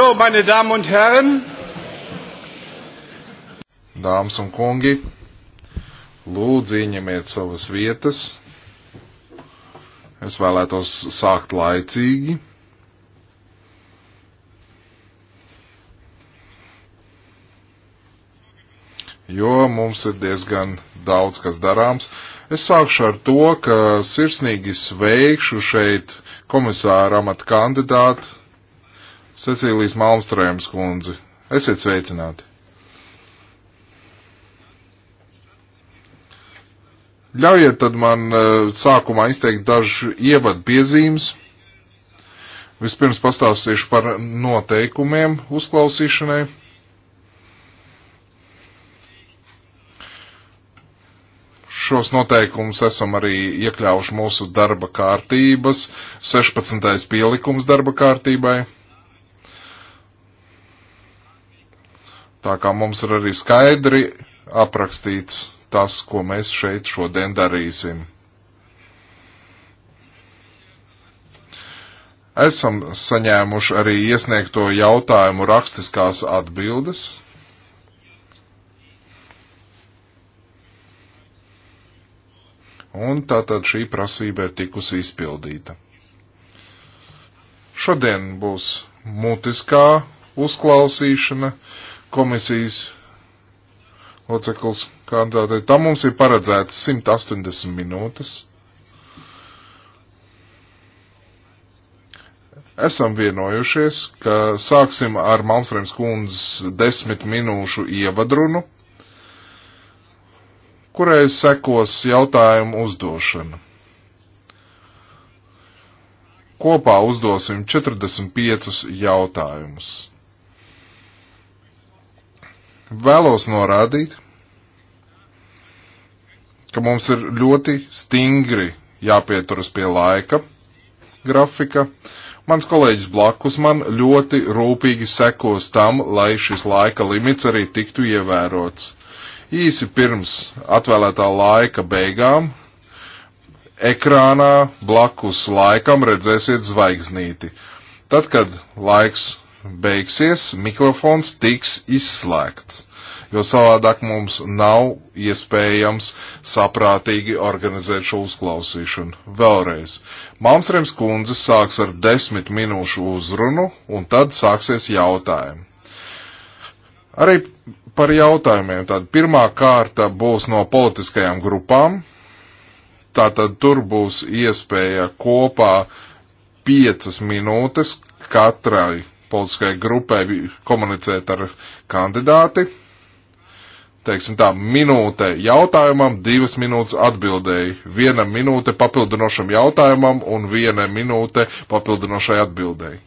So, meine Damen und Herren. Dāmas un kungi, lūdzu ieņemiet savas vietas. Es vēlētos sākt laicīgi. Jo mums ir diezgan daudz kas darāms. Es sākšu ar to, ka sirsnīgi sveikšu šeit komisāra amata kandidātu Cecīlijas Malmstrēmas kundzi. Esiet sveicināti! Ļaujiet tad man eh, sākumā izteikt dažu ievadu piezīmes. Vispirms pastāstīšu par noteikumiem uzklausīšanai. Šos noteikumus esam arī iekļāvuši mūsu darba kārtības, 16. pielikums darba kārtībai. Tā kā mums ir arī skaidri aprakstīts tas, ko mēs šeit šodien darīsim. Esam saņēmuši arī iesniegto jautājumu rakstiskās atbildes. Un tātad šī prasība ir tikusi izpildīta. Šodien būs mutiskā uzklausīšana, uh, komisijas loceklis kandidātei. Tam mums ir paredzēts 180 minūtes. Esam vienojušies, ka sāksim ar Malmstrēms kundzes desmit minūšu ievadrunu, kurai sekos jautājumu uzdošana. Kopā uzdosim 45 jautājumus. Vēlos norādīt, ka mums ir ļoti stingri jāpieturas pie laika grafika. Mans kolēģis blakus man ļoti rūpīgi sekos tam, lai šis laika limits arī tiktu ievērots. Īsi pirms atvēlētā laika beigām ekrānā blakus laikam redzēsiet zvaigznīti. Tad, kad laiks beigsies, mikrofons tiks izslēgts, jo savādāk mums nav iespējams saprātīgi organizēt šo uzklausīšanu. Vēlreiz, Malmstrēms kundze sāks ar desmit minūšu uzrunu, un tad sāksies jautājumi. Arī par jautājumiem. Tad pirmā kārta būs no politiskajām grupām. Tātad tur būs iespēja kopā piecas minūtes katrai politiskai grupai komunicēt ar kandidāti. Teiksim tā, minūte jautājumam, divas minūtes atbildēji, viena minūte papildinošam jautājumam un viena minūte papildinošai atbildēji.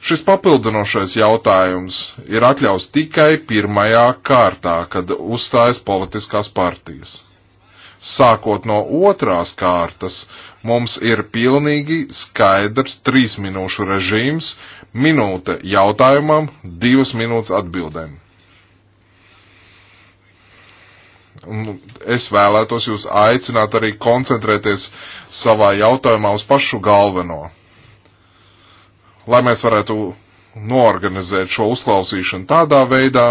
Šis papildinošais jautājums ir atļaus tikai pirmajā kārtā, kad uzstājas politiskās partijas. Sākot no otrās kārtas, uh, Mums ir pilnīgi skaidrs trīs minūšu režīms, minūte jautājumam, divas minūtes atbildēm. Un es vēlētos jūs aicināt arī koncentrēties savā jautājumā uz pašu galveno, lai mēs varētu noorganizēt šo uzklausīšanu tādā veidā,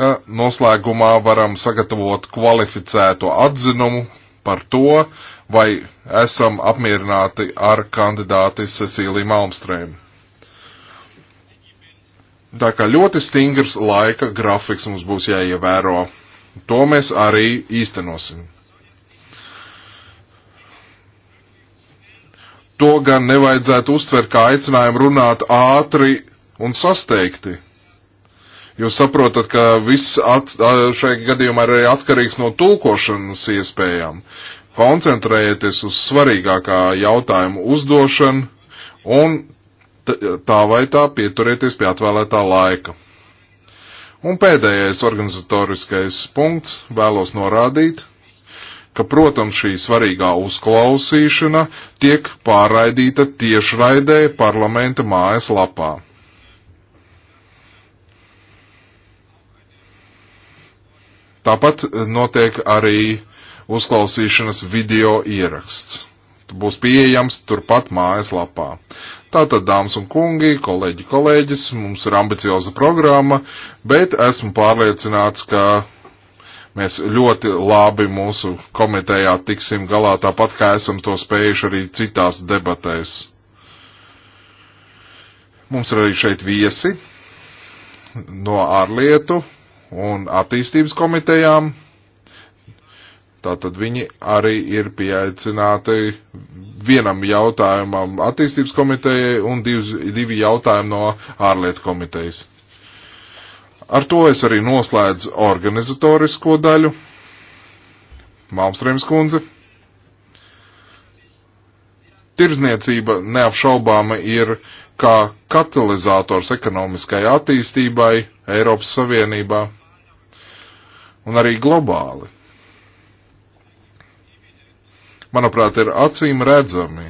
ka noslēgumā varam sagatavot kvalificēto atzinumu, par to, vai esam apmierināti ar kandidāti Cecīliju Malmstrēmu. Tā kā ļoti stingrs laika grafiks mums būs jāievēro. To mēs arī īstenosim. To gan nevajadzētu uztvert kā aicinājumu runāt ātri un sasteigti Jūs saprotat, ka viss at, šai gadījumā ir arī atkarīgs no tulkošanas iespējām. Koncentrējieties uz svarīgākā jautājuma uzdošanu un tā vai tā pieturieties pie atvēlētā laika. Un pēdējais organizatoriskais punkts vēlos norādīt, ka, protams, šī svarīgā uzklausīšana tiek pārraidīta tiešraidē parlamenta mājas lapā. Tāpat eh, notiek arī uzklausīšanas video ieraksts. Tu būs pieejams turpat mājaslapā. Tātad, dāmas un kungi, kolēģi, kolēģis, mums ir ambicioza programma, bet esmu pārliecināts, ka mēs ļoti labi mūsu komitejā tiksim galā, tāpat kā esam to spējuši arī citās debatēs. Mums ir arī šeit viesi no ārlietu un attīstības komitejām. Tātad viņi arī ir pieaicināti vienam jautājumam attīstības komitejai un divi, divi jautājumi no ārlietu komitejas. Ar to es arī noslēdzu organizatorisko daļu. Malmstrēms kundze. Tirzniecība neapšaubāma ir kā katalizators ekonomiskai attīstībai Eiropas Savienībā un arī globāli. Manuprāt, ir acīm redzami,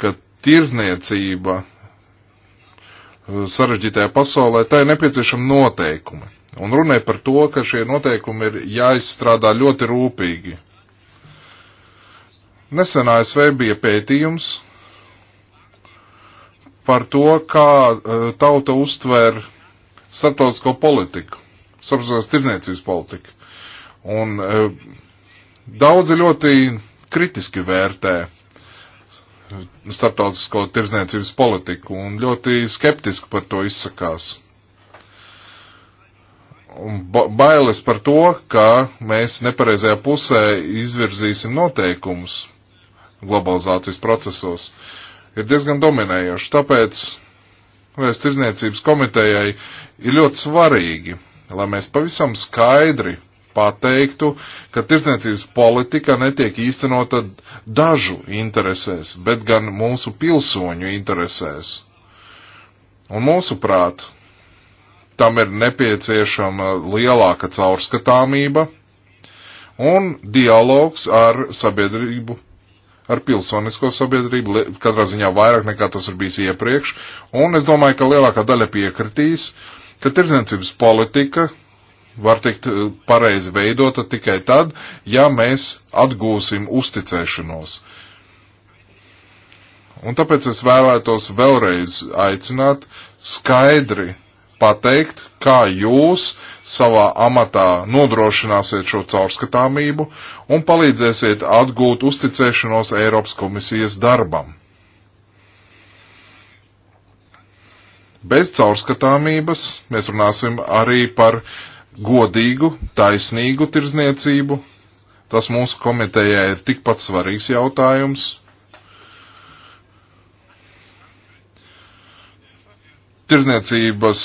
ka tirzniecība uh, sarežģītajā pasaulē, tā ir nepieciešama noteikumi. Un runē par to, ka šie noteikumi ir jāizstrādā ļoti rūpīgi. Nesen ASV bija pētījums par to, kā uh, tauta uztver starptautisko politiku saprast tirniecības politika. Un e, daudzi ļoti kritiski vērtē starptautisko tirdzniecības politiku un ļoti skeptiski par to izsakās. Un ba bailes par to, ka mēs nepareizajā pusē izvirzīsim noteikumus globalizācijas procesos, ir diezgan dominējoši. Tāpēc Vēstures tirdzniecības komitejai ir ļoti svarīgi lai mēs pavisam skaidri pateiktu, ka tirdzniecības politika netiek īstenota dažu interesēs, bet gan mūsu pilsoņu interesēs. Un mūsuprāt, tam ir nepieciešama lielāka caurskatāmība un dialogs ar sabiedrību, ar pilsonisko sabiedrību, katrā ziņā vairāk nekā tas ir bijis iepriekš, un es domāju, ka lielākā daļa piekritīs, uh, ka tirdzniecības politika var tikt eh, pareizi veidota tikai tad, ja mēs atgūsim uzticēšanos. Un tāpēc es vēlētos vēlreiz aicināt skaidri pateikt, kā jūs savā amatā nodrošināsiet šo caurskatāmību un palīdzēsiet atgūt uzticēšanos Eiropas komisijas darbam. Bez caurskatāmības mēs runāsim arī par godīgu, taisnīgu tirzniecību. Tas mūsu komitejai ir tikpat svarīgs jautājums. Tirzniecības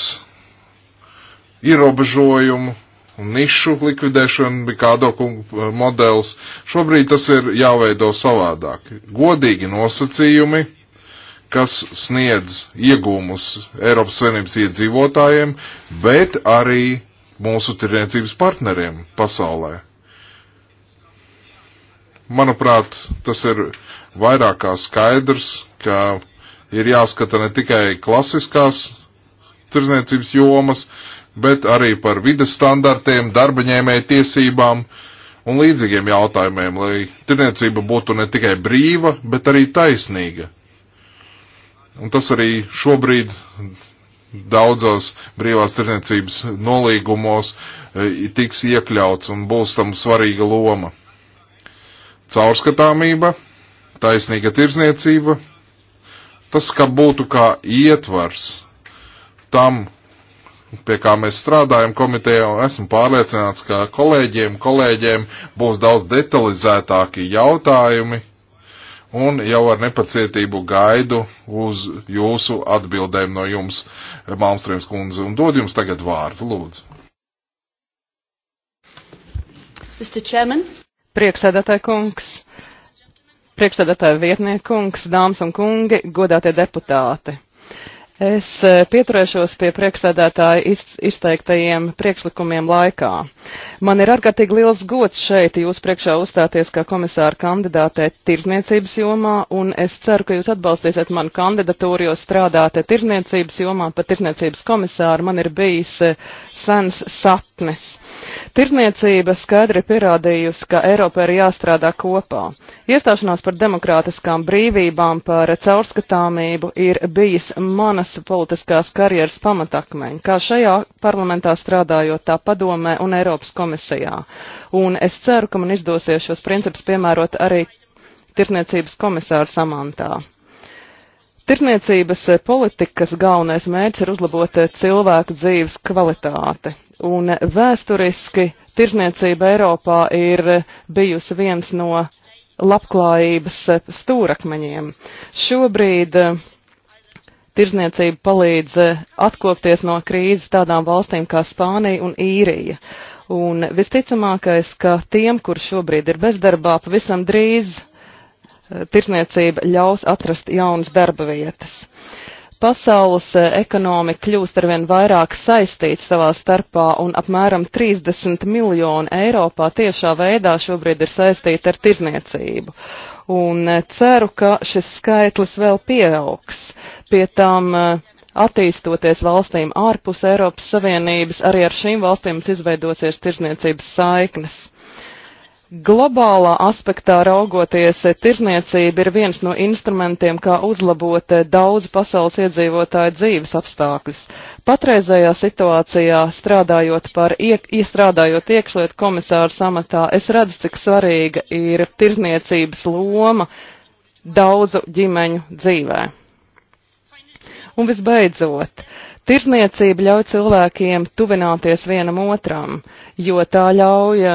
ierobežojumu un nišu likvidēšana bija kāda eh, modelis. Šobrīd tas ir jāveido savādāk. Godīgi nosacījumi kas sniedz iegūmus Eiropas Savienības iedzīvotājiem, bet arī mūsu tirniecības partneriem pasaulē. Manuprāt, tas ir vairāk kā skaidrs, ka ir jāskata ne tikai klasiskās tirniecības jomas, bet arī par vides standartiem, darba ņēmēja tiesībām un līdzīgiem jautājumiem, lai tirniecība būtu ne tikai brīva, bet arī taisnīga. Un tas arī šobrīd daudzos brīvās tirniecības nolīgumos e, tiks iekļauts un būs tam svarīga loma. Caurskatāmība, taisnīga tirzniecība, tas, ka būtu kā ietvars tam, pie kā mēs strādājam komitejā, un esmu pārliecināts, ka kolēģiem, kolēģiem būs daudz detalizētāki jautājumi un jau ar nepacietību gaidu uz jūsu atbildēm no jums, Malmstrēms kundze, un dod jums tagad vārdu, lūdzu. Prieksēdētāji kungs, priekšsēdētāja vietniekungs, dāmas un kungi, godātie deputāti. Es eh, pieturēšos pie priekšsēdētāja izteiktajiem priekšlikumiem laikā. Man ir ārkārtīgi liels gods šeit jūs priekšā uzstāties kā komisāra kandidātē tirzniecības jomā, un es ceru, ka jūs atbalstīsiet manu kandidatūru, jo strādāte tirzniecības jomā pa tirzniecības komisāru man ir bijis eh, sens sapnis. Tirzniecība skaidri pierādījusi, ka Eiropā ir jāstrādā kopā. Iestāšanās par demokrātiskām brīvībām, par caurskatāmību ir bijis manas mūsu politiskās karjeras pamatakmeņi, kā šajā parlamentā strādājot tā padomē un Eiropas komisijā. Un es ceru, ka man izdosies šos principus piemērot arī tirsniecības komisāra samantā. Tirsniecības politikas galvenais mērķis ir uzlabot cilvēku dzīves kvalitāti. Un vēsturiski tirsniecība Eiropā ir bijusi viens no labklājības stūrakmeņiem. Šobrīd tirzniecība palīdz eh, atkopties no krīzes tādām valstīm kā Spānija un Īrija. Un visticamākais, ka tiem, kur šobrīd ir bezdarbā, pavisam drīz eh, tirzniecība ļaus atrast jaunas darba vietas. Pasaules eh, ekonomika kļūst arvien vairāk saistīta savā starpā, un apmēram 30 miljoni Eiropā tiešā veidā šobrīd ir saistīta ar tirzniecību un eh, ceru, ka šis skaitlis vēl pieaugs. Pie tam eh, attīstoties valstīm ārpus Eiropas Savienības, arī ar šīm valstīm izveidosies tirzniecības saiknes. Globālā aspektā raugoties, tirzniecība ir viens no instrumentiem, kā uzlabot daudz pasaules iedzīvotāju dzīves apstākļus. Patreizējā situācijā, strādājot par iek, iestrādājot iekšlietu komisāru samatā, es redzu, cik svarīga ir tirzniecības loma daudzu ģimeņu dzīvē. Un visbeidzot, tirzniecība ļauj cilvēkiem tuvināties vienam otram, jo tā ļauj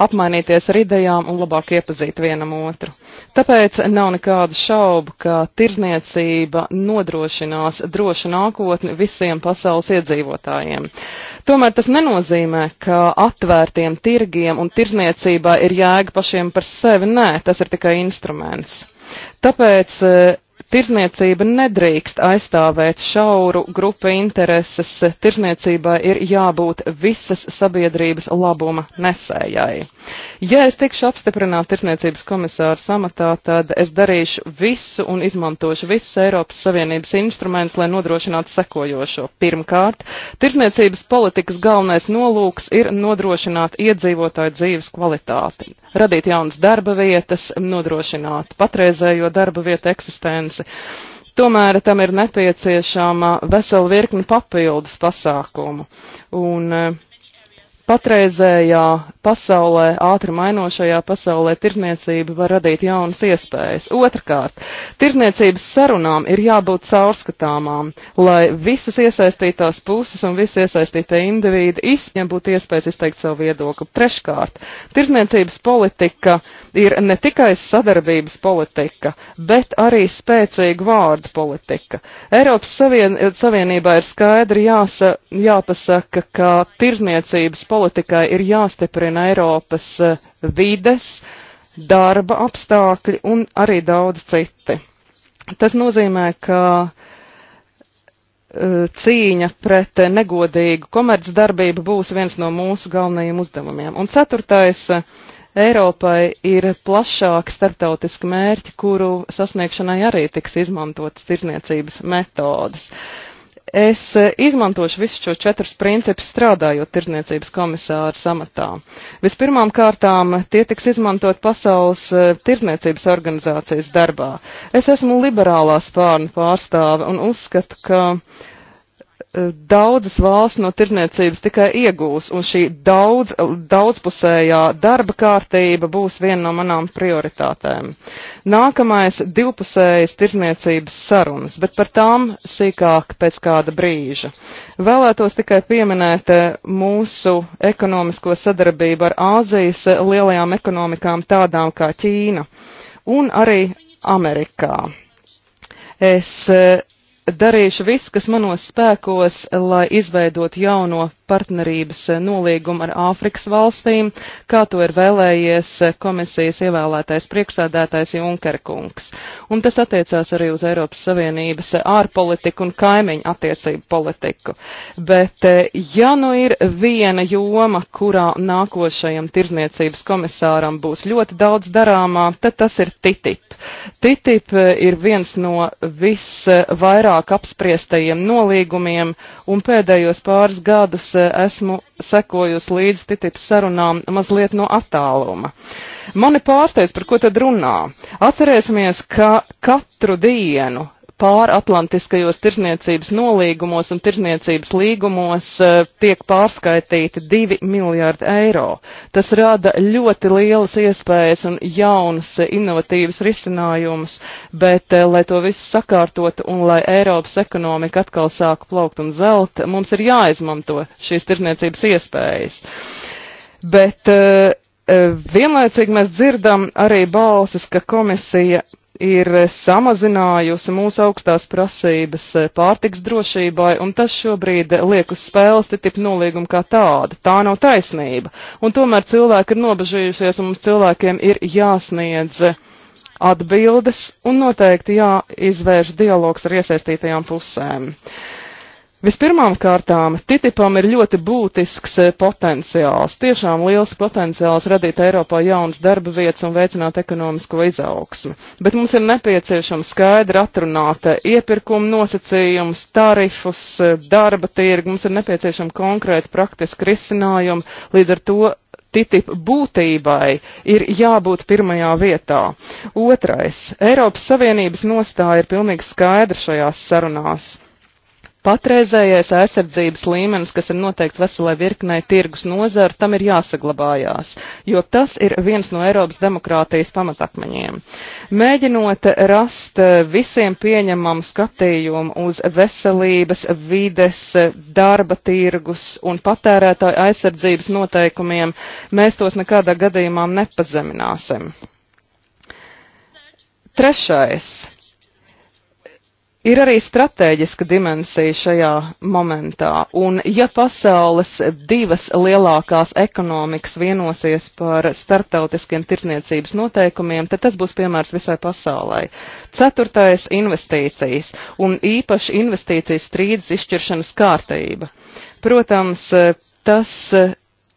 apmainīties ar idejām un labāk iepazīt vienam otru. Tāpēc nav nekādu šaubu, ka tirzniecība nodrošinās drošu nākotni visiem pasaules iedzīvotājiem. Tomēr tas nenozīmē, ka atvērtiem tirgiem un tirzniecībā ir jēga pašiem par sevi. Nē, tas ir tikai instruments. Tāpēc Tirzniecība nedrīkst aizstāvēt šauru grupu intereses, tirzniecībai ir jābūt visas sabiedrības labuma nesējai. Ja es tikšu apstiprināt tirzniecības komisāru samatā, tad es darīšu visu un izmantošu visus Eiropas Savienības instrumentus, lai nodrošinātu sekojošo. Pirmkārt, tirzniecības politikas galvenais nolūks ir nodrošināt iedzīvotāju dzīves kvalitāti, radīt jaunas darba vietas, nodrošināt patreizējo darba vietu eksistenci resursi. Tomēr tam ir nepieciešama vesela virkni papildus pasākumu. Un eh, patreizējā pasaulē, ātri mainošajā pasaulē, tirzniecība var radīt jaunas iespējas. Otrkārt, tirzniecības sarunām ir jābūt caurskatāmām, lai visas iesaistītās puses un visi iesaistītie indivīdi izņem būtu iespējas izteikt savu viedokli. Treškārt, tirzniecības politika ir ne tikai sadarbības politika, bet arī spēcīga vārdu politika. Eiropas savien, Savienībā ir skaidri jāsa, jāpasaka, ka tirzniecības politikai ir jāstiprina stiprina Eiropas eh, vides, darba apstākļi un arī daudz citi. Tas nozīmē, ka eh, cīņa pret negodīgu komercdarbību būs viens no mūsu galvenajiem uzdevumiem. Un ceturtais, eh, Eiropai ir plašāki starptautiski mērķi, kuru sasniegšanai arī tiks izmantotas tirzniecības metodas. Uh, Es e, izmantošu visus šos četrus principus strādājot tirdzniecības komisāra samatā. Vispirmām kārtām tie tiks izmantot pasaules e, tirdzniecības organizācijas darbā. Es esmu liberālā spārna pārstāve un uzskatu, ka uh, E, daudzas valsts no tirniecības tikai iegūs, un šī daudz, daudzpusējā darba kārtība būs viena no manām prioritātēm. Nākamais - divpusējas tirniecības sarunas, bet par tām sīkāk pēc kāda brīža. Vēlētos tikai pieminēt e, mūsu ekonomisko sadarbību ar Āzijas lielajām ekonomikām tādām kā Ķīna un arī Amerikā. Es e, darīšu visu, kas manos spēkos, lai izveidot jauno partnerības nolīgumu ar Āfrikas valstīm, kā to ir vēlējies komisijas ievēlētais priekšsādātais Junkerkungs. Un tas attiecās arī uz Eiropas Savienības ārpolitiku un kaimiņu attiecību politiku. Bet eh, ja nu ir viena joma, kurā nākošajam tirzniecības komisāram būs ļoti daudz darāmā, tad tas ir TTIP. TTIP eh, ir viens no visvairāk agrāk apspriestajiem nolīgumiem, un pēdējos pāris gadus eh, esmu sekojusi līdz TTIP sarunām mazliet no attāluma. Mani pārsteidz, par ko tad runā. Atcerēsimies, ka katru dienu pāratlantiskajos tirzniecības nolīgumos un tirzniecības līgumos e, tiek pārskaitīti 2 miljārdi eiro. Tas rada ļoti lielas iespējas un jaunas e, inovatīvas risinājumus, bet, e, lai to visu sakārtotu un lai Eiropas ekonomika atkal sāku plaukt un zelt, mums ir jāizmanto šīs tirzniecības iespējas. Bet vienlaicīgi mēs dzirdam arī balsis, ka komisija ir samazinājusi mūsu augstās prasības pārtiks drošībai, un tas šobrīd liek uz spēles TTIP nolīgumu kā tādu. Tā nav taisnība. Un tomēr cilvēki ir nobežījušies, un mums cilvēkiem ir jāsniedz atbildes, un noteikti jāizvērš dialogs ar iesaistītajām pusēm. Uh, Vispirmām kārtām, TTIPam ir ļoti būtisks eh, potenciāls, tiešām liels potenciāls radīt Eiropā jaunas darba vietas un veicināt ekonomisko izaugsmi. Bet mums ir nepieciešama skaidra atrunāta iepirkuma nosacījums, tarifus, eh, darba tirgu, mums ir nepieciešama konkrēta praktiska risinājuma, līdz ar to TTIP būtībai ir jābūt pirmajā vietā. Otrais, Eiropas Savienības nostāja ir pilnīgi skaidra šajās sarunās patreizējais aizsardzības līmenis, kas ir noteikts veselai virknei tirgus nozaru, tam ir jāsaglabājās, jo tas ir viens no Eiropas demokrātijas pamatakmeņiem. Mēģinot rast eh, visiem pieņemamu skatījumu uz veselības, vides, darba tirgus un patērētāju aizsardzības noteikumiem, mēs tos nekādā gadījumā nepazemināsim. Trešais Ir arī strateģiska dimensija šajā momentā, un ja pasaules divas lielākās ekonomikas vienosies par starptautiskiem tirsniecības noteikumiem, tad tas būs piemērs visai pasaulē. Ceturtais - investīcijas, un īpaši investīcijas strīdus izšķiršanas kārtība. Protams, tas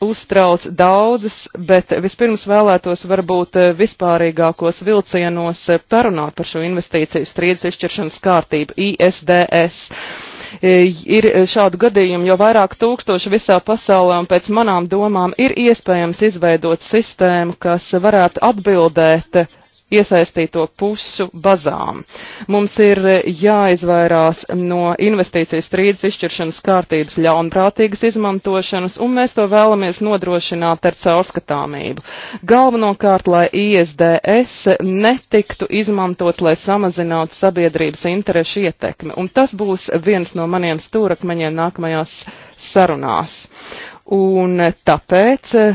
uztrauc daudzus, bet vispirms vēlētos varbūt eh, vispārīgākos vilcienos eh, parunāt par šo investīciju strīdus izšķiršanas kārtību ISDS. Eh, ir šādu gadījumu jau vairāk tūkstoši visā pasaulē, un pēc manām domām ir iespējams izveidot sistēmu, kas varētu atbildēt iesaistīto pušu bazām. Mums ir e, jāizvairās no investīcijas strīdus izšķiršanas kārtības ļaunprātīgas izmantošanas, un mēs to vēlamies nodrošināt ar caurskatāmību. Galvenokārt, lai ISDS netiktu izmantots, lai samazinātu sabiedrības interešu ietekmi, un tas būs viens no maniem stūrakmeņiem nākamajās sarunās. Un tāpēc e,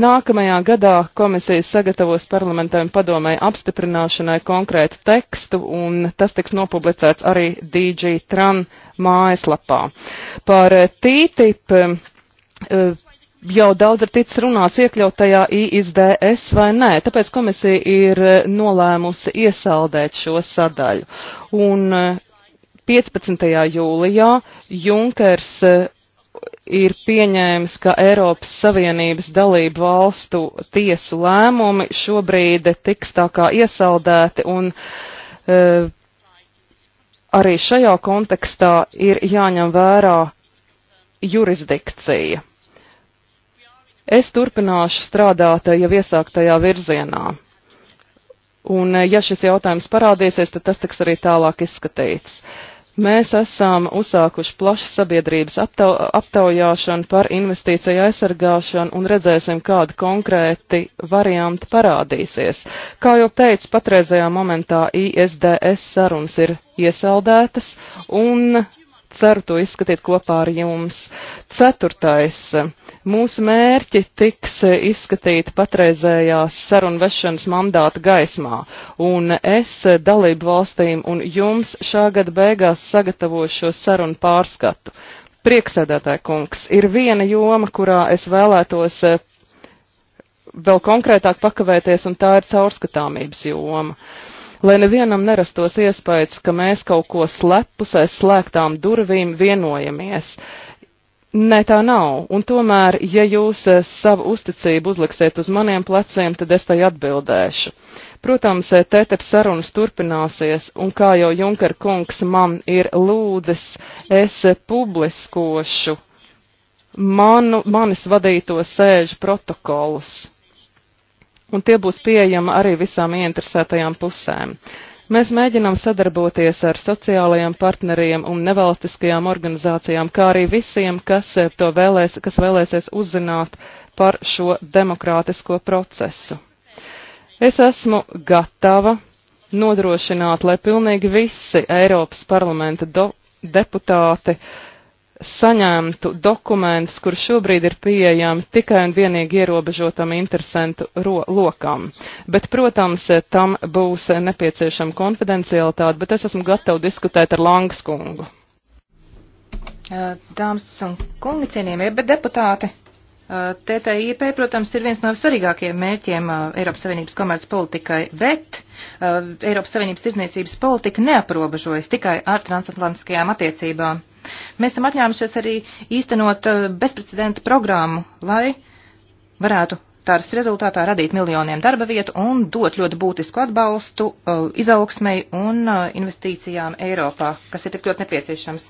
Nākamajā gadā komisija sagatavos parlamentam padomēji apstiprināšanai konkrētu tekstu, un tas tiks nopublicēts arī DG Tran mājaslapā. Par TTIP eh, jau daudz ir ticis runāts iekļautajā ISDS vai nē, tāpēc komisija ir eh, nolēmusi iesaldēt šo sadaļu. Un 15. Eh, jūlijā Junkers ir pieņēmis, ka Eiropas Savienības dalību valstu tiesu lēmumi šobrīd tiks tā kā iesaldēti un e, arī šajā kontekstā ir jāņem vērā jurisdikcija. Es turpināšu strādāt jau iesāktajā virzienā. Un, e, ja šis jautājums parādīsies, tad tas tiks arī tālāk izskatīts. Uh, Mēs esam uzsākuši plašu sabiedrības aptau, aptaujāšanu par investīciju aizsargāšanu un redzēsim, kādi konkrēti varianti parādīsies. Kā jau teicu, patreizajā momentā ISDS sarunas ir iesaldētas un ceru to izskatīt kopā ar jums. Ceturtais Mūsu mērķi tiks izskatīti patreizējās sarunvešanas mandāta gaismā, un es dalību valstīm un jums šā gada beigās sagatavošu šo sarunu pārskatu. Prieksēdētāji kungs, ir viena joma, kurā es vēlētos eh, vēl konkrētāk pakavēties, un tā ir caurskatāmības joma. Lai nevienam nerastos iespējas, ka mēs kaut ko slepus aiz slēgtām durvīm vienojamies, Nē, tā nav. Un tomēr, ja jūs eh, savu uzticību uzliksiet uz maniem pleciem, tad es tai atbildēšu. Protams, eh, TTIP sarunas turpināsies, un kā jau Junker kungs man ir lūdzis, es eh, publiskošu manu, manis vadīto sēžu protokolus. Un tie būs pieejama arī visām ieinteresētajām pusēm. Uh, Mēs mēģinām sadarboties ar sociālajiem partneriem un nevalstiskajām organizācijām, kā arī visiem, kas eh, to vēlēs, kas vēlēsies uzzināt par šo demokrātisko procesu. Es esmu gatava nodrošināt, lai pilnīgi visi Eiropas parlamenta do, deputāti uh, saņemtu dokumentus, kur šobrīd ir pieejami tikai un vienīgi ierobežotam interesantu lokam. Bet, protams, tam būs nepieciešama konfidencialitāte, bet es esmu gatava diskutēt ar Langskungu. Dāmas un kungi, cienījamie deputāti, TTIP, protams, ir viens no svarīgākajiem mērķiem Eiropas Savienības komerces politikai, bet Eiropas Savienības tirzniecības politika neaprobežojas tikai ar transatlantiskajām attiecībām. Mēs esam apņēmušies arī īstenot eh, bezprecedenta programmu, lai varētu tāras rezultātā radīt miljoniem darba vietu un dot ļoti būtisku atbalstu uh, izaugsmai un uh, investīcijām Eiropā, kas ir tik ļoti nepieciešams.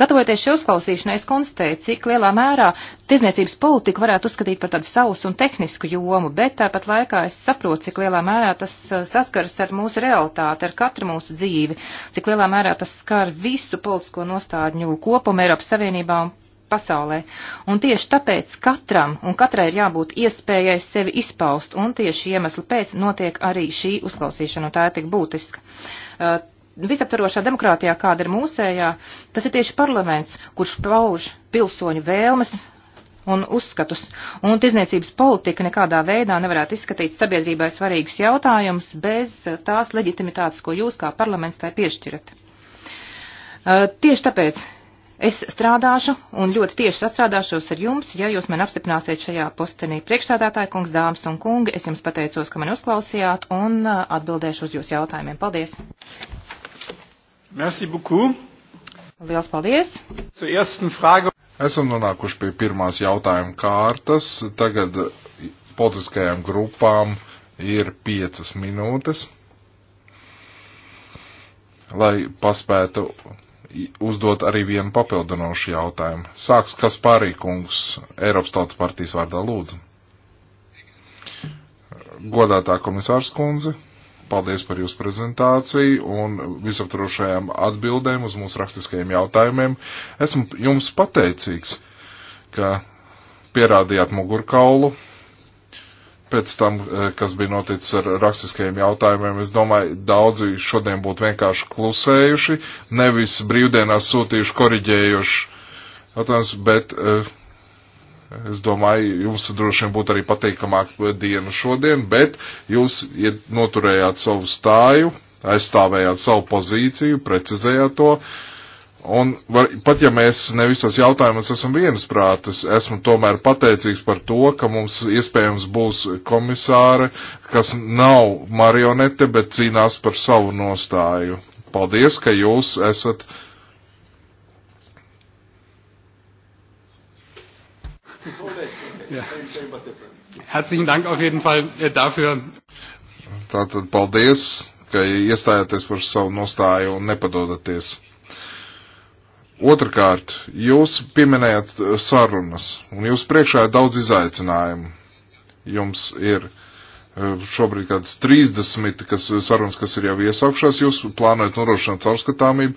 Gatavoties šai uzklausīšanai, es konstatēju, cik lielā mērā tirzniecības politiku varētu uzskatīt par tādu sausu un tehnisku jomu, bet tāpat laikā es saprotu, cik lielā mērā tas uh, saskaras ar mūsu realitāti, ar katru mūsu dzīvi, cik lielā mērā tas skar visu politisko nostādņu kopumu Eiropas Savienībā un pasaulē. Un tieši tāpēc katram un katrai ir jābūt iespējai sevi izpaust, un tieši iemeslu pēc notiek arī šī uzklausīšana, un tā ir tik būtiska. Uh, Visaptarošā demokrātijā, kāda ir mūsējā, tas ir tieši parlaments, kurš pauž pilsoņu vēlmes un uzskatus, un tirzniecības politika nekādā veidā nevarētu izskatīt sabiedrībai svarīgus jautājumus bez tās leģitimitātes, ko jūs kā parlaments tai piešķirat. Uh, tieši tāpēc Es strādāšu un ļoti tieši sastrādāšos ar jums, ja jūs man apstiprināsiet šajā postenī. Priekšstādātāji, kungs, dāmas un kungi, es jums pateicos, ka man uzklausījāt un atbildēšu uz jūsu jautājumiem. Paldies! Merci beaucoup! Liels paldies! Esam nonākuši pie pirmās jautājuma kārtas. Tagad politiskajām grupām ir piecas minūtes, lai paspētu uzdot arī vienu papildinošu jautājumu. Sāks Kaspārī kungs, Eiropas Tautas partijas vārdā lūdzu. Godātā komisārs kundze, paldies par jūsu prezentāciju un visaptvarošajām atbildēm uz mūsu rakstiskajiem jautājumiem. Esmu jums pateicīgs, ka pierādījāt mugurkaulu pēc tam, eh, kas bija noticis ar rakstiskajiem jautājumiem, es domāju, daudzi šodien būtu vienkārši klusējuši, nevis brīvdienās sūtījuši koriģējuši jautājums, bet eh, es domāju, jums droši vien būtu arī pateikamāk diena šodien, bet jūs noturējāt savu stāju, aizstāvējāt savu pozīciju, precizējāt to. Uh, Un var, pat ja mēs ne visos jautājumos esam viensprātis, esmu tomēr pateicīgs par to, ka mums iespējams būs komisāre, kas nav marionete, bet cīnās par savu nostāju. Paldies, ka jūs esat. Herzlichen Dank auf jeden Fall dafür. Tātad paldies, ka iestājāties par savu nostāju un nepadodaties. Otrakārt, jūs pieminējat sarunas, un jūs priekšā ir daudz izaicinājumu. Jums ir eh, šobrīd kāds 30 kas, sarunas, kas ir jau iesaukšās, jūs plānojat norošināt caurskatāmību,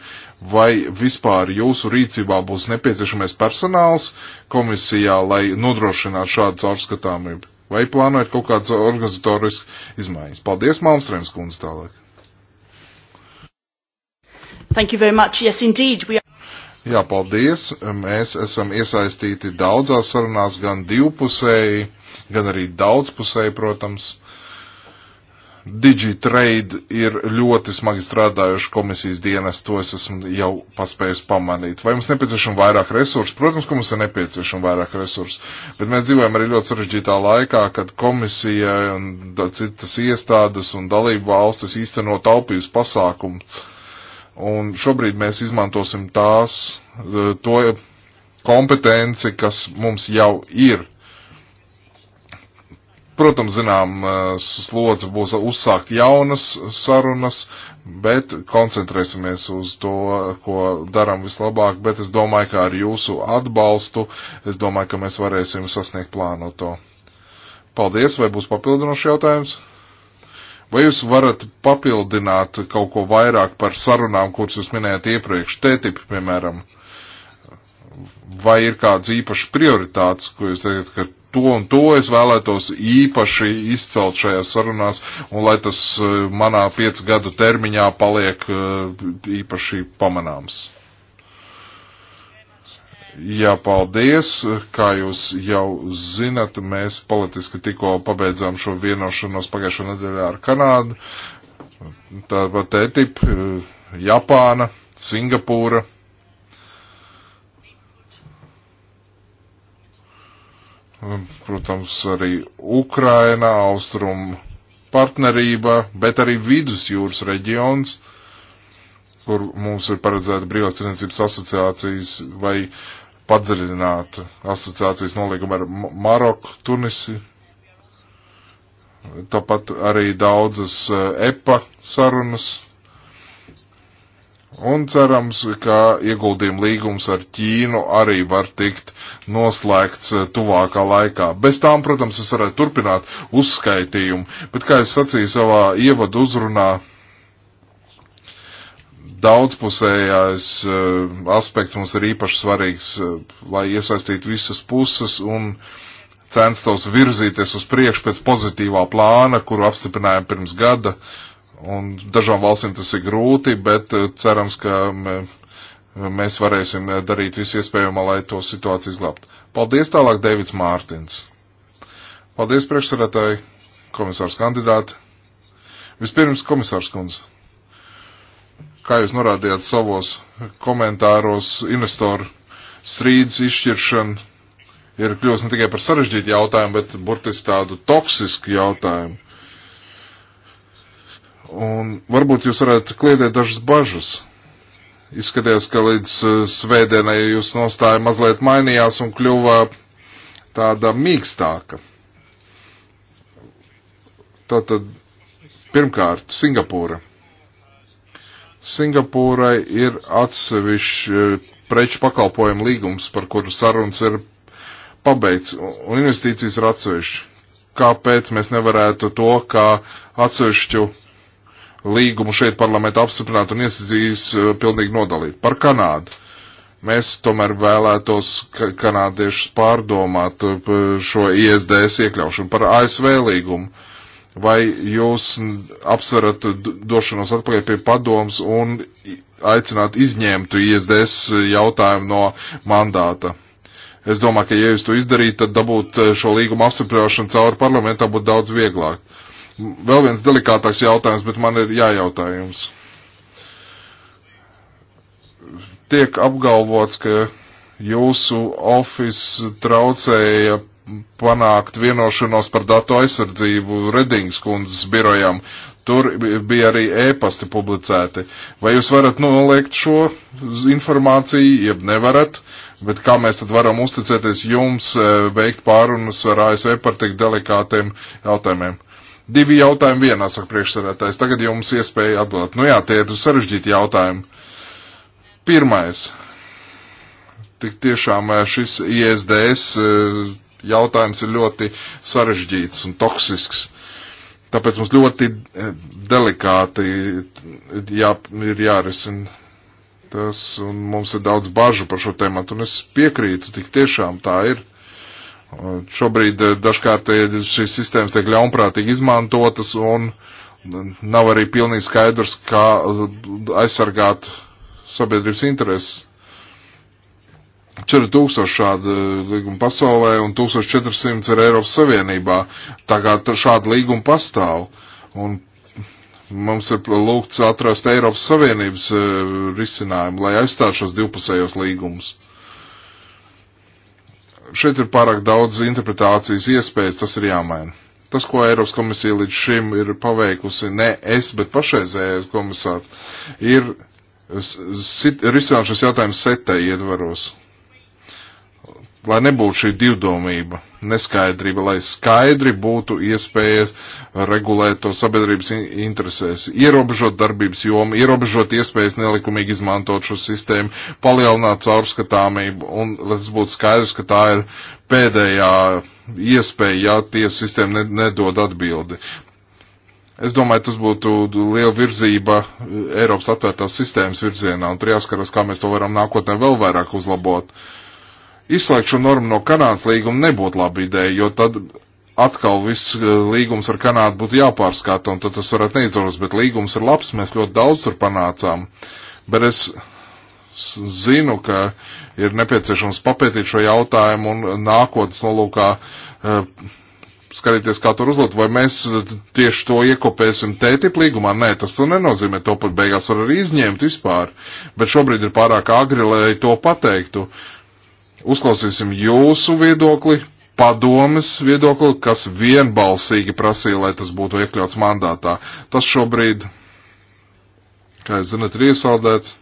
vai vispār jūsu rīcībā būs nepieciešamais personāls komisijā, lai nodrošinātu šādu caurskatāmību, vai plānojat kaut kādas organizatoriskas izmaiņas. Paldies, Malmstrēms kundze, tālāk. Thank you very much. Yes, indeed, we Jā, paldies. Mēs esam iesaistīti daudzās sarunās, gan divpusēji, gan arī daudzpusēji, protams. Digitrade ir ļoti smagi strādājuši komisijas dienas, to es esmu jau paspējis pamanīt. Vai mums nepieciešama vairāk resursu? Protams, ka mums ir nepieciešama vairāk resursu, bet mēs dzīvojam arī ļoti sarežģītā laikā, kad komisija un citas iestādes un dalību valstis īsteno taupījus pasākumus Un šobrīd mēs izmantosim tās, e, to kompetenci, kas mums jau ir. Protams, zinām, e, slodze būs uzsākt jaunas sarunas, bet koncentrēsimies uz to, ko daram vislabāk, bet es domāju, ka ar jūsu atbalstu, es domāju, ka mēs varēsim sasniegt plānoto. Paldies, vai būs papildinošs jautājums? Vai jūs varat papildināt kaut ko vairāk par sarunām, kuras jūs minējāt iepriekš, TTIP, piemēram? Vai ir kāds īpašs prioritāts, ko jūs teicat, ka to un to es vēlētos īpaši izcelt šajās sarunās, un lai tas eh, manā piecu gadu termiņā paliek eh, īpaši pamanāms? Jā, paldies. Kā jūs jau zinat, mēs politiski tikko pabeidzām šo vienošanos pagājušo nedēļā ar Kanādu. Tāpat ETIP, Japāna, Singapūra. Protams, arī Ukraina, Austrum partnerība, bet arī Vidusjūras reģions, kur mums ir paredzēta brīvās tirdzniecības asociācijas vai uh, padziļināt asociācijas nolīgumu ar Maroku, Tunisi. Tāpat arī daudzas eh, EPA sarunas. Un cerams, ka ieguldījuma līgums ar Ķīnu arī var tikt noslēgts eh, tuvākā laikā. Bez tām, protams, es varētu turpināt uzskaitījumu, bet, kā es sacīju savā ievadu uzrunā, daudzpusējais eh, aspekts mums ir īpaši svarīgs, eh, lai iesaistītu visas puses un censtos virzīties uz priekšu pēc pozitīvā plāna, kuru apstiprinājām pirms gada. Un dažām valstīm tas ir grūti, bet eh, cerams, ka mēs varēsim darīt visu iespējamo, lai to situāciju izglābtu. Paldies tālāk, Deivids Mārtins. Paldies priekšsarētāji, komisārs kandidāti. Vispirms komisārs kundze kā jūs norādījāt savos komentāros, investoru strīdus izšķiršana ir kļuvusi ne tikai par sarežģītu jautājumu, bet burtiski tādu toksisku jautājumu. Un varbūt jūs varētu kliedēt dažas bažas. Izskatījās, ka līdz e, svētdienai jūs nostāja mazliet mainījās un kļuva tāda mīkstāka. Tātad, pirmkārt, Singapūra. Singapūrai ir atsevišķi eh, preču pakalpojumu līgums, par kuru sarunas ir pabeigts, un investīcijas ir atsevišķi. Kāpēc mēs nevarētu to, kā atsevišķu līgumu šeit parlamentā apstiprināt un iesaistījis eh, pilnīgi nodalīt? Par Kanādu. Mēs tomēr vēlētos kanādiešus pārdomāt eh, šo ISDS iekļaušanu par ASV līgumu Vai jūs apsverat došanos atpakaļ pie padoms un aicināt izņemtu ISDS jautājumu no mandāta? Es domāju, ka ja jūs to izdarītu, tad dabūt eh, šo līgumu apspriežošanu cauri parlamentā būtu daudz vieglāk. Vēl viens delikātāks jautājums, bet man ir jājautā jums. Tiek apgalvots, ka jūsu ofis traucēja panākt vienošanos par datu aizsardzību Redings kundzes birojam. Tur bija arī ēpasti e publicēti. Vai jūs varat noliegt šo informāciju, jeb nevarat, bet kā mēs tad varam uzticēties jums e, veikt pārunas ar ASV par tik delikātiem jautājumiem? Divi jautājumi vienā, saka priekšsēdētājs. Tagad jums iespēja atbildēt. Nu jā, tie ir sarežģīti jautājumi. Pirmais tik tiešām e, šis ISDS jautājums ir ļoti sarežģīts un toksisks. Tāpēc mums ļoti eh, delikāti jā, ir jārisina tas, un mums ir daudz bažu par šo tēmatu, un es piekrītu, tik tiešām tā ir. Un šobrīd eh, dažkārt eh, šīs sistēmas tiek ļaunprātīgi izmantotas, un nav arī pilnīgi skaidrs, kā aizsargāt sabiedrības intereses. 4000 šādu līgumu pasaulē un 1400 ir Eiropas Savienībā. Tā kā šāda līguma pastāv. Un mums ir lūgts atrast Eiropas Savienības e, risinājumu, lai aizstātu šos divpusējos līgumus. Šeit ir pārāk daudz interpretācijas iespējas, tas ir jāmaina. Tas, ko Eiropas komisija līdz šim ir paveikusi, ne es, bet pašreizējais komisārs, ir risināt šis jautājums setē ietvaros lai nebūtu šī divdomība, neskaidrība, lai skaidri būtu iespēja regulēt to sabiedrības interesēs, ierobežot darbības jomu, ierobežot iespējas nelikumīgi izmantot šo sistēmu, palielināt caurskatāmību un lai tas būtu skaidrs, ka tā ir pēdējā iespēja, ja tiesa sistēma nedod atbildi. Es domāju, tas būtu liela virzība eh, Eiropas atvērtās sistēmas virzienā, un tur jāskatās, kā mēs to varam nākotnē vēl vairāk uzlabot. Uh, Izslēgt šo normu no Kanādas līguma nebūtu laba ideja, jo tad atkal viss eh, līgums ar Kanādu būtu jāpārskata, un tad tas varētu neizdodas, bet līgums ir labs, mēs ļoti daudz tur panācām. Bet es zinu, ka ir nepieciešams papētīt šo jautājumu un nākotnes nolūkā eh, skatīties, kā tur uzlot, vai mēs eh, tieši to iekopēsim tētip līgumā. Nē, tas to nenozīmē, to pat beigās var arī izņemt vispār, bet šobrīd ir pārāk agri, lai to pateiktu. Uh, Uzklausīsim jūsu viedokli, padomes viedokli, kas vienbalsīgi prasīja, lai tas būtu iekļauts mandātā. Tas šobrīd, kā jūs zinat, ir iesaldēts.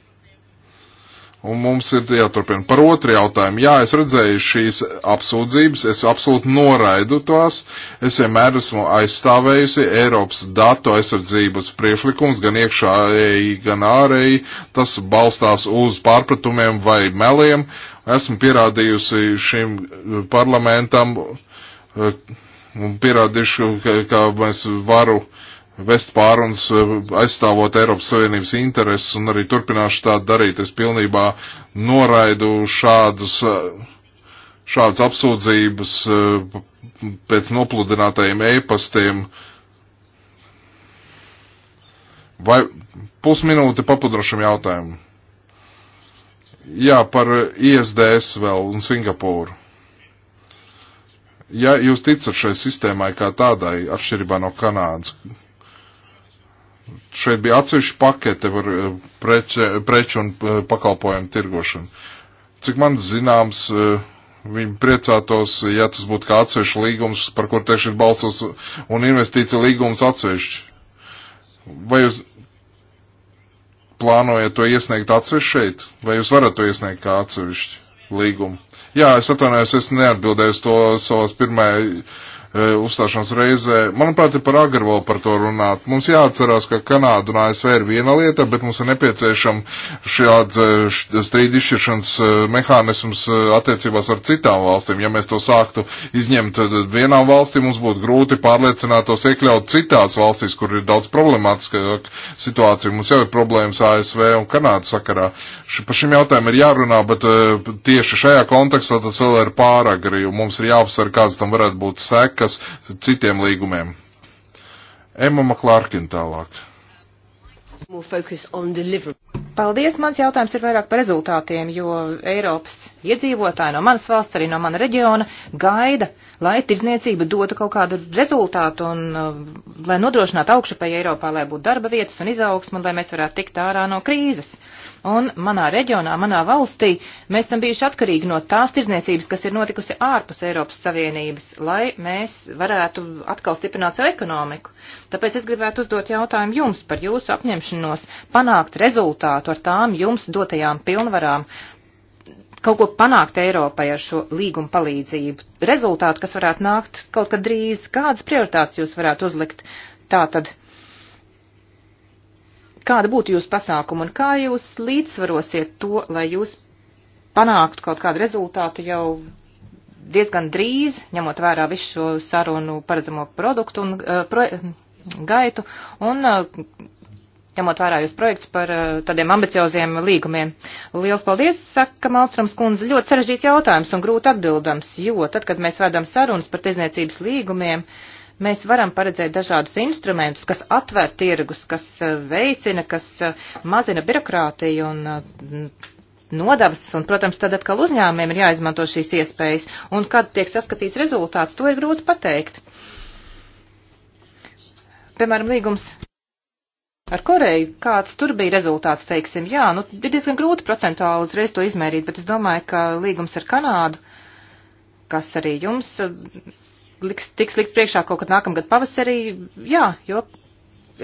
Un mums ir jāturpina par otru jautājumu. Jā, es redzēju šīs apsūdzības, es absolūti noraidu tās. Es vienmēr esmu aizstāvējusi Eiropas datu aizsardzības priešlikums, gan iekšēji, gan ārēji. Tas balstās uz pārpratumiem vai meliem, Esmu pierādījusi šim eh, parlamentam eh, un pierādīšu, ka, ka mēs varu vest pārunas eh, aizstāvot Eiropas Savienības intereses un arī turpināšu tā darīt. Es pilnībā noraidu šādus, šādas apsūdzības pēc nopludinātajiem ēpastiem. Vai pusminūte papudrošam jautājumu? Jā, par ISDS vēl un Singapūru. Ja jūs ticat šai sistēmai kā tādai, atšķirībā no Kanādas, šeit bija atsevišķa pakete par eh, preču, preču un eh, pakalpojumu tirgošanu. Cik man zināms, eh, viņi priecātos, ja tas būtu kā atsevišķa līgums, par kur tieši ir balstos un investīcija līgums atsevišķi. Vai jūs plānojat to iesniegt atsevišķi šeit, vai jūs varat to iesniegt kā atsevišķi līgumu? Jā, es atvainojos, es neatbildēju to savas pirmajā E, uzstāšanās reizē. Manuprāt, ir par agri vēl par to runāt. Mums jāatcerās, ka Kanāda un ASV ir viena lieta, bet mums ir nepieciešama šāds e, strīdu izšķiršanas e, mehānisms attiecībās ar citām valstīm. Ja mēs to sāktu izņemt vienām valstīm, mums būtu grūti pārliecinātos iekļaut citās valstīs, kur ir daudz problemātiska situācija. Mums jau ir problēmas ASV un Kanādas sakarā. Par šim jautājumam ir jārunā, bet tieši šajā kontekstā tas vēl ir pāragri, jo mums ir jāapsver, kāds tam varētu būt sek sekas citiem līgumiem. Emma Maklārkin tālāk. Paldies, mans jautājums ir vairāk par rezultātiem, jo Eiropas iedzīvotāji no manas valsts, arī no mana reģiona gaida, lai tirzniecība dotu kaut kādu rezultātu un uh, lai nodrošinātu augšupēju Eiropā, lai būtu darba vietas un izaugsmu un lai mēs varētu tikt ārā no krīzes. Un manā reģionā, manā valstī mēs esam bijuši atkarīgi no tās tirzniecības, kas ir notikusi ārpus Eiropas Savienības, lai mēs varētu atkal stiprināt savu ekonomiku. Tāpēc es gribētu uzdot jautājumu jums par jūsu apņemšanos panākt rezultātu varētu ar tām jums dotajām pilnvarām kaut ko panākt Eiropai ar šo līgumu palīdzību? Rezultāti, kas varētu nākt kaut kad drīz, kādas prioritātes jūs varētu uzlikt? Tā tad, kāda būtu jūsu pasākuma un kā jūs līdzsvarosiet to, lai jūs panāktu kaut kādu rezultātu jau diezgan drīz, ņemot vērā visu šo sarunu paredzamo produktu un uh, pro, gaitu, un uh, ņemot vērā jūs projekts par eh, tādiem ambicioziem līgumiem. Liels paldies, saka Malstrums kundze, ļoti sarežģīts jautājums un grūti atbildams, jo tad, kad mēs vedam sarunas par tirzniecības līgumiem, mēs varam paredzēt dažādus instrumentus, kas atver tirgus, kas eh, veicina, kas eh, mazina birokrātiju un nodavas, un, protams, tad atkal uzņēmumiem ir jāizmanto šīs iespējas, un kad tiek saskatīts rezultāts, to ir grūti pateikt. Piemēram, līgums Ar Koreju kāds tur bija rezultāts, teiksim, jā, nu ir diezgan grūti procentuāli uzreiz to izmērīt, bet es domāju, ka līgums ar Kanādu, kas arī jums eh, liks, tiks likt priekšā kaut kad nākamgad pavasarī, jā, jo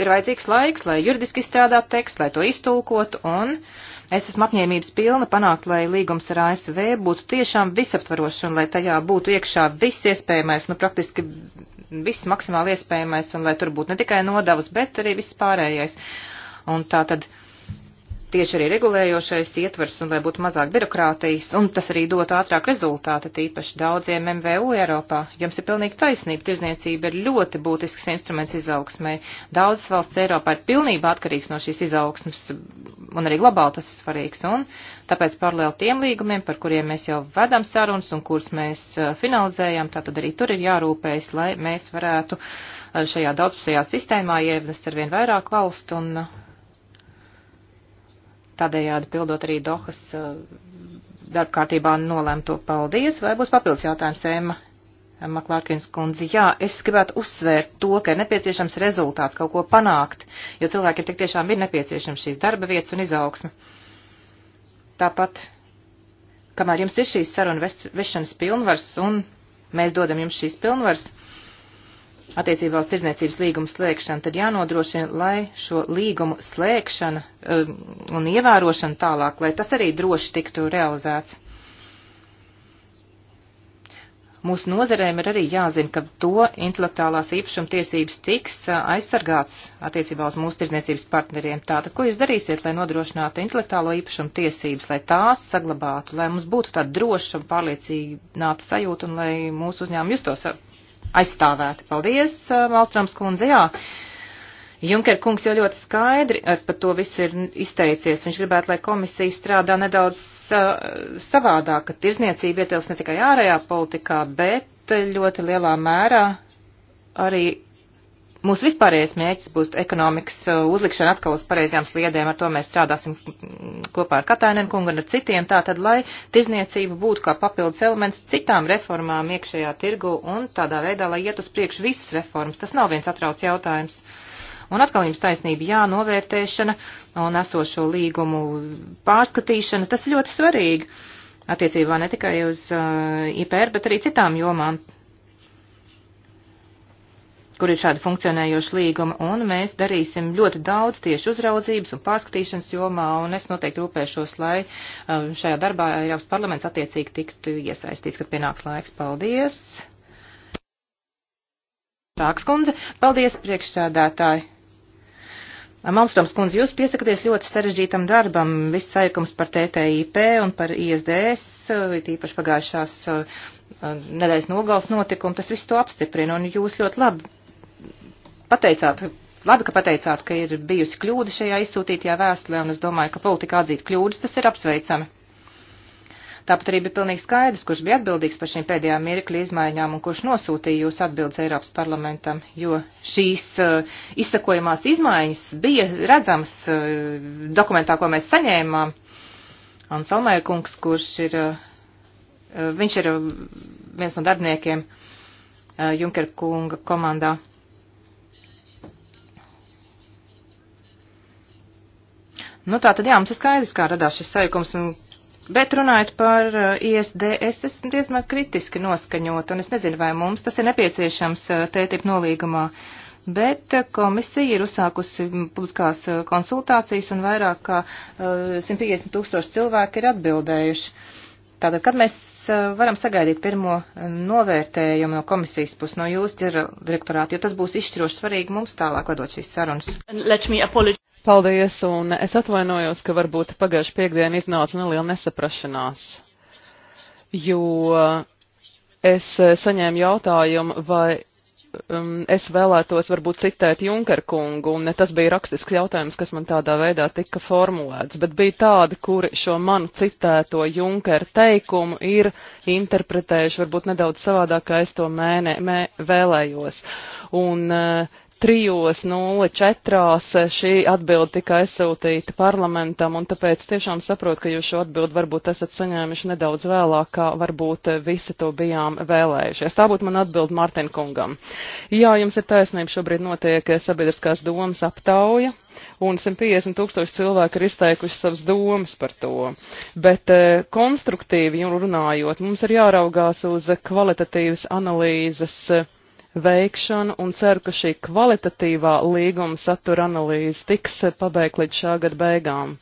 ir vajadzīgs laiks, lai juridiski izstrādātu tekstu, lai to iztulkotu, un Es esmu apņēmības pilna panākt, lai līgums ar ASV būtu tiešām visaptvarošs un lai tajā būtu iekšā viss iespējamais, nu praktiski viss maksimāli iespējamais un lai tur būtu ne tikai nodavas, bet arī viss pārējais. Un tā tad tieši arī regulējošais ietvers un lai būtu mazāk birokrātijas, un tas arī dot ātrāk rezultāti, tīpaši daudziem MVU Eiropā. Jums ir pilnīgi taisnība, tirzniecība ir ļoti būtisks instruments izaugsmai. Daudzas valsts Eiropā ir pilnībā atkarīgs no šīs izaugsmas, un arī globāli tas ir svarīgs, un tāpēc paralēli tiem līgumiem, par kuriem mēs jau vedam sarunas un kurus mēs uh, finalizējam, tātad arī tur ir jārūpējas, lai mēs varētu uh, šajā daudzpusējā sistēmā ievest ar vien vairāk valstu un uh, tādējādi pildot arī Dohas eh, darbkārtībā nolēmto paldies. Vai būs papildus jautājums, Ēma? Maklārkins kundze, jā, es gribētu uzsvērt to, ka ir nepieciešams rezultāts, kaut ko panākt, jo cilvēkiem tik tiešām ir nepieciešams šīs darba vietas un izaugsme. Tāpat, kamēr jums ir šīs sarunu vešanas pilnvars un mēs dodam jums šīs pilnvars, uh, attiecībā uz tirzniecības līgumu slēgšanu, tad jānodrošina, lai šo līgumu slēgšana um, un ievērošana tālāk, lai tas arī droši tiktu realizēts. Mūsu nozerēm ir arī jāzina, ka to intelektuālās īpašuma tiesības tiks uh, aizsargāts attiecībā uz mūsu tirzniecības partneriem. Tātad, ko jūs darīsiet, lai nodrošinātu intelektuālo īpašumu tiesības, lai tās saglabātu, lai mums būtu tāda droša un pārliecināta sajūta un lai mūsu uzņēmumi justos aizstāvēti. Paldies, Valstroms uh, kundze, jā. Junker kungs jau ļoti skaidri par to visu ir izteicies. Viņš gribētu, lai komisija strādā nedaudz uh, savādāk, ka tirzniecība ietilps ne tikai ārējā politikā, bet ļoti lielā mērā arī Mūsu vispārējais mērķis būs ekonomikas uh, uzlikšana atkal uz pareizajām sliedēm, ar to mēs strādāsim mm, kopā ar Katainen kungu un ar citiem, tātad, lai tirzniecība būtu kā papildus elements citām reformām iekšējā tirgu un tādā veidā, lai iet uz priekšu visas reformas. Tas nav viens atrauc jautājums. Un atkal jums taisnība jā, novērtēšana un esošo līgumu pārskatīšana, tas ir ļoti svarīgi attiecībā ne tikai uz uh, IPR, bet arī citām jomām kur ir šādi funkcionējoši līgumi, un mēs darīsim ļoti daudz tieši uzraudzības un pārskatīšanas jomā, un es noteikti rūpēšos, lai um, šajā darbā Eiropas parlaments attiecīgi tiktu iesaistīts, kad pienāks laiks. Paldies! Tāks kundze, paldies priekšsēdētāji! Malmstroms kundze, jūs piesakaties ļoti sarežģītam darbam, viss saikums par TTIP un par ISDS, tīpaši pagājušās uh, uh, nedēļas nogals notikumu, tas viss to apstiprina, un jūs ļoti labi pateicāt, labi, ka pateicāt, ka ir bijusi kļūda šajā izsūtītajā vēstulē, un es domāju, ka politika atzīt kļūdas, tas ir apsveicami. Tāpat arī bija pilnīgi skaidrs, kurš bija atbildīgs par šīm pēdējām mirkļa izmaiņām un kurš nosūtīja jūs atbildes Eiropas parlamentam, jo šīs uh, izsakojamās izmaiņas bija redzamas uh, dokumentā, ko mēs saņēmām. Un Salmērkungs, kurš ir, uh, uh viņš ir uh, viens no darbiniekiem uh, Junker kunga komandā. Uh, Nu tā tad jā, mums ir skaidrs, kā radās šis sajukums, un, bet runājot par eh, ISDS, es diezgan kritiski noskaņot, un es nezinu, vai mums tas ir nepieciešams eh, tētip nolīgumā bet eh, komisija ir uzsākusi publiskās konsultācijas un vairāk kā 150 tūkstoši cilvēki ir atbildējuši. Tātad, kad mēs varam sagaidīt pirmo novērtējumu no komisijas puses, no jūs direktorāta, jo tas būs izšķiroši svarīgi mums tālāk vadot šīs sarunas. Paldies, un es atvainojos, ka varbūt pagājuši piekdien iznāca neliela nesaprašanās, jo es eh, saņēmu jautājumu, vai um, es vēlētos varbūt citēt Junkerkungu, un tas bija rakstisks jautājums, kas man tādā veidā tika formulēts, bet bija tādi, kuri šo manu citēto Junkeru teikumu ir interpretējuši varbūt nedaudz savādāk, kā es to mēne, mē, vēlējos. Un, uh, trijos, 04 eh, šī atbilde tika aizsūtīta parlamentam, un tāpēc tiešām saprotu, ka jūs šo atbildi varbūt esat saņēmuši nedaudz vēlāk, kā varbūt eh, visi to bijām vēlējušies. Tā būtu man atbilde Mārtiņ kungam. Jā, jums ir taisnība, šobrīd notiek eh, sabiedriskās domas aptauja. Un 150 tūkstoši cilvēku ir izteikuši savas domas par to. Bet eh, konstruktīvi runājot, mums ir jāraugās uz kvalitatīvas analīzes eh, veikšanu un ceru, ka šī kvalitatīvā līguma satura analīze tiks pabeigta līdz šā gada beigām.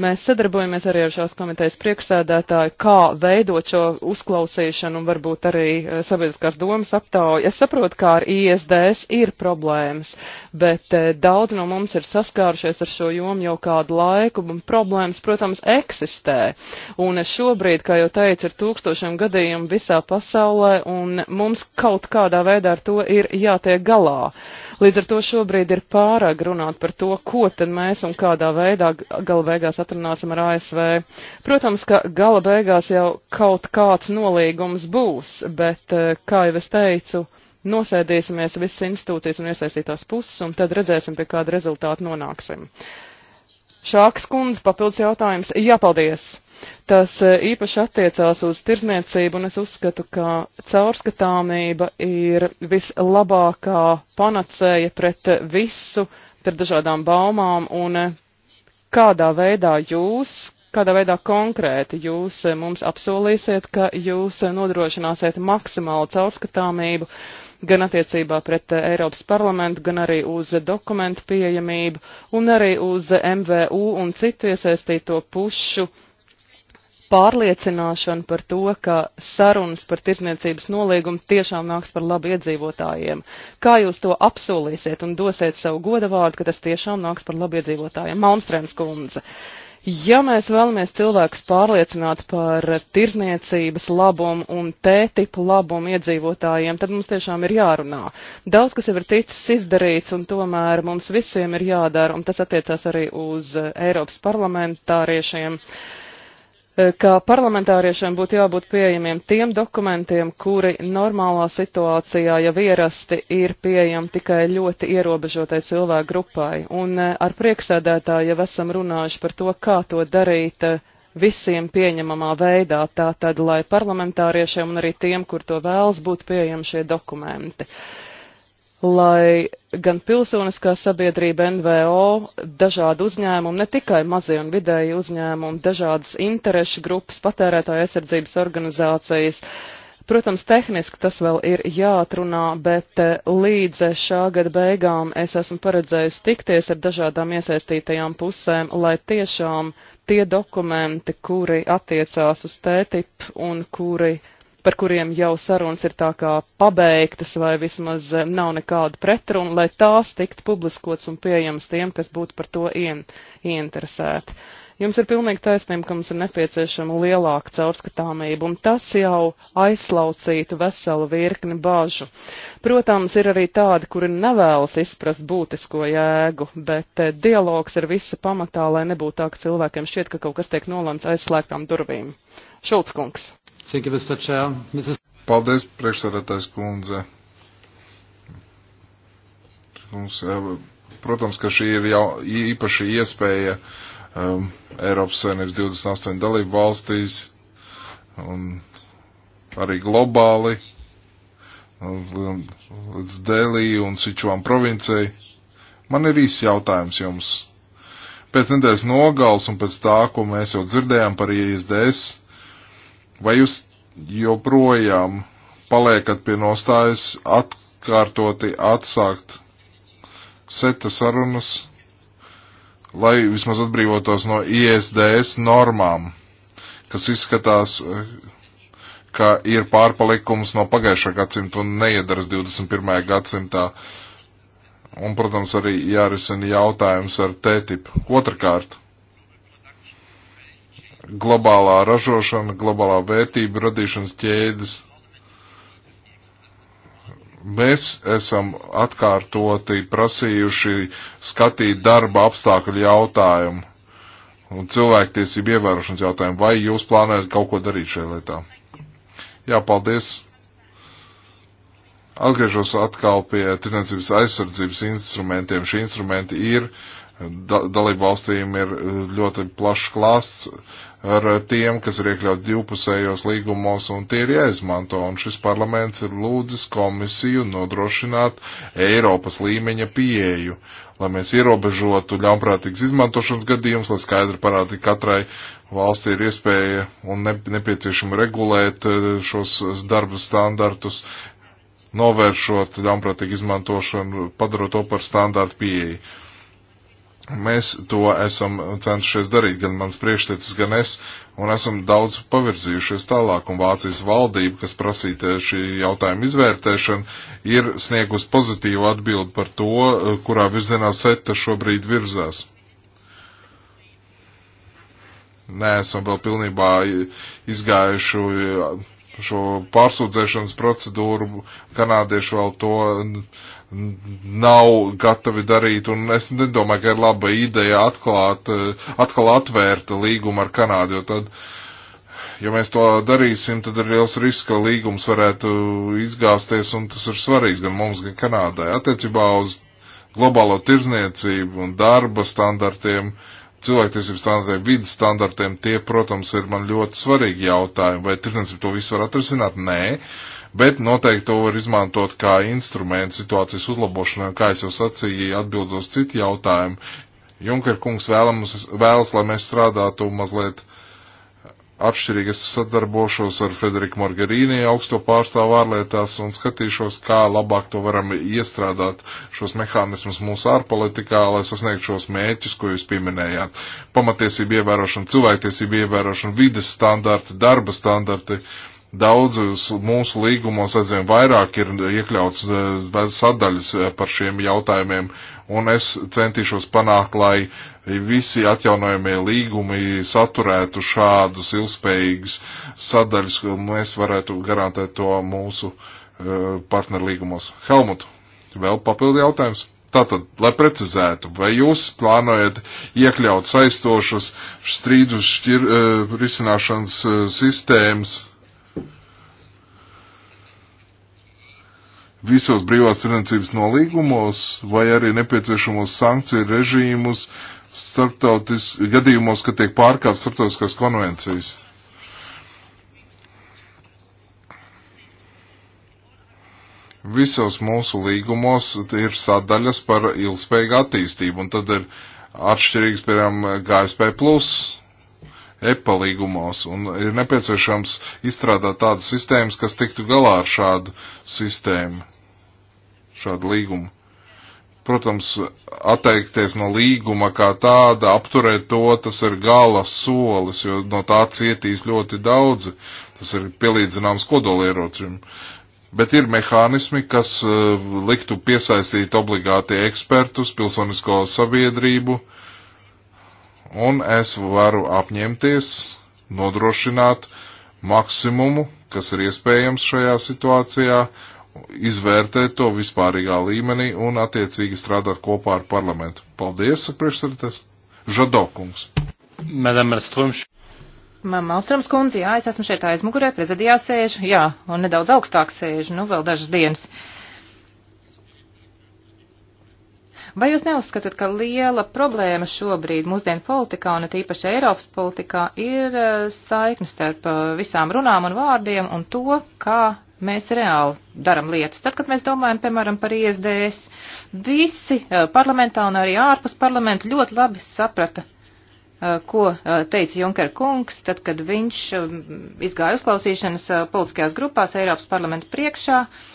Mēs sadarbojamies arī ar šās komitejas priekšsēdētāju, kā veidot šo uzklausīšanu un varbūt arī eh, sabiedriskās domas aptauju. Es saprotu, kā ar ISDS ir problēmas, bet eh, daudz no mums ir saskārušies ar šo jomu jau kādu laiku, un problēmas, protams, eksistē. Un šobrīd, kā jau teicu, ir tūkstošiem gadījumu visā pasaulē, un mums kaut kādā veidā ar to ir jātiek galā. Līdz ar to šobrīd ir pārāk runāt par to, ko tad mēs un kādā veidā galvēgās atrunāsim ar ASV. Protams, ka gala beigās jau kaut kāds nolīgums būs, bet, eh, kā jau es teicu, nosēdīsimies visas institūcijas un iesaistītās puses, un tad redzēsim, pie kāda rezultāta nonāksim. Šāks kundze papildus jautājums. Jā, paldies! Tas eh, īpaši attiecās uz tirzniecību, un es uzskatu, ka caurskatāmība ir vislabākā panacēja pret visu, pret dažādām baumām un eh, kādā veidā jūs, kādā veidā konkrēti jūs mums apsolīsiet, ka jūs nodrošināsiet maksimālu caurskatāmību gan attiecībā pret Eiropas parlamentu, gan arī uz dokumentu pieejamību un arī uz MVU un citu iesaistīto pušu pārliecināšanu par to, ka sarunas par tirzniecības nolīgumu tiešām nāks par labu iedzīvotājiem. Kā jūs to apsolīsiet un dosiet savu godavārdu, ka tas tiešām nāks par labu iedzīvotājiem? Malmstrēms kundze. Ja mēs vēlamies cilvēkus pārliecināt par tirzniecības labumu un tētipu labumu iedzīvotājiem, tad mums tiešām ir jārunā. Daudz kas jau ir ticis izdarīts, un tomēr mums visiem ir jādara, un tas attiecās arī uz Eiropas parlamentāriešiem. Uh, Eh, kā parlamentāriešiem būtu jābūt pieejamiem tiem dokumentiem, kuri normālā situācijā jau ierasti ir pieejami tikai ļoti ierobežotai cilvēku grupai. Un eh, ar priekšsēdētāju jau esam runājuši par to, kā to darīt eh, visiem pieņemamā veidā, tātad, lai parlamentāriešiem un arī tiem, kur to vēlas, būtu pieejami šie dokumenti. Uh, lai gan pilsoniskā sabiedrība, NVO, dažādi uzņēmumi, ne tikai mazie un vidēji uzņēmumi, dažādas interešu grupas, patērētāja aizsardzības organizācijas. Protams, tehniski tas vēl ir jāatrunā, bet eh, līdz šā gada beigām es esmu paredzējis tikties ar dažādām iesaistītajām pusēm, lai tiešām tie dokumenti, kuri attiecās uz TTIP un kuri par kuriem jau sarunas ir tā kā pabeigtas vai vismaz eh, nav nekāda pretruna, lai tās tiktu publiskots un pieejams tiem, kas būtu par to ien, ieinteresēti. Jums ir pilnīgi taisnība, ka mums ir nepieciešama lielāka caurskatāmība, un tas jau aizslaucītu veselu virkni bažu. Protams, ir arī tādi, kuri nevēlas izprast būtisko jēgu, bet eh, dialogs ir visa pamatā, lai nebūtu tā, ka cilvēkiem šķiet, ka kaut kas tiek nolēmts aizslēgtām durvīm. Šulckungs. Thank you, Mr. Chair. Mrs. Paldies, priekšsēdētājs kundze. Mums, eh, protams, ka šī ir jau īpaši iespēja um, Eiropas Savienības 28 dalību valstīs un arī globāli um, līdz Delī un Sičuām provincei. Man ir īsts jautājums jums. Pēc nedēļas nogals un pēc tā, ko mēs jau dzirdējām par ISDS, Vai jūs joprojām paliekat pie nostājas atkārtoti atsākt seta sarunas, lai vismaz atbrīvotos no ISDS normām, kas izskatās, ka ir pārpalikums no pagājušā gadsimta un neiedaras 21. gadsimtā. Un, protams, arī jārisina jautājums ar tētipu. Otrakārt, globālā ražošana, globālā vērtība radīšanas ķēdes. Mēs esam atkārtoti prasījuši skatīt darba apstākļu jautājumu un cilvēktiesību ievērošanas jautājumu. Vai jūs plānojat kaut ko darīt šajā lietā? Jā, paldies. Atgriežos atkal pie tirnēcības aizsardzības instrumentiem. Šie instrumenti ir, da, dalību valstīm ir ļoti plašs klāsts ar tiem, kas ir iekļauti divpusējos līgumos, un tie ir jāizmanto. Un šis parlaments ir lūdzis komisiju nodrošināt Eiropas līmeņa pieeju, lai mēs ierobežotu ļaunprātīgas izmantošanas gadījumus, lai skaidri parādītu katrai valstī ir iespēja un nepieciešama regulēt eh, šos darba standartus, novēršot ļaunprātīgu izmantošanu, padarot to par standārtu pieeju. Mēs to esam centušies darīt, gan mans priekštecis, gan es, un esam daudz pavirzījušies tālāk, un Vācijas valdība, kas prasīja šī jautājuma izvērtēšanu, ir sniegus pozitīvu atbildi par to, kurā virzienā seta šobrīd virzās. Neesam vēl pilnībā izgājuši uh, šo pārsūdzēšanas procedūru, kanādieši vēl to nav gatavi darīt, un es nedomāju, ka ir laba ideja atklāt, atkal atvērt līgumu ar Kanādu, jo tad, ja mēs to darīsim, tad ir liels risks, ka līgums varētu izgāzties, un tas ir svarīgs gan mums, gan Kanādai. Attiecībā uz globālo tirzniecību un darba standartiem, cilvēktiesību standartiem, vidas standartiem, tie, protams, ir man ļoti svarīgi jautājumi. Vai tirzniecība to visu var atrisināt? Nē. Uh, bet noteikti to var izmantot kā instrumentu situācijas uzlabošanai, kā es jau sacīju, atbildos citu jautājumu. Junker kungs vēlams, vēlas, lai mēs strādātu mazliet atšķirīgi. Es sadarbošos ar Federiku Margarīni, augsto pārstāvu ārlietās, un skatīšos, kā labāk to varam iestrādāt šos mehānismus mūsu ārpolitikā, lai sasniegtu šos mērķus, ko jūs pieminējāt. Pamatiesība ievērošana, cilvēktiesība ievērošana, vides standarti, darba standarti. Uh, Daudzus mūsu līgumos aizvien vairāk ir iekļauts eh, sadaļas eh, par šiem jautājumiem, un es centīšos panākt, lai visi atjaunojamie līgumi saturētu šādus ilgspējīgus sadaļus, un mēs varētu garantēt to mūsu eh, partnerlīgumos. Helmut, vēl papildi jautājums? Tātad, lai precizētu, vai jūs plānojat iekļaut saistošas strīdus šķir, uh, risināšanas uh, sistēmas visos brīvās tirdzniecības nolīgumos vai arī nepieciešamos sankciju režīmus starptautis, gadījumos, kad tiek pārkāpt starptautiskās konvencijas? Visos mūsu līgumos ir sadaļas par ilgspējīgu attīstību, un tad ir atšķirīgs, piemēram, GSP plus EPA līgumos, un ir nepieciešams izstrādāt tādas sistēmas, kas tiktu galā ar šādu sistēmu, šādu līgumu. Protams, atteikties no līguma kā tāda, apturēt to, tas ir gala solis, jo no tā cietīs ļoti daudzi. Tas ir pielīdzināms kodolierocim. Bet ir mehānismi, kas eh, liktu piesaistīt obligāti ekspertus, pilsonisko sabiedrību, uh, un es varu apņemties nodrošināt maksimumu, kas ir iespējams šajā situācijā, izvērtēt to vispārīgā līmenī un attiecīgi strādāt kopā ar parlamentu. Paldies, saka priekšsēdētājs. Žadokungs. Madam Malstrums. Malstrums kundze, jā, es esmu šeit aizmugurē, prezidijā sēžu, jā, un nedaudz augstāk sēžu, nu vēl dažas dienas. Uh, Vai jūs neuzskatāt, ka liela problēma šobrīd mūsdienu politikā un tīpaši Eiropas politikā ir eh, saikne starp eh, visām runām un vārdiem un to, kā mēs reāli daram lietas. Tad, kad mēs domājam, piemēram, par ISDS, visi eh, parlamentā un arī ārpus parlamenta ļoti labi saprata, ko teica Junker kungs, tad, kad viņš izgāja uzklausīšanas politiskajās grupās Eiropas parlamenta priekšā. Uh,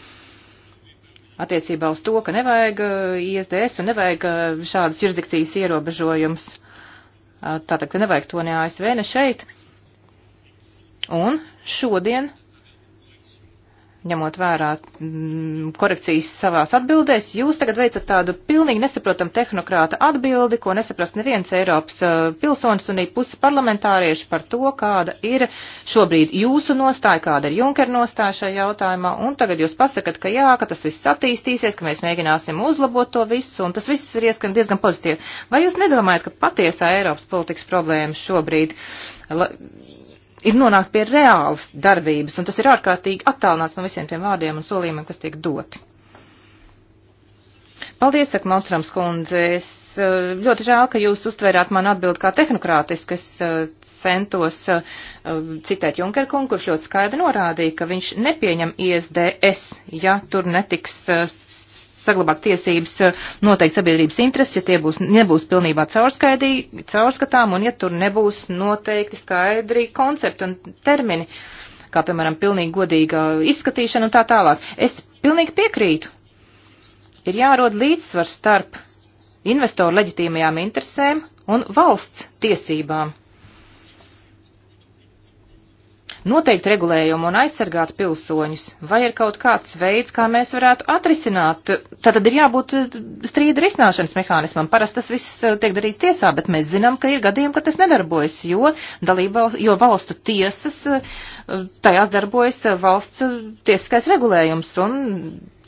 attiecībā uz to, ka nevajag uh, ISDS un nevajag uh, šādas jurisdikcijas ierobežojums. Uh, tātad, ka nevajag to ne ASV, ne šeit. Un šodien ņemot vērā mm, korekcijas savās atbildēs, jūs tagad veicat tādu pilnīgi nesaprotamu tehnokrāta atbildi, ko nesaprast neviens Eiropas uh, pilsonis un arī pusi parlamentārieši par to, kāda ir šobrīd jūsu nostāja, kāda ir Junker nostāja šajā jautājumā, un tagad jūs pasakat, ka jā, ka tas viss attīstīsies, ka mēs mēģināsim uzlabot to visu, un tas viss ir ieskan diezgan pozitīvi. Vai jūs nedomājat, ka patiesā Eiropas politikas problēma šobrīd la, ir nonākt pie reālas darbības, un tas ir ārkārtīgi attālināts no visiem tiem vārdiem un solījumiem, kas tiek doti. Paldies, saka Maltrams kundze. Es eh, ļoti žēl, ka jūs uztvērāt manu atbildi kā tehnokrātisku. Es eh, centos eh, citēt Junker kungu, kurš ļoti skaidri norādīja, ka viņš nepieņem ISDS, ja tur netiks saglabāt tiesības eh, noteikt sabiedrības intereses, ja tie būs, nebūs pilnībā caurskatām un ja tur nebūs noteikti skaidri koncepti un termini, kā piemēram pilnīgi godīga izskatīšana un tā tālāk. Es pilnīgi piekrītu. Ir jārod līdzsvars starp investoru leģitīmajām interesēm un valsts tiesībām noteikt regulējumu un aizsargāt pilsoņus, vai ir kaut kāds veids, kā mēs varētu atrisināt. Tātad ir jābūt eh, strīda risināšanas mehānismam. Parasti tas viss eh, tiek darīts tiesā, bet mēs zinām, ka ir gadījumi, ka tas nedarbojas, jo, dalība, jo valstu tiesas, eh, tajās darbojas valsts tiesiskais regulējums. Un,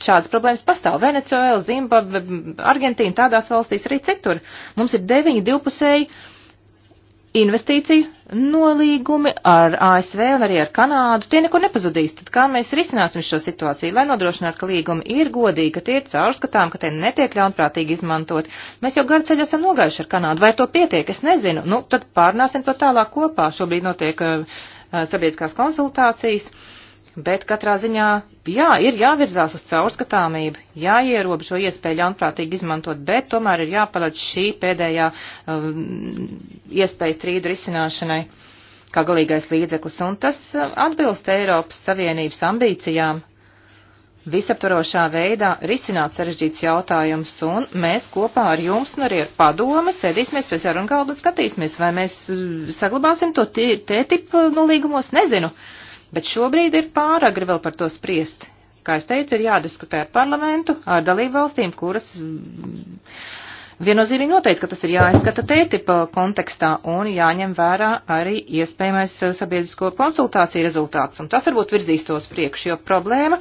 šādas problēmas pastāv. Venecuēla, Zimbabve, Argentīna, tādās valstīs arī citur. Mums ir deviņi divpusēji investīciju nolīgumi ar ASV, arī ar Kanādu, tie nekur nepazudīs. Tad kā mēs risināsim šo situāciju, lai nodrošinātu, ka līgumi ir godīgi, ka tie ir caurskatām, ka tie netiek ļaunprātīgi izmantot? Mēs jau garu ceļu esam nogājuši ar Kanādu, vai to pietiek, es nezinu. Nu, tad pārnāsim to tālāk kopā. Šobrīd notiek uh, uh sabiedriskās konsultācijas. Uh, Bet katrā ziņā, jā, ir jāvirzās uz caurskatāmību, jāierobežo iespēju ļaunprātīgi izmantot, bet tomēr ir jāpalaiž šī pēdējā um, iespēja strīdu risināšanai kā galīgais līdzeklis, un tas uh, atbilst Eiropas Savienības ambīcijām visaptvarošā veidā risināt sarežģīts jautājums, un mēs kopā ar jums un arī ar padomu sēdīsimies pie sarunu galda un skatīsimies, vai mēs uh, saglabāsim to tētipu uh, nolīgumos, nu, nezinu. Uh, Bet šobrīd ir pāragri vēl par to spriest. Kā es teicu, ir jādiskutē ar parlamentu, ar dalību valstīm, kuras viennozīmīgi noteica, ka tas ir jāizskata tētipa kontekstā un jāņem vērā arī iespējamais eh, sabiedrisko konsultāciju rezultāts. Un tas varbūt virzīs tos priekš, jo problēma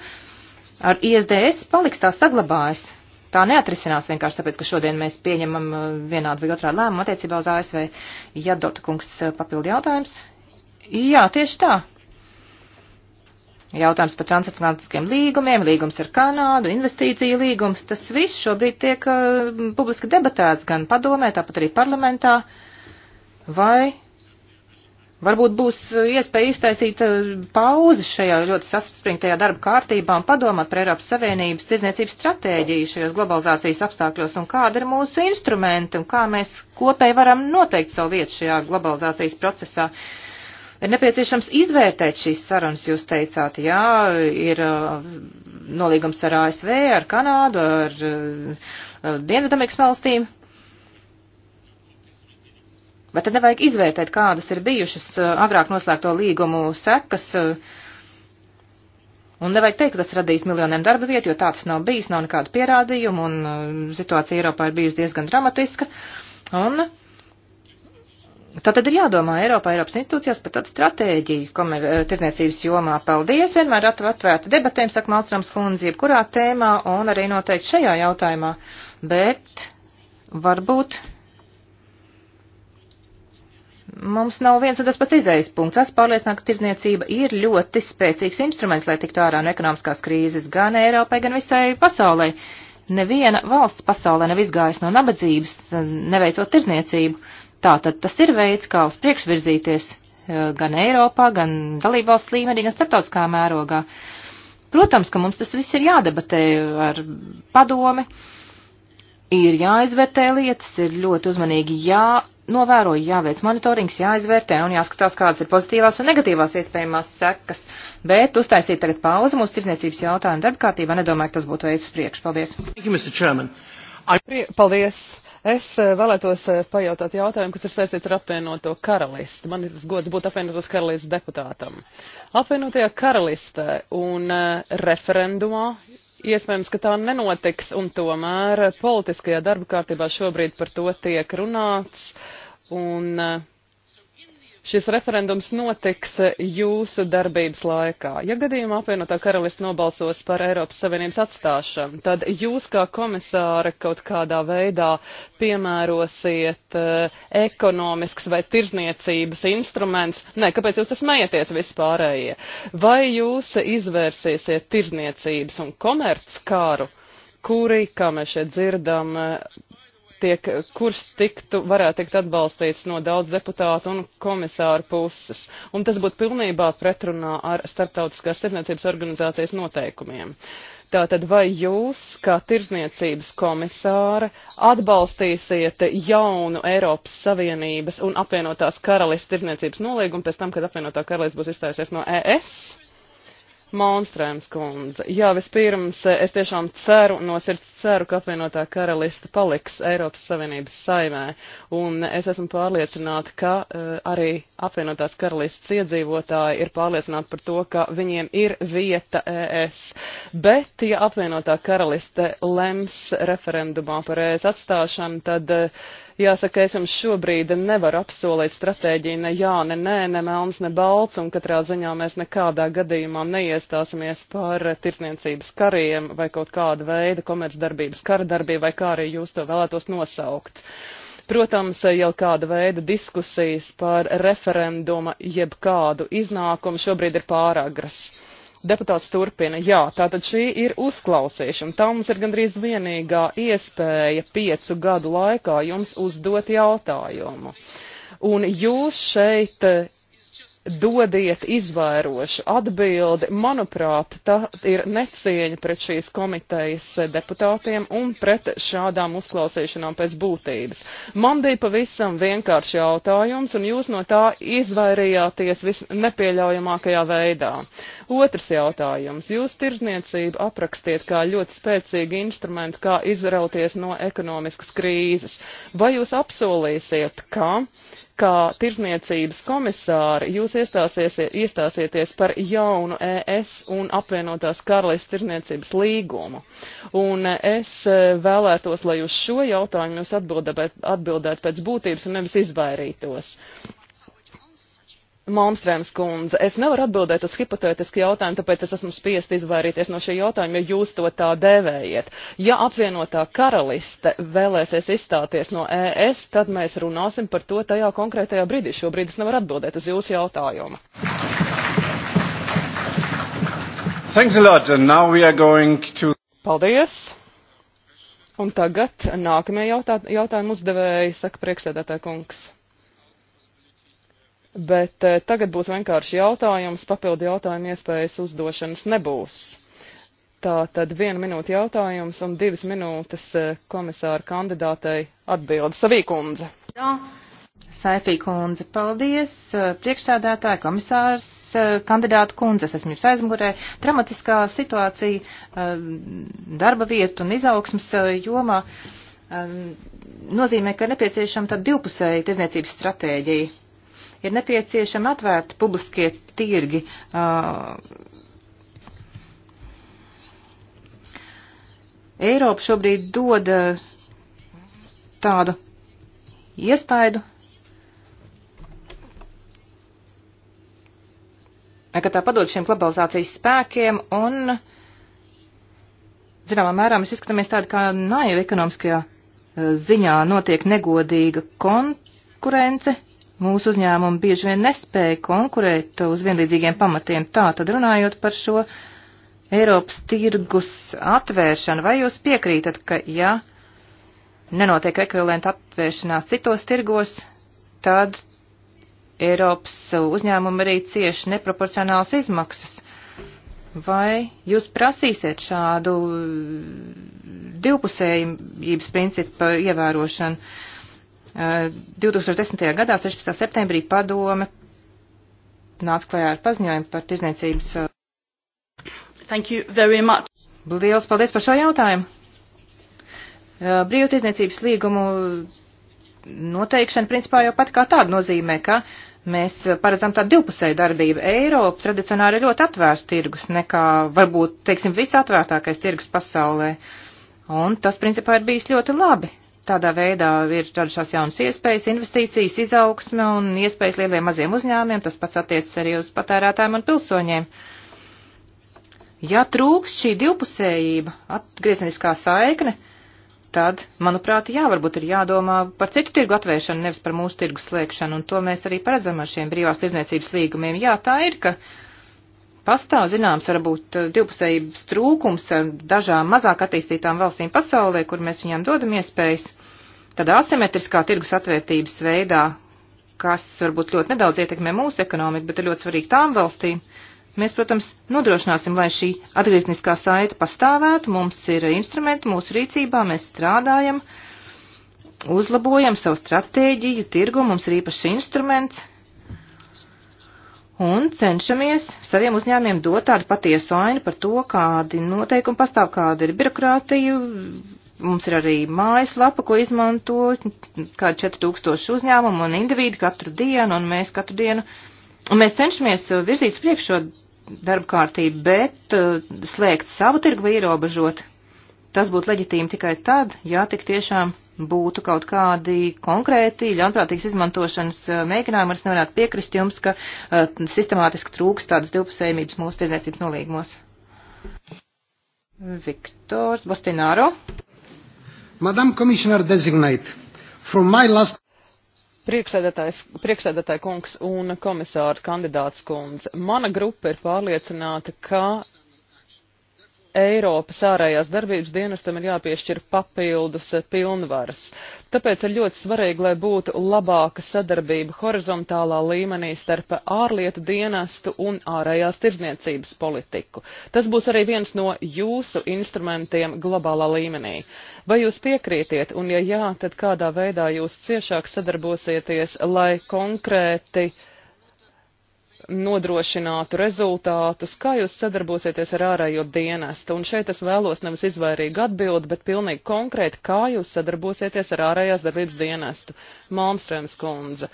ar ISDS paliks tā saglabājas. Tā neatrisinās vienkārši tāpēc, ka šodien mēs pieņemam eh, vienādu vai otrādu lēmumu attiecībā uz ASV. Ja Dota kungs eh, papildi jautājums. Jā, tieši tā. Jautājums par transatlantiskiem līgumiem, līgums ar Kanādu, investīcija līgums, tas viss šobrīd tiek uh, publiski debatēts gan padomē, tāpat arī parlamentā. Vai varbūt būs eh, iespēja iztaisīt uh, pauzi šajā ļoti saspringtajā darba kārtībā un padomāt par Eiropas Savienības tirzniecības stratēģiju šajos globalizācijas apstākļos un kāda ir mūsu instrumenti un kā mēs kopēji varam noteikt savu vietu šajā globalizācijas procesā. Uh, Ir nepieciešams izvērtēt šīs sarunas, jūs teicāt, jā, ir uh, nolīgums ar ASV, ar Kanādu, ar uh, Dienvidamerikas valstīm. Bet tad nevajag izvērtēt, kādas ir bijušas uh, agrāk noslēgto līgumu sekas. Un nevajag teikt, ka tas radīs miljoniem darba vietu, jo tāds nav bijis, nav nekādu pierādījumu, un situācija Eiropā ir bijusi diezgan dramatiska. Un uh, Tātad ir jādomā Eiropā, Eiropas institūcijās par tādu stratēģiju, kam ir eh, tirzniecības jomā. Paldies, vienmēr atvērta debatēm, saka Malstrams Hunzi, jebkurā tēmā un arī noteikti šajā jautājumā. Bet varbūt mums nav viens un tas pats izējas punkts. Es pārliecināju, ka tirzniecība ir ļoti spēcīgs instruments, lai tiktu ārā no ekonomiskās krīzes gan Eiropai, gan visai pasaulē. Neviena valsts pasaulē nav izgājusi no nabadzības, neveicot tirzniecību. Tātad tas ir veids, kā uz priekšu virzīties eh, gan Eiropā, gan dalībvalsts līmenī, gan starptautiskā mērogā. Protams, ka mums tas viss ir jādebatē ar padomi, ir jāizvērtē lietas, ir ļoti uzmanīgi jānovēro, jāveic monitorings, jāizvērtē un jāskatās, kādas ir pozitīvās un negatīvās iespējamās sekas. Bet uztaisīt tagad pauzi mūsu tirdzniecības jautājumu darbkārtībā, nedomāju, ka tas būtu veids uz priekšu. Paldies! Paldies! Es eh, vēlētos eh, pajautāt jautājumu, kas ir saistīts ar apvienoto karalisti. Man ir tas gods būt apvienotās karalistas deputātam. Apvienotajā karalistē un eh, referendumā iespējams, ka tā nenotiks, un tomēr politiskajā darba kārtībā šobrīd par to tiek runāts. Un uh, šis referendums notiks eh, jūsu darbības laikā. Ja gadījumā apvienotā karalists nobalsos par Eiropas Savienības atstāšanu, tad jūs kā komisāra kaut kādā veidā piemērosiet uh, ekonomisks vai tirzniecības instruments. Nē, kāpēc jūs tas mejaties vispārējie? Vai jūs izvērsīsiet tirzniecības un komerckaru, kuri, kā mēs šeit dzirdam, uh, tiek, kurš tiktu, varētu tikt atbalstīts no daudz deputātu un komisāru puses. Un tas būtu pilnībā pretrunā ar Startautiskās tirzniecības organizācijas noteikumiem. Tātad vai jūs, kā tirzniecības komisāra, atbalstīsiet jaunu Eiropas Savienības un apvienotās karalists tirzniecības nolīgumu pēc tam, kad apvienotā karalists būs izstājusies no ES? Malmstrēms kundze. Jā, vispirms eh, es tiešām ceru, no sirds ceru, ka apvienotā karalista paliks Eiropas Savienības saimē. Un es esmu pārliecināta, ka uh, arī apvienotās karalistas iedzīvotāji ir pārliecināti par to, ka viņiem ir vieta ES. Bet, ja apvienotā karaliste lems referendumā par ES atstāšanu, tad. Uh, Jāsaka, es jums šobrīd nevaru apsolīt stratēģiju ne jā, ne nē, ne melns, ne balts, un katrā ziņā mēs nekādā gadījumā neiestāsimies par tirsniecības kariem vai kaut kāda veida komercdarbības karadarbību vai kā arī jūs to vēlētos nosaukt. Protams, jau kāda veida diskusijas par referenduma jeb kādu iznākumu šobrīd ir pāragras. Deputāts turpina, jā, tātad šī ir uzklausīšana. Tā mums ir gandrīz vienīgā iespēja piecu gadu laikā jums uzdot jautājumu. Un jūs šeit dodiet izvairošu atbildi. Manuprāt, tā ir necieņa pret šīs komitejas deputātiem un pret šādām uzklausīšanām pēc būtības. Man bija pavisam vienkārši jautājums, un jūs no tā izvairījāties visnepieļaujamākajā veidā. Otrs jautājums. Jūs tirzniecību aprakstiet kā ļoti spēcīgu instrumentu, kā izrauties no ekonomiskas krīzes. Vai jūs apsolīsiet, ka kā tirzniecības komisāri jūs iestāsieties par jaunu ES un apvienotās karalists tirzniecības līgumu. Un es e, vēlētos, lai uz šo jautājumu jūs atbildētu atbildēt pēc būtības un nevis izvairītos. Malmstrēms kundze, es nevaru atbildēt uz hipotētisku jautājumu, tāpēc es esmu spiest izvairīties no šī jautājuma, ja jūs to tā dēvējiet. Ja apvienotā karaliste vēlēsies izstāties no ES, tad mēs runāsim par to tajā konkrētajā brīdī. Šobrīd es nevaru atbildēt uz jūsu jautājumu. Thanks a lot, and now we are going to... Paldies! Un tagad nākamie jautā, jautājumu uzdevēji, saka priekšsēdētāja kungs bet eh, tagad būs vienkārši jautājums, papildu jautājumu iespējas uzdošanas nebūs. Tā tad viena minūte jautājums un divas minūtes eh, komisāra kandidātei atbilda Savīkundze. Jā. Saifī kundze, paldies. Eh, Priekšsādātāja komisārs, eh, kandidāta kundze, es esmu jums aizmugurē. Dramatiskā situācija eh, darba vietu un izaugsmas jomā nozīmē, ka ir nepieciešama tad divpusēja tiesniecības stratēģija ir nepieciešami atvērti publiskie tirgi. Eiropa šobrīd dod tādu iespaidu, ka tā padod šiem globalizācijas spēkiem un, zināmā mērā, mēs izskatāmies tādi kā naivi ekonomiskajā ziņā notiek negodīga konkurence mūsu uzņēmumi bieži vien nespēja konkurēt uz vienlīdzīgiem pamatiem. Tā tad runājot par šo Eiropas tirgus atvēršanu, vai jūs piekrītat, ka ja nenotiek ekvivalenta atvēršanās citos tirgos, tad Eiropas uzņēmumi arī cieši neproporcionāls izmaksas? Vai jūs prasīsiet šādu divpusējības principu ievērošanu? 2010. Eh, gadā 16. septembrī padome nāca klajā ar paziņojumu par tirzniecības. Eh, Thank you very much. Liels paldies par šo jautājumu. Eh, Brīvtiesniecības līgumu noteikšana principā jau pat kā tāda nozīmē, ka mēs paredzam tādu divpusēju darbību. Eiropa tradicionāli ir ļoti atvērts tirgus nekā varbūt, teiksim, visatvērtākais tirgus pasaulē. Un tas principā ir bijis ļoti labi. Tādā veidā ir radušās jaunas iespējas, investīcijas, izaugsme un iespējas lieliem maziem uzņēmiem, tas pats attiecas arī uz patērētājiem un pilsoņiem. Ja trūks šī divpusējība, atgriezeniskā saikne, tad, manuprāt, jā, varbūt ir jādomā par citu tirgu atvēršanu, nevis par mūsu tirgu slēgšanu, un to mēs arī paredzam ar šiem brīvās tirzniecības līgumiem. Jā, tā ir, ka pastāv zināms varbūt divpusējības trūkums ar dažām mazāk attīstītām valstīm pasaulē, kur mēs viņām dodam iespējas tādā asimetriskā tirgus atvērtības veidā, kas varbūt ļoti nedaudz ietekmē mūsu ekonomiku, bet ir ļoti svarīgi tām valstīm, mēs, protams, nodrošināsim, lai šī atgriezniskā saita pastāvētu, mums ir instrumenti mūsu rīcībā, mēs strādājam, uzlabojam savu stratēģiju, tirgu, mums ir īpašs instruments un cenšamies saviem uzņēmiem dot tādu patiesu ainu par to, kādi noteikumi pastāv, kāda ir birokrātija, Mums ir arī mājaslapa, ko izmanto kādi 4000 uzņēmumu un individu katru dienu, un mēs katru dienu, un mēs cenšamies uh, virzīt priekš šo darba kārtību, bet uh, slēgt savu tirgu vai ierobežot. Tas būtu leģitīmi tikai tad, ja tik tiešām būtu kaut kādi konkrēti ļaunprātīgas izmantošanas uh, mēģinājumi, un es nevarētu piekrist jums, ka uh, sistemātiski trūks tādas divpusējumības mūsu tirdzniecības nolīgumos. Viktors Bostināro. Madam Commissioner Designate, from my last priekšsēdētāja kungs un komisāra kandidāts kundze. Mana grupa ir pārliecināta, ka Eiropas ārējās darbības dienestam ir jāpiešķir papildus eh, pilnvaras. Tāpēc ir ļoti svarīgi, lai būtu labāka sadarbība horizontālā līmenī starp ārlietu dienestu un ārējās tirdzniecības politiku. Tas būs arī viens no jūsu instrumentiem globālā līmenī. Vai jūs piekrītiet, un ja jā, tad kādā veidā jūs ciešāk sadarbosieties, lai konkrēti uh, nodrošinātu rezultātus, kā jūs sadarbosieties ar ārējo dienestu. Un šeit es vēlos nevis izvairīgu atbildi, bet pilnīgi konkrēti, kā jūs sadarbosieties ar ārējās darbības dienestu. Malmstrēms kundze.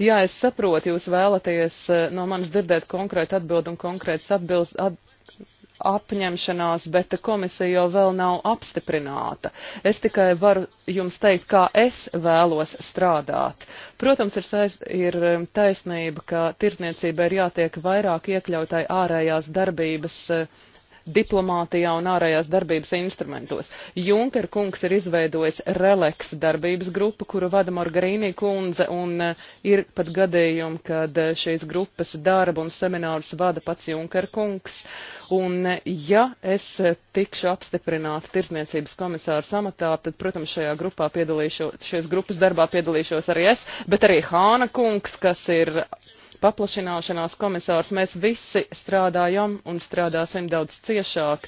Jā, es saprotu, jūs vēlaties eh, no manis dzirdēt konkrētu atbildi un konkrētas atbildes. At apņemšanās, bet komisija jau vēl nav apstiprināta. Es tikai varu jums teikt, kā es vēlos strādāt. Protams, ir, saiz, ir um, taisnība, ka tirzniecība ir jātiek vairāk iekļautai ārējās darbības uh, diplomātijā un ārējās darbības instrumentos. Junker kungs ir izveidojis releks darbības grupu, kuru vada Margarīnī kundze, un eh, ir pat gadījumi, kad eh, šīs grupas darbu un seminārus vada pats Junker kungs. Un eh, ja es tikšu apstiprināta tirzniecības komisāra samatā, tad, protams, šajā grupā piedalīšos, šīs grupas darbā piedalīšos arī es, bet arī Hāna kungs, kas ir paplašināšanās komisārs, mēs visi strādājam un strādāsim daudz ciešāk,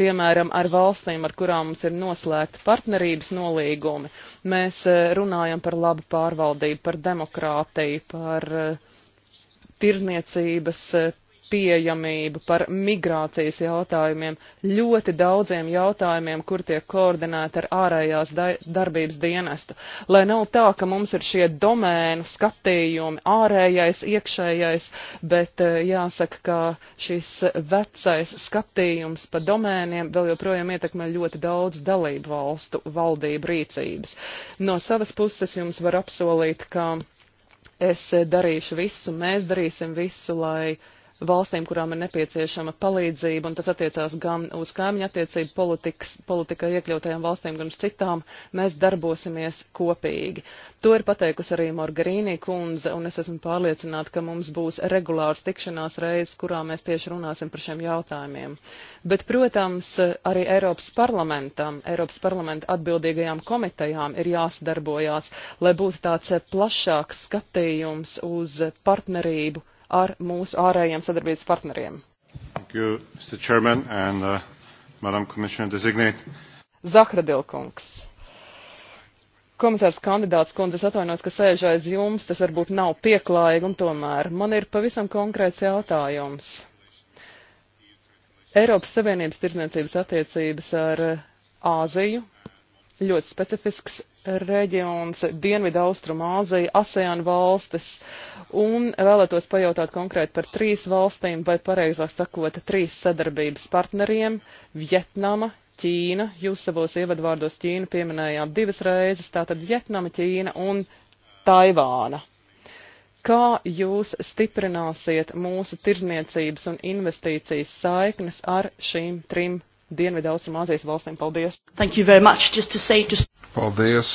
piemēram, ar valstīm, ar kurām mums ir noslēgta partnerības nolīgumi. Mēs eh, runājam par labu pārvaldību, par demokrātiju, par eh, tirzniecības eh, pieejamību, par migrācijas jautājumiem, ļoti daudziem jautājumiem, kur tiek koordinēti ar ārējās da darbības dienestu. Lai nav tā, ka mums ir šie domēnu skatījumi, ārējais, iekšējais, bet eh, jāsaka, ka šis vecais skatījums pa domēniem vēl joprojām ietekmē ļoti daudz dalību valstu valdību rīcības. No savas puses jums var apsolīt, ka es darīšu visu, mēs darīsim visu, lai uh, valstīm, kurām ir nepieciešama palīdzība, un tas attiecās gan uz kaimiņu attiecību politikas, politikā iekļautajām valstīm, gan uz citām, mēs darbosimies kopīgi. To ir pateikusi arī Morgarīnī kundze, un es esmu pārliecināta, ka mums būs regulārs tikšanās reizes, kurā mēs tieši runāsim par šiem jautājumiem. Bet, protams, arī Eiropas parlamentam, Eiropas parlamenta atbildīgajām komitejām ir jāsadarbojās, lai būtu tāds plašāks skatījums uz partnerību ar mūsu ārējiem sadarbības partneriem. You, Chairman, and, uh, Zahradilkungs. Komisārs kandidāts kundze, es atvainojos, ka sēž aiz jums, tas varbūt nav pieklājīgi, un tomēr man ir pavisam konkrēts jautājums. Eiropas Savienības tirdzniecības attiecības ar uh, Āziju ļoti specifisks reģions, Dienvidu Austrumāzija, ASEAN valstis, un vēlētos pajautāt konkrēti par trīs valstīm, vai pareizāk sakot, trīs sadarbības partneriem - Vietnama, Ķīna, jūs savos ievadvārdos Ķīnu pieminējāt divas reizes, tātad Vietnama, Ķīna un Taivāna. Kā jūs stiprināsiet mūsu tirzniecības un investīcijas saiknes ar šīm trim Dienvidu Austrumāzijas valstīm. Paldies! Thank you very much. Just to say, just... Paldies!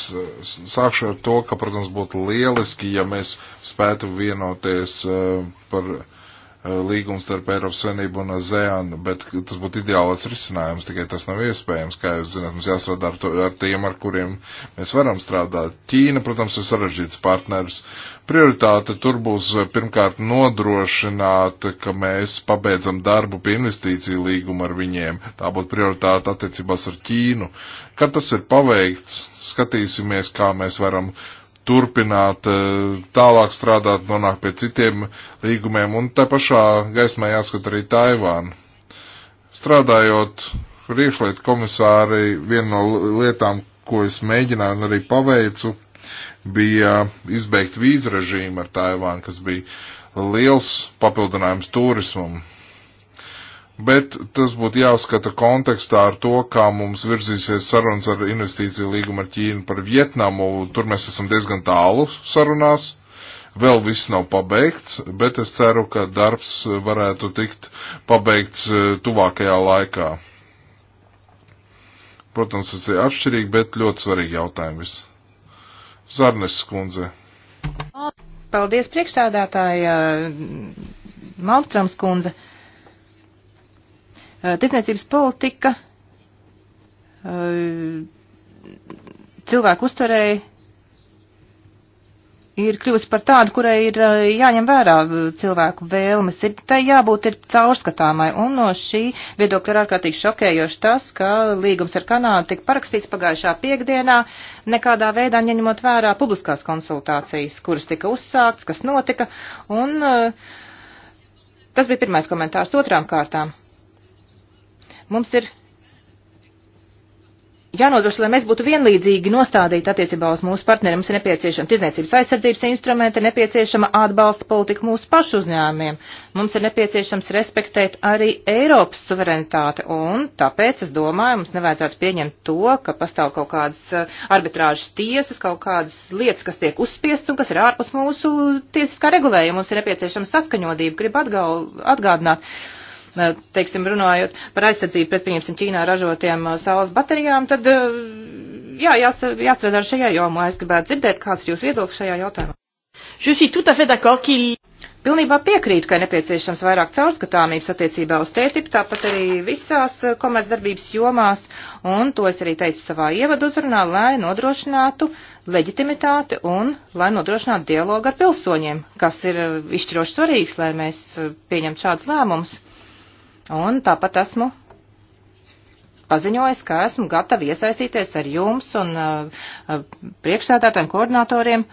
Sākšu ar to, ka, protams, būtu lieliski, ja mēs spētu vienoties uh, par Eh, līgums starp Eiropas Savienību un Zēnu, bet tas būtu ideāls risinājums, tikai tas nav iespējams, kā jūs zināt, mums jāstrādā ar, to, ar tiem, ar kuriem mēs varam strādāt. Ķīna, protams, ir sarežģīts partners. Prioritāte tur būs eh, pirmkārt nodrošināt, ka mēs pabeidzam darbu pie investīciju līguma ar viņiem. Tā būtu prioritāte attiecībās ar Ķīnu. Kad tas ir paveikts, skatīsimies, kā mēs varam uh, turpināt, eh, tālāk strādāt, nonākt pie citiem līgumiem, un tā pašā gaismā jāskat arī Taivāna. Strādājot priekšlietu komisāri, viena no lietām, ko es mēģināju un arī paveicu, bija izbeigt vīzu režīmu ar Taivānu, kas bija liels papildinājums turismam Bet tas būtu jāskata kontekstā ar to, kā mums virzīsies sarunas ar investīciju līgumu ar Ķīnu par Vietnamu. Tur mēs esam diezgan tālu sarunās. Vēl viss nav pabeigts, bet es ceru, ka darbs varētu tikt pabeigts e, tuvākajā laikā. Protams, tas ir atšķirīgi, bet ļoti svarīgi jautājums. Zarnes skundze. Paldies priekšsādātāja e, Maltrams kundze. Uh, Eh, Tirzniecības politika eh, cilvēku uztverēji ir kļuvusi par tādu, kurai ir eh, jāņem vērā cilvēku vēlmes, ir tai jābūt ir caurskatāmai, un no šī viedokļa ir ārkārtīgi šokējoši tas, ka līgums ar Kanādu tika parakstīts pagājušā piekdienā, nekādā veidā ņemot vērā publiskās konsultācijas, kuras tika uzsākts, kas notika, un tas bija pirmais komentārs otrām kārtām. Mums ir jānodrošina, lai mēs būtu vienlīdzīgi nostādīti attiecībā uz mūsu partneriem. Mums ir nepieciešama tirdzniecības aizsardzības instrumenta, nepieciešama atbalsta politika mūsu pašu uzņēmumiem. Mums ir nepieciešams respektēt arī Eiropas suverenitāti, un tāpēc es domāju, mums nevajadzētu pieņemt to, ka pastāv kaut kādas uh, arbitrāžas tiesas, kaut kādas lietas, kas tiek uzspiestas un kas ir ārpus mūsu tiesiskā regulējuma. Mums ir nepieciešama saskaņodība, gribu atgādināt teiksim, runājot par aizsardzību pret, pieņemsim, Ķīnā ražotiem uh, saules baterijām, tad uh, jā, jās, jāstrādā ar šajā jomā. Es gribētu dzirdēt, kāds ir jūsu viedoklis šajā jautājumā. Je suis tout à fait d'accord qu'il Pilnībā piekrītu, ka ir nepieciešams vairāk caurskatāmības attiecībā uz tētipu, tāpat arī visās uh, komercdarbības jomās, un to es arī teicu savā ievadu uzrunā, lai nodrošinātu leģitimitāti un lai nodrošinātu dialogu ar pilsoņiem, kas ir izšķiroši svarīgs, lai mēs pieņemtu šādus lēmumus. Un tāpat esmu paziņojis, ka esmu gatavi iesaistīties ar jums un uh, uh, priekšsēdētājiem koordinatoriem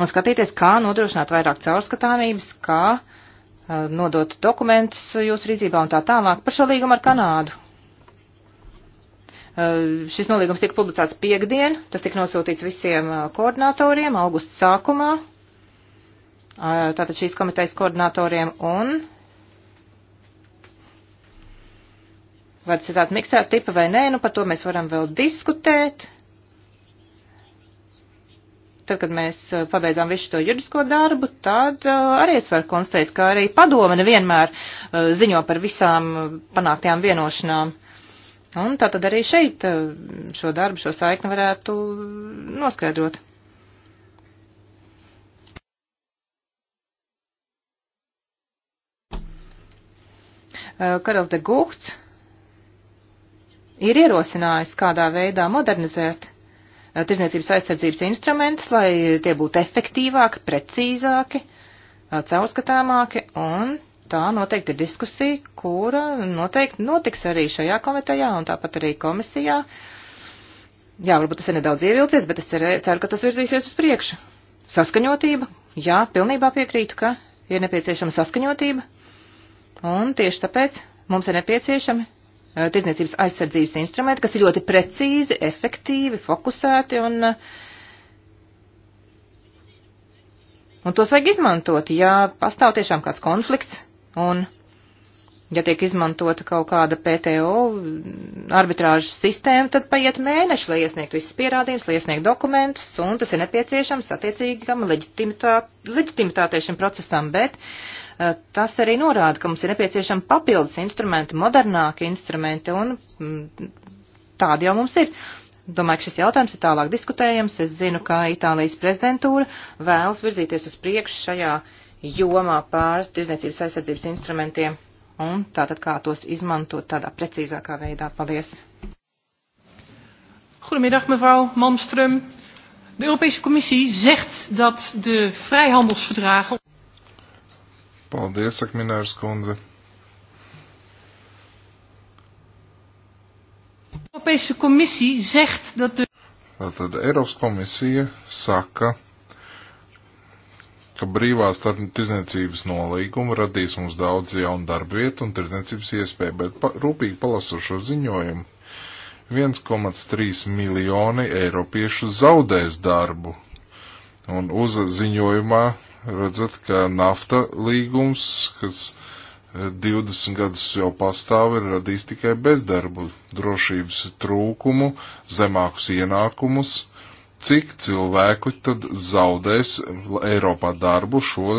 un skatīties, kā nodrošināt vairāk caurskatāmības, kā uh, nodot dokumentus jūsu rīcībā un tā tālāk par šo līgumu ar Kanādu. Uh, šis nolīgums tika publicēts piekdien, tas tika nosūtīts visiem uh, koordinatoriem augusta sākumā, uh, tātad šīs komitejas koordinatoriem, un Vai tas ir tāds miksēta tipa vai nē, nu par to mēs varam vēl diskutēt. Tad, kad mēs pabeidzām visu to juridisko darbu, tad arī es varu konstatēt, ka arī padome nevienmēr ziņo par visām panāktajām vienošanām. Un tā tad arī šeit šo darbu, šo saikni varētu noskaidrot. Karls de Gūts ir ierosinājis, kādā veidā modernizēt eh, tirzniecības aizsardzības instrumentus, lai tie būtu efektīvāki, precīzāki, eh, caurskatāmāki, un tā noteikti ir diskusija, kura noteikti notiks arī šajā komitejā un tāpat arī komisijā. Jā, varbūt tas ir nedaudz ievilcies, bet es ceru, ka tas virzīsies uz priekšu. Saskaņotība. Jā, pilnībā piekrītu, ka ir nepieciešama saskaņotība. Un tieši tāpēc mums ir nepieciešami Eh, tirzniecības aizsardzības instrumenti, kas ir ļoti precīzi, efektīvi, fokusēti un, eh, un tos vajag izmantot, ja pastāv tiešām kāds konflikts un ja tiek izmantota kaut kāda PTO arbitrāžas sistēma, tad paiet mēneši, lai iesniegtu visus pierādījumus, lai iesniegtu dokumentus, un tas ir nepieciešams attiecīgam leģitimitātei šim procesam, bet uh, Eh, tas arī norāda, ka mums ir nepieciešami papildus instrumenti, modernāki instrumenti, un mm, tādi jau mums ir. Domāju, ka šis jautājums ir tālāk diskutējams. Es zinu, ka Itālijas prezidentūra vēlas virzīties uz priekšu šajā jomā pār tirzniecības aizsardzības instrumentiem un tātad kā tos izmantot tādā precīzākā veidā. Paldies! Goedemiddag, mevrouw Malmström. De Europese Commissie zegt dat de vrijhandelsverdragen. Paldies, saka Minārs kundze. Europese Commissie zegt dat de. Tātad Eiropas komisija saka, ka brīvās tirdzniecības nolīguma radīs mums daudz jaunu darba vietu un tirdzniecības iespēju, bet pa, rūpīgi palasušo ziņojumu 1,3 miljoni eiropiešu zaudēs darbu. Un uz ziņojumā redzat, ka nafta līgums, kas 20 eh, gadus jau pastāv, ir radījis tikai bezdarbu, drošības trūkumu, zemākus ienākumus. Cik cilvēku tad zaudēs Eiropā darbu šo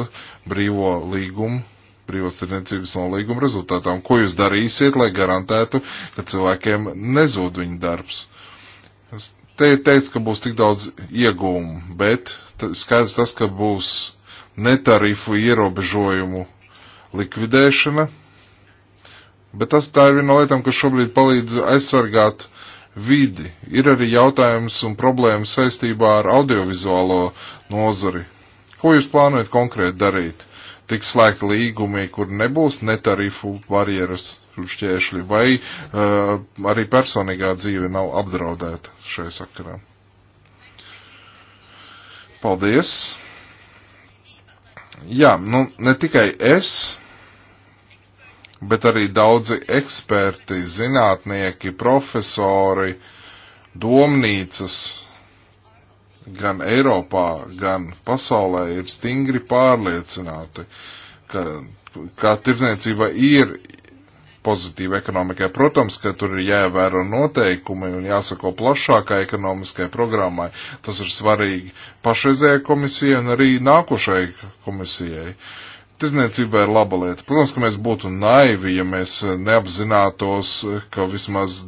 brīvo līgumu, brīvos tirniecības nolīgumu rezultātā? Un ko jūs darīsiet, lai garantētu, ka cilvēkiem nezūd viņu darbs? Es te teicu, ka būs tik daudz iegūmu, bet skaidrs tas, ka būs netarifu ierobežojumu likvidēšana, bet tas tā ir viena no lietām, kas šobrīd palīdz aizsargāt vidi. Ir arī jautājums un problēmas saistībā ar audiovizuālo nozari. Ko jūs plānojat konkrēti darīt? Tik slēgti līgumi, kur nebūs netarifu barjeras šķēršļi, vai uh, arī personīgā dzīve nav apdraudēta šai sakarā? Paldies! Jā, nu ne tikai es, bet arī daudzi eksperti, zinātnieki, profesori, domnīcas gan Eiropā, gan pasaulē ir stingri pārliecināti, ka, ka tirdzniecība ir pozitīvu ekonomikai. Protams, ka tur ir jāievēro noteikumi un jāsako plašākai ekonomiskai programmai. Tas ir svarīgi pašreizējai komisijai un arī nākošajai komisijai. Tirzniecība ir laba lieta. Protams, ka mēs būtu naivi, ja mēs neapzinātos, ka vismaz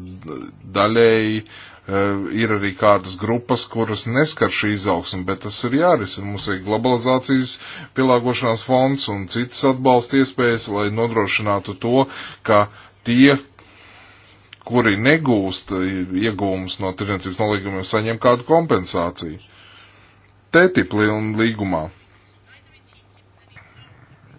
daļēji uh, Eh, ir arī kādas grupas, kuras neskar šī izaugsme, bet tas ir jārisina. Mums ir globalizācijas pielāgošanās fonds un citas atbalsta iespējas, lai nodrošinātu to, ka tie, kuri negūst eh, iegūmus no tirdzniecības nolīgumiem, saņem kādu kompensāciju. TTIP līgumā.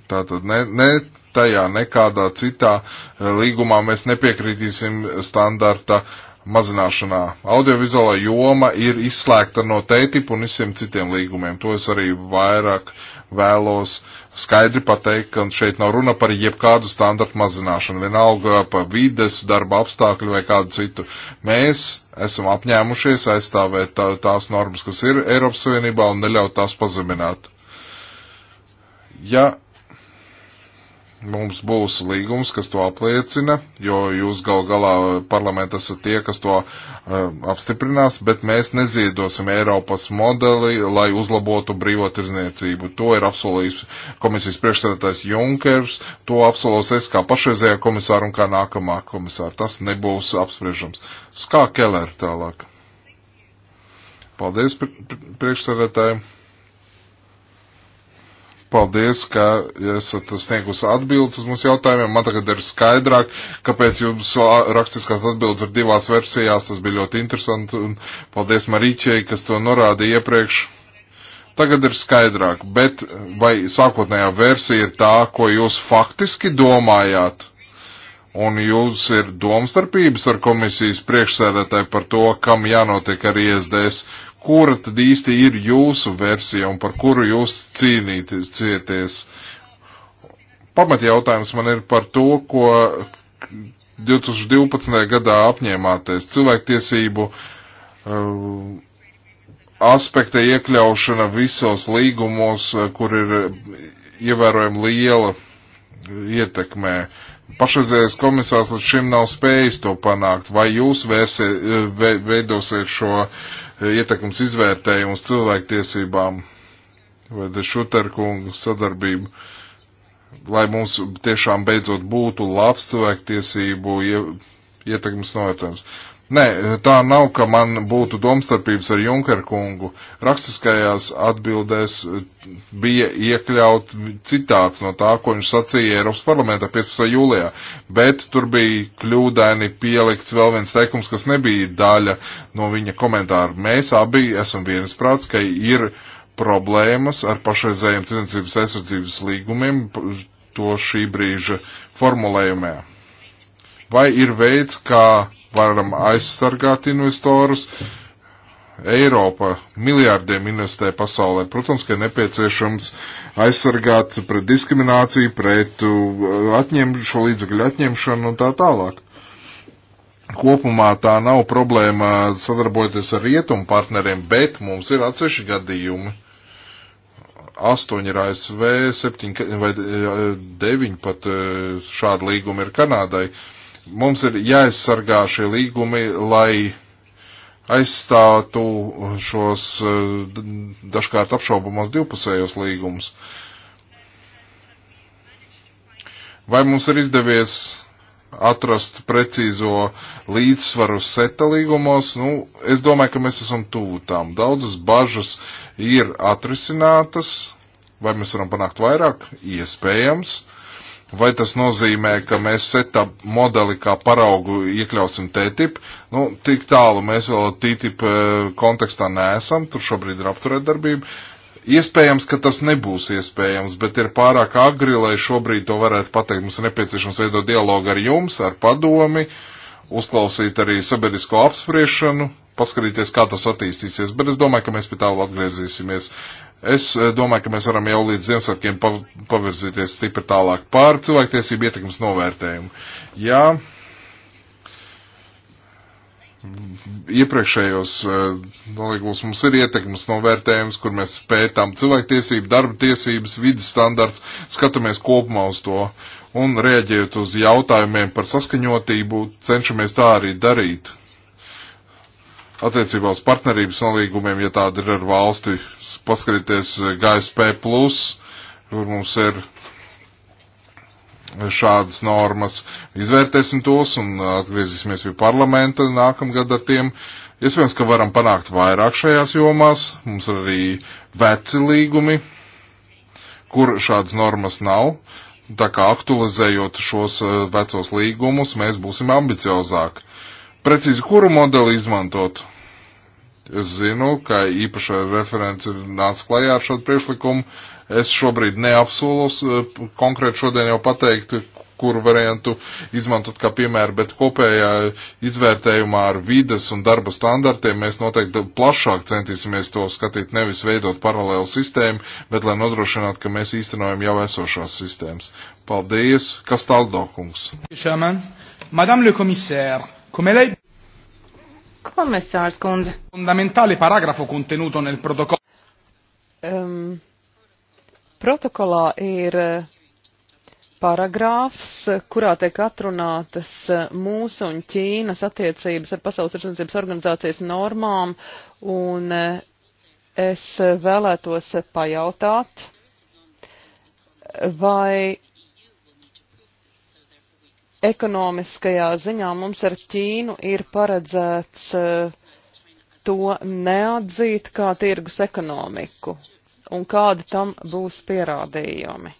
Tātad ne, ne tajā, nekādā citā eh, līgumā mēs nepiekrītīsim standarta uh, mazināšanā. Audiovizuālā joma ir izslēgta no TTIP un visiem citiem līgumiem. To es arī vairāk vēlos skaidri pateikt, ka šeit nav runa par jebkādu standartu mazināšanu, vienalga par vides, darba apstākļu vai kādu citu. Mēs esam apņēmušies aizstāvēt tā, tās normas, kas ir Eiropas Savienībā un neļaut tās pazemināt. Ja Mums būs līgums, kas to apliecina, jo jūs gal galā parlamentā esat tie, kas to uh, apstiprinās, bet mēs neziedosim Eiropas modeli, lai uzlabotu brīvo tirzniecību. To ir apsolījis komisijas priekšsēdētājs Junkers, to apsolos es kā pašreizējā komisāra un kā nākamā komisāra. Tas nebūs apspriežams. Skā Keller tālāk. Paldies priekšsēdētājiem. Paldies, ka esat sniegusi atbildes uz mūsu jautājumiem. Man tagad ir skaidrāk, kāpēc jums rakstiskās atbildes ir divās versijās. Tas bija ļoti interesanti. Un paldies Marīķei, kas to norādīja iepriekš. Tagad ir skaidrāk, bet vai sākotnējā versija ir tā, ko jūs faktiski domājāt? Un jūs ir domstarpības ar komisijas priekšsēdētāju par to, kam jānotiek ar ISDS, kura tad īsti ir jūsu versija un par kuru jūs cīnīties. Pamatjautājums man ir par to, ko 2012. gadā apņēmāties cilvēktiesību uh, aspekta iekļaušana visos līgumos, eh, kur ir ievērojami liela eh, ietekmē. Pašreizējais komisārs līdz šim nav spējis to panākt. Vai jūs vērsi, ve, veidosiet šo uh, Eh, ietekmes izvērtējums cilvēktiesībām vai Šuterkungu sadarbību, lai mums tiešām beidzot būtu labs cilvēktiesību ietekmes novērtējums. Nē, tā nav, ka man būtu domstarpības ar Junkeru kungu. Rakstiskajās atbildēs eh, bija iekļaut citāts no tā, ko viņš sacīja Eiropas parlamentā 15. jūlijā, bet tur bija kļūdaini pielikts vēl viens teikums, kas nebija daļa no viņa komentāra. Mēs abi esam viensprāts, ka ir problēmas ar pašreizējiem tirdzniecības aizsardzības līgumiem to šī brīža formulējumā. Vai ir veids, kā varam aizsargāt investorus. Eiropa miljārdiem investē pasaulē. Protams, ka ir nepieciešams aizsargāt pret diskrimināciju, pret uh, atņem, šo līdzekļu atņemšanu un tā tālāk. Kopumā tā nav problēma sadarbojoties ar rietumu partneriem, bet mums ir atsevišķi gadījumi. Astoņi ir ASV, septiņi vai eh, deviņi pat eh, šādi līgumi ir Kanādai. Uh, Mums ir jāaizsargā šie līgumi, lai aizstātu šos e, dažkārt apšaubamos divpusējos līgumus. Vai mums ir izdevies atrast precīzo līdzsvaru seta līgumos. Nu, es domāju, ka mēs esam tuvu tām. Daudzas bažas ir atrisinātas. Vai mēs varam panākt vairāk? Iespējams. Vai tas nozīmē, ka mēs seta modeli kā paraugu iekļausim TTIP? Nu, tik tālu mēs vēl TTIP e, kontekstā neesam, tur šobrīd ir apturētdarbība. Iespējams, ka tas nebūs iespējams, bet ir pārāk agri, lai šobrīd to varētu pateikt. Mums ir nepieciešams veidot dialogu ar jums, ar padomi, uzklausīt arī sabiedrisko apspriešanu, paskatīties, kā tas attīstīsies. Bet es domāju, ka mēs pie tā vēl atgriezīsimies Es eh, domāju, ka mēs varam jau līdz Ziemassvētkiem pavirzīties stipri tālāk pār cilvēktiesību ietekmes novērtējumu. Jā, iepriekšējos eh, nolīgumos mums ir ietekmes novērtējums, kur mēs pētām cilvēktiesību, darba tiesības, vidas standarts, skatāmies kopumā uz to un rēģējot uz jautājumiem par saskaņotību, cenšamies tā arī darīt attiecībā uz partnerības nolīgumiem, ja tāda ir ar valsti, paskatīties eh, GSP, kur mums ir šādas normas. Izvērtēsim tos un atgriezīsimies pie parlamenta nākamgad ar tiem. Iespējams, ka varam panākt vairāk šajās jomās. Mums ir arī veci līgumi, kur šādas normas nav. Tā kā aktualizējot šos eh, vecos līgumus, mēs būsim ambiciozāki Precīzi, kuru modeli izmantot? Es zinu, ka īpašā referents ir nācis klajā ar šo priekšlikumu. Es šobrīd neapsolos eh, konkrēti šodien jau pateikt, kuru variantu izmantot kā piemēru, bet kopējā izvērtējumā ar vides un darba standartiem mēs noteikti plašāk centīsimies to skatīt, nevis veidot paralēlu sistēmu, bet lai nodrošinātu, ka mēs īstenojam jau esošās sistēmas. Paldies, Kastaldo kungs. Madame le commissaire, Come lei... Komisārs kundze. Fundamentāli paragrafu contenuto nel protokolu. Um, ehm, protokolā ir eh, paragrāfs, kurā tiek atrunātas eh, mūsu un Ķīnas attiecības ar Pasaules tirsniecības organizācijas normām, un eh, es vēlētos pajautāt, vai ekonomiskajā ziņā mums ar Ķīnu ir paredzēts eh, to neatzīt kā tirgus ekonomiku un kādi tam būs pierādījumi.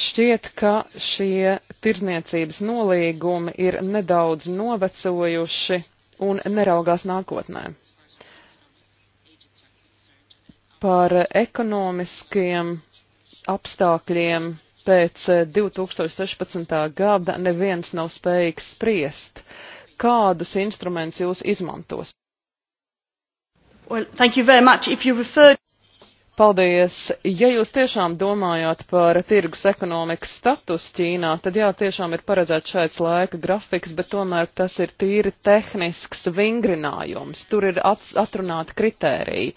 Šķiet, ka šie tirzniecības nolīgumi ir nedaudz novecojuši un neraugās nākotnē. Par ekonomiskiem apstākļiem pēc 2016. Eh, gada neviens nav spējīgs spriest. Kādus instrumentus jūs izmantos? Well, thank you very much. If you refer... Paldies! Ja jūs tiešām domājāt par tirgus ekonomikas status Ķīnā, tad jā, tiešām ir paredzēts šāds laika grafiks, bet tomēr tas ir tīri tehnisks vingrinājums. Tur ir atrunāti kritēriji.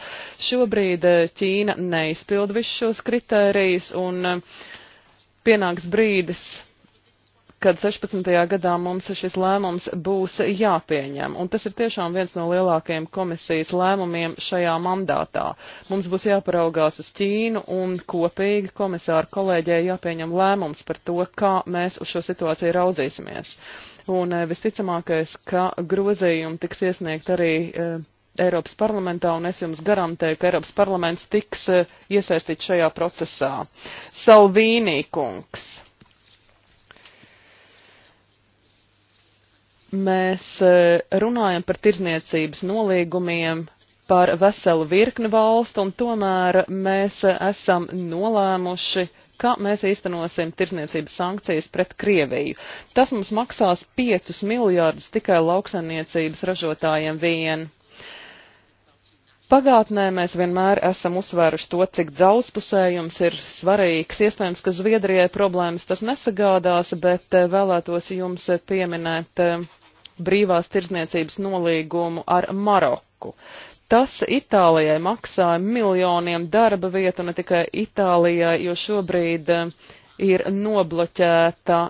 Šobrīd eh, Ķīna neizpild visus šos kritērijus un uh, pienāks brīdis, kad 16. gadā mums šis lēmums būs jāpieņem. Un tas ir tiešām viens no lielākajiem komisijas lēmumiem šajā mandātā. Mums būs jāparaugās uz Ķīnu un kopīgi komisāru kolēģei jāpieņem lēmums par to, kā mēs uz šo situāciju raudzīsimies. Un eh, visticamākais, ka grozījumi tiks iesniegt arī. E, Eiropas parlamentā, un es jums garantēju, ka Eiropas parlaments tiks eh, iesaistīts šajā procesā. Salvīnī kungs. Mēs eh, runājam par tirzniecības nolīgumiem par veselu virkni valstu, un tomēr mēs eh, esam nolēmuši ka mēs īstenosim tirzniecības sankcijas pret Krieviju. Tas mums maksās 5 miljārdus tikai lauksaimniecības ražotājiem vien. Pagātnē mēs vienmēr esam uzsvēruši to, cik daudzpusējums ir svarīgs. Iespējams, ka Zviedrijai problēmas tas nesagādās, bet eh, vēlētos jums eh, pieminēt eh, brīvās tirzniecības nolīgumu ar Maroku. Tas Itālijai maksāja miljoniem darba vietu, ne tikai Itālijai, jo šobrīd ir nobloķēta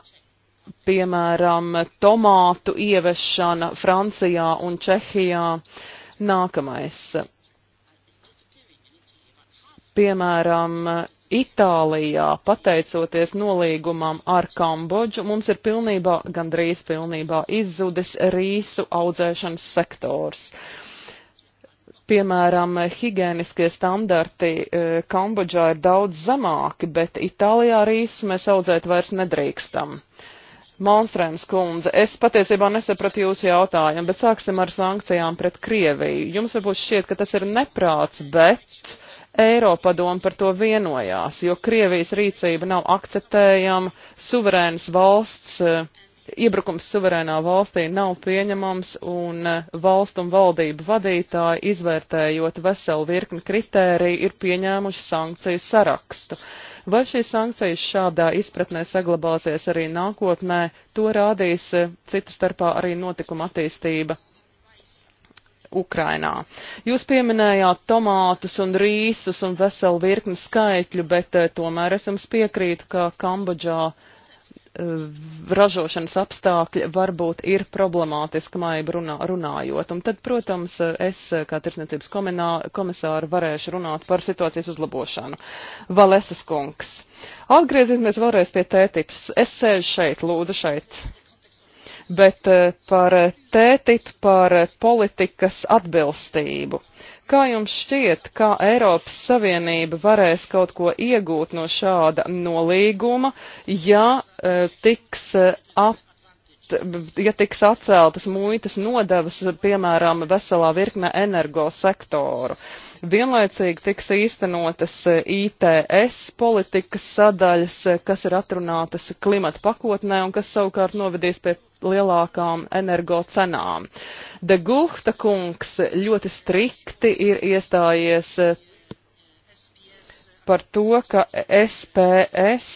piemēram tomātu ievešana Francijā un Čehijā. Nākamais Piemēram, Itālijā, pateicoties nolīgumam ar Kambodžu, mums ir pilnībā, gandrīz pilnībā izzudis rīsu audzēšanas sektors. Piemēram, higieniskie standarti e, Kambodžā ir daudz zemāki, bet Itālijā rīsu mēs audzēt vairs nedrīkstam. Malmstrēms kundze, es patiesībā nesapratu jūsu jautājumu, bet sāksim ar sankcijām pret Krieviju. Jums varbūt šķiet, ka tas ir neprāts, bet Eiropadoma par to vienojās, jo Krievijas rīcība nav akceptējama, suverēnas valsts, eh, iebrukums suverēnā valstī nav pieņemams un eh, valstu un valdību vadītāji, izvērtējot veselu virkni kritēriju, ir pieņēmuši sankciju sarakstu. Vai šīs sankcijas šādā izpratnē saglabāsies arī nākotnē, to rādīs eh, citu starpā arī notikuma attīstība Ukrainā. Jūs pieminējāt tomātus un rīsus un veselu virkni skaitļu, bet eh, tomēr es jums piekrītu, ka Kambodžā eh, ražošanas apstākļi varbūt ir problemātiski maiba runā, runājot. Un tad, protams, es eh, kā tirsniecības komisāra varēšu runāt par situācijas uzlabošanu. Valesas kungs. Atgriezīsimies vēlreiz pie tētips. Es sēžu šeit, lūdzu šeit bet eh, par eh, tētip, par eh, politikas atbilstību. Kā jums šķiet, kā Eiropas Savienība varēs kaut ko iegūt no šāda nolīguma, ja tiks ap ja tiks atceltas muitas nodevas, piemēram, veselā virkne energosektoru. Vienlaicīgi tiks īstenotas ITS politikas sadaļas, kas ir atrunātas klimata pakotnē un kas savukārt novedīs pie lielākām energocenām. De Guhta kungs ļoti strikti ir iestājies eh, par to, ka SPS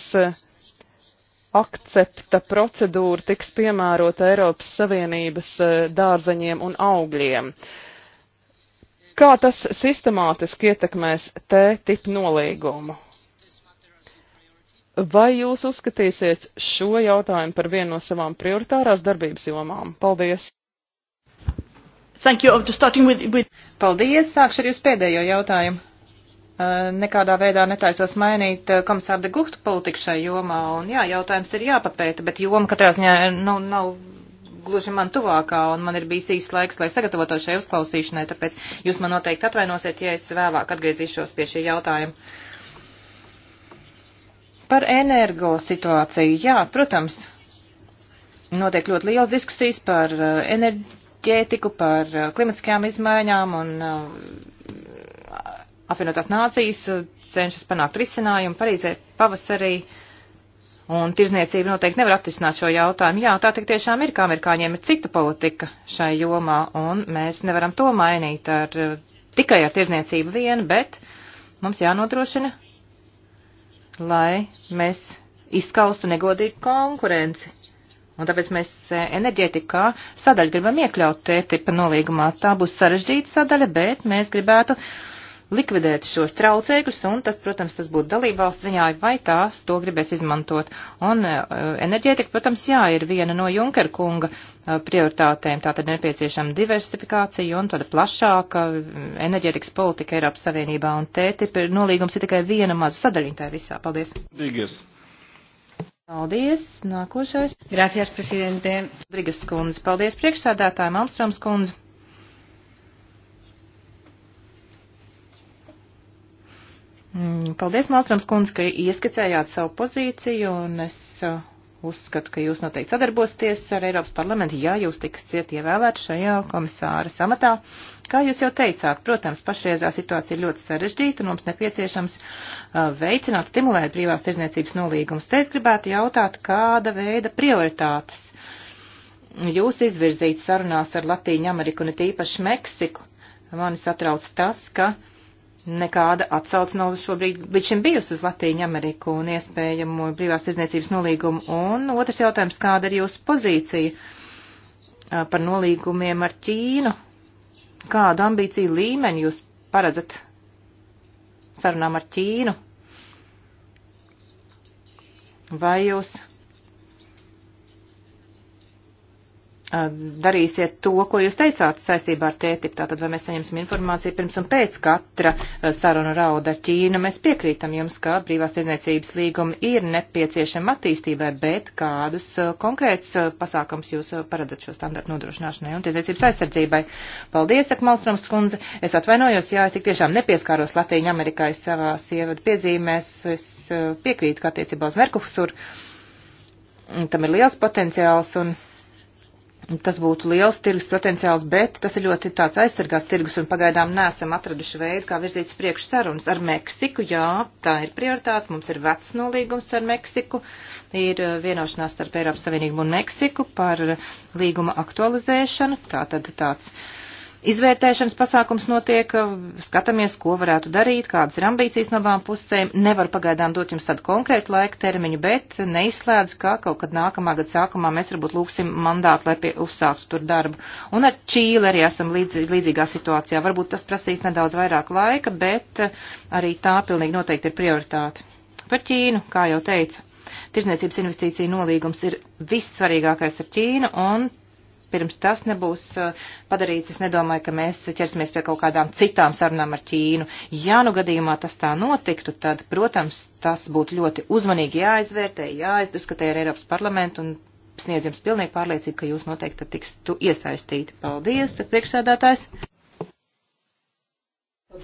akcepta procedūra tiks piemērota Eiropas Savienības eh, dārzeņiem un augļiem. Kā tas sistemātiski ietekmēs T-tip nolīgumu? Vai jūs uzskatīsiet šo jautājumu par vienu no savām prioritārās darbības jomām? Paldies! Thank you. With, with... Paldies! Sākšu ar jūs pēdējo jautājumu. Uh, nekādā veidā netaisos mainīt uh, komisāra de Guhta politiku šai jomā, un jā, jautājums ir jāpapēta, bet joma katrā ziņā eh, nu, nav gluži man tuvākā, un man ir bijis īsts laiks, lai sagatavotos šai uzklausīšanai, tāpēc jūs man noteikti atvainosiet, ja es vēlāk atgriezīšos pie šī jautājuma. Par energo situāciju, jā, protams, notiek ļoti liels diskusijas par uh, enerģētiku, par uh, klimatiskajām izmaiņām un uh, apvienotās nācijas cenšas panākt risinājumu Parīzē pavasarī. Un tirzniecība noteikti nevar atrisināt šo jautājumu. Jā, tā tik tiešām ir, kā amerikāņiem ir cita politika šai jomā, un mēs nevaram to mainīt ar, tikai ar tirzniecību vien, bet mums jānodrošina lai mēs izskaustu negodīgu konkurenci. Un tāpēc mēs eh, enerģētikā sadaļu gribam iekļaut TTIP nolīgumā. Tā būs sarežģīta sadaļa, bet mēs gribētu uh, likvidēt šos traucēkļus, un tad, protams, tas būtu dalībvalsts ziņā, vai tās to gribēs izmantot. Un eh, enerģētika, protams, jā, ir viena no Junkera kunga eh, prioritātēm, tātad nepieciešama diversifikācija un tāda plašāka mm, enerģētikas politika Eiropas Savienībā, un tētip nolīgums ir tikai viena maza sadaļiņa tajā visā. Paldies! Dīgies. Paldies. Nākošais. Grācies, prezidente. Brigas kundze. Paldies priekšsādātājiem Alstroms kundze. Mm, paldies, Malstrams kundze, ka ieskicējāt savu pozīciju, un es uh, uzskatu, ka jūs noteikti sadarbosieties ar Eiropas parlamentu, ja jūs tiksiet ievēlēt šajā komisāra samatā. Kā jūs jau teicāt, protams, pašreizā situācija ir ļoti sarežģīta, un mums nepieciešams uh, veicināt, stimulēt brīvās tirzniecības nolīgumus. Te es gribētu jautāt, kāda veida prioritātes jūs izvirzīt sarunās ar Latīņu Ameriku un it īpaši Meksiku. Mani satrauc tas, ka uh, nekāda atsauc nav šobrīd līdz šim bijusi uz Latīņu Ameriku un iespējamo brīvās tirdzniecības nolīgumu. Un otrs jautājums, kāda ir jūsu pozīcija par nolīgumiem ar Ķīnu? Kādu ambīciju līmeni jūs paredzat sarunām ar Ķīnu? Vai jūs darīsiet to, ko jūs teicāt saistībā ar tētipu. Tātad, vai mēs saņemsim informāciju pirms un pēc katra saruna rauda Ķīna, mēs piekrītam jums, ka brīvās tiesniecības līgumi ir nepieciešama attīstībai, bet kādus konkrētus pasākums jūs paredzat šo standartu nodrošināšanai un tiesniecības aizsardzībai. Paldies, saka Malstroms kundze. Es atvainojos, jā, es tik tiešām nepieskāros Latīņu Amerikai savā sievadu piezīmēs. Es piekrītu, ka attiecībā uz Merkusuru tam ir liels potenciāls un Tas būtu liels tirgus potenciāls, bet tas ir ļoti tāds aizsargāts tirgus un pagaidām neesam atraduši veidu, kā virzīt priekš sarunas ar Meksiku. Jā, tā ir prioritāte. Mums ir vecs nolīgums ar Meksiku. Ir eh, vienošanās starp Eiropas Savienību un Meksiku par eh, līguma aktualizēšanu. Tā tad tāds. Uh, Izvērtēšanas pasākums notiek, uh, skatāmies, ko varētu darīt, kādas ir ambīcijas no abām pusēm. Nevar pagaidām dot jums tādu konkrētu laika termiņu, bet neizslēdz, ka kaut kad nākamā gada sākumā mēs varbūt lūksim mandātu, lai pie uzsāktu tur darbu. Un ar Čīli arī esam līdz, līdzīgā situācijā. Varbūt tas prasīs nedaudz vairāk laika, bet uh, arī tā pilnīgi noteikti ir prioritāte. Par Ķīnu, kā jau teicu, tirzniecības investīcija nolīgums ir vissvarīgākais ar Ķīnu un pirms tas nebūs eh, padarīts, es nedomāju, ka mēs ķersimies pie kaut kādām citām sarunām ar Ķīnu. Ja nu gadījumā tas tā notiktu, tad, protams, tas būtu ļoti uzmanīgi jāizvērtē, jāizdiskutē ar Eiropas parlamentu un sniedz jums pilnīgi pārliecību, ka jūs noteikti tiks iesaistīti. Paldies, priekšsēdētājs.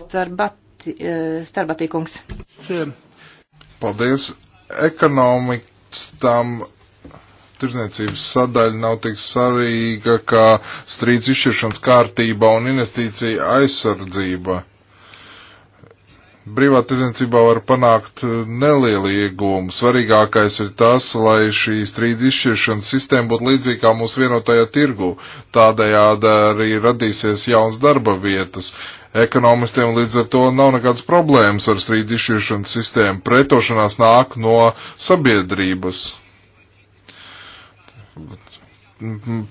Starbati, eh, starbatīkums. Paldies. Ekonomikas tam tirzniecības sadaļa nav tik svarīga kā strīds izšķiršanas kārtība un investīcija aizsardzība. Brīvā tirdzniecībā var panākt nelielu iegūmu. Svarīgākais ir tas, lai šī strīda izšķiršanas sistēma būtu līdzīgā mūsu vienotajā tirgu. Tādējādi arī radīsies jauns darba vietas. Ekonomistiem līdz ar to nav nekādas problēmas ar strīda izšķiršanas sistēmu. Pretošanās nāk no sabiedrības.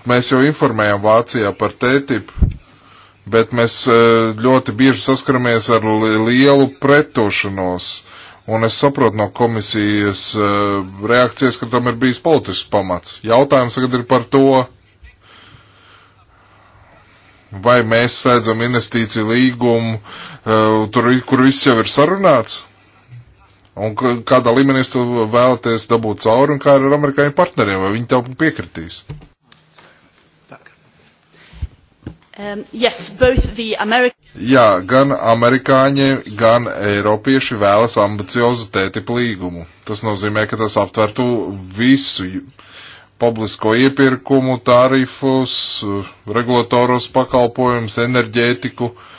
Mēs jau informējām Vācijā par TTIP, bet mēs e, ļoti bieži saskaramies ar lielu pretošanos. Un es saprotu no komisijas e, reakcijas, ka tam ir bijis politisks pamats. Jautājums tagad ir par to, vai mēs slēdzam investīciju līgumu, e, tur, kur viss jau ir sarunāts, Un kādā līmenī tu vēlaties dabūt cauri un kā ar amerikāņu partneriem, vai viņi tev piekritīs? Um, yes, America... Jā, gan amerikāņi, gan eiropieši vēlas ambiciozu tētipu līgumu. Tas nozīmē, ka tas aptvertu visu publisko iepirkumu, tarifus, regulatoros pakalpojumus, enerģētiku. Uh,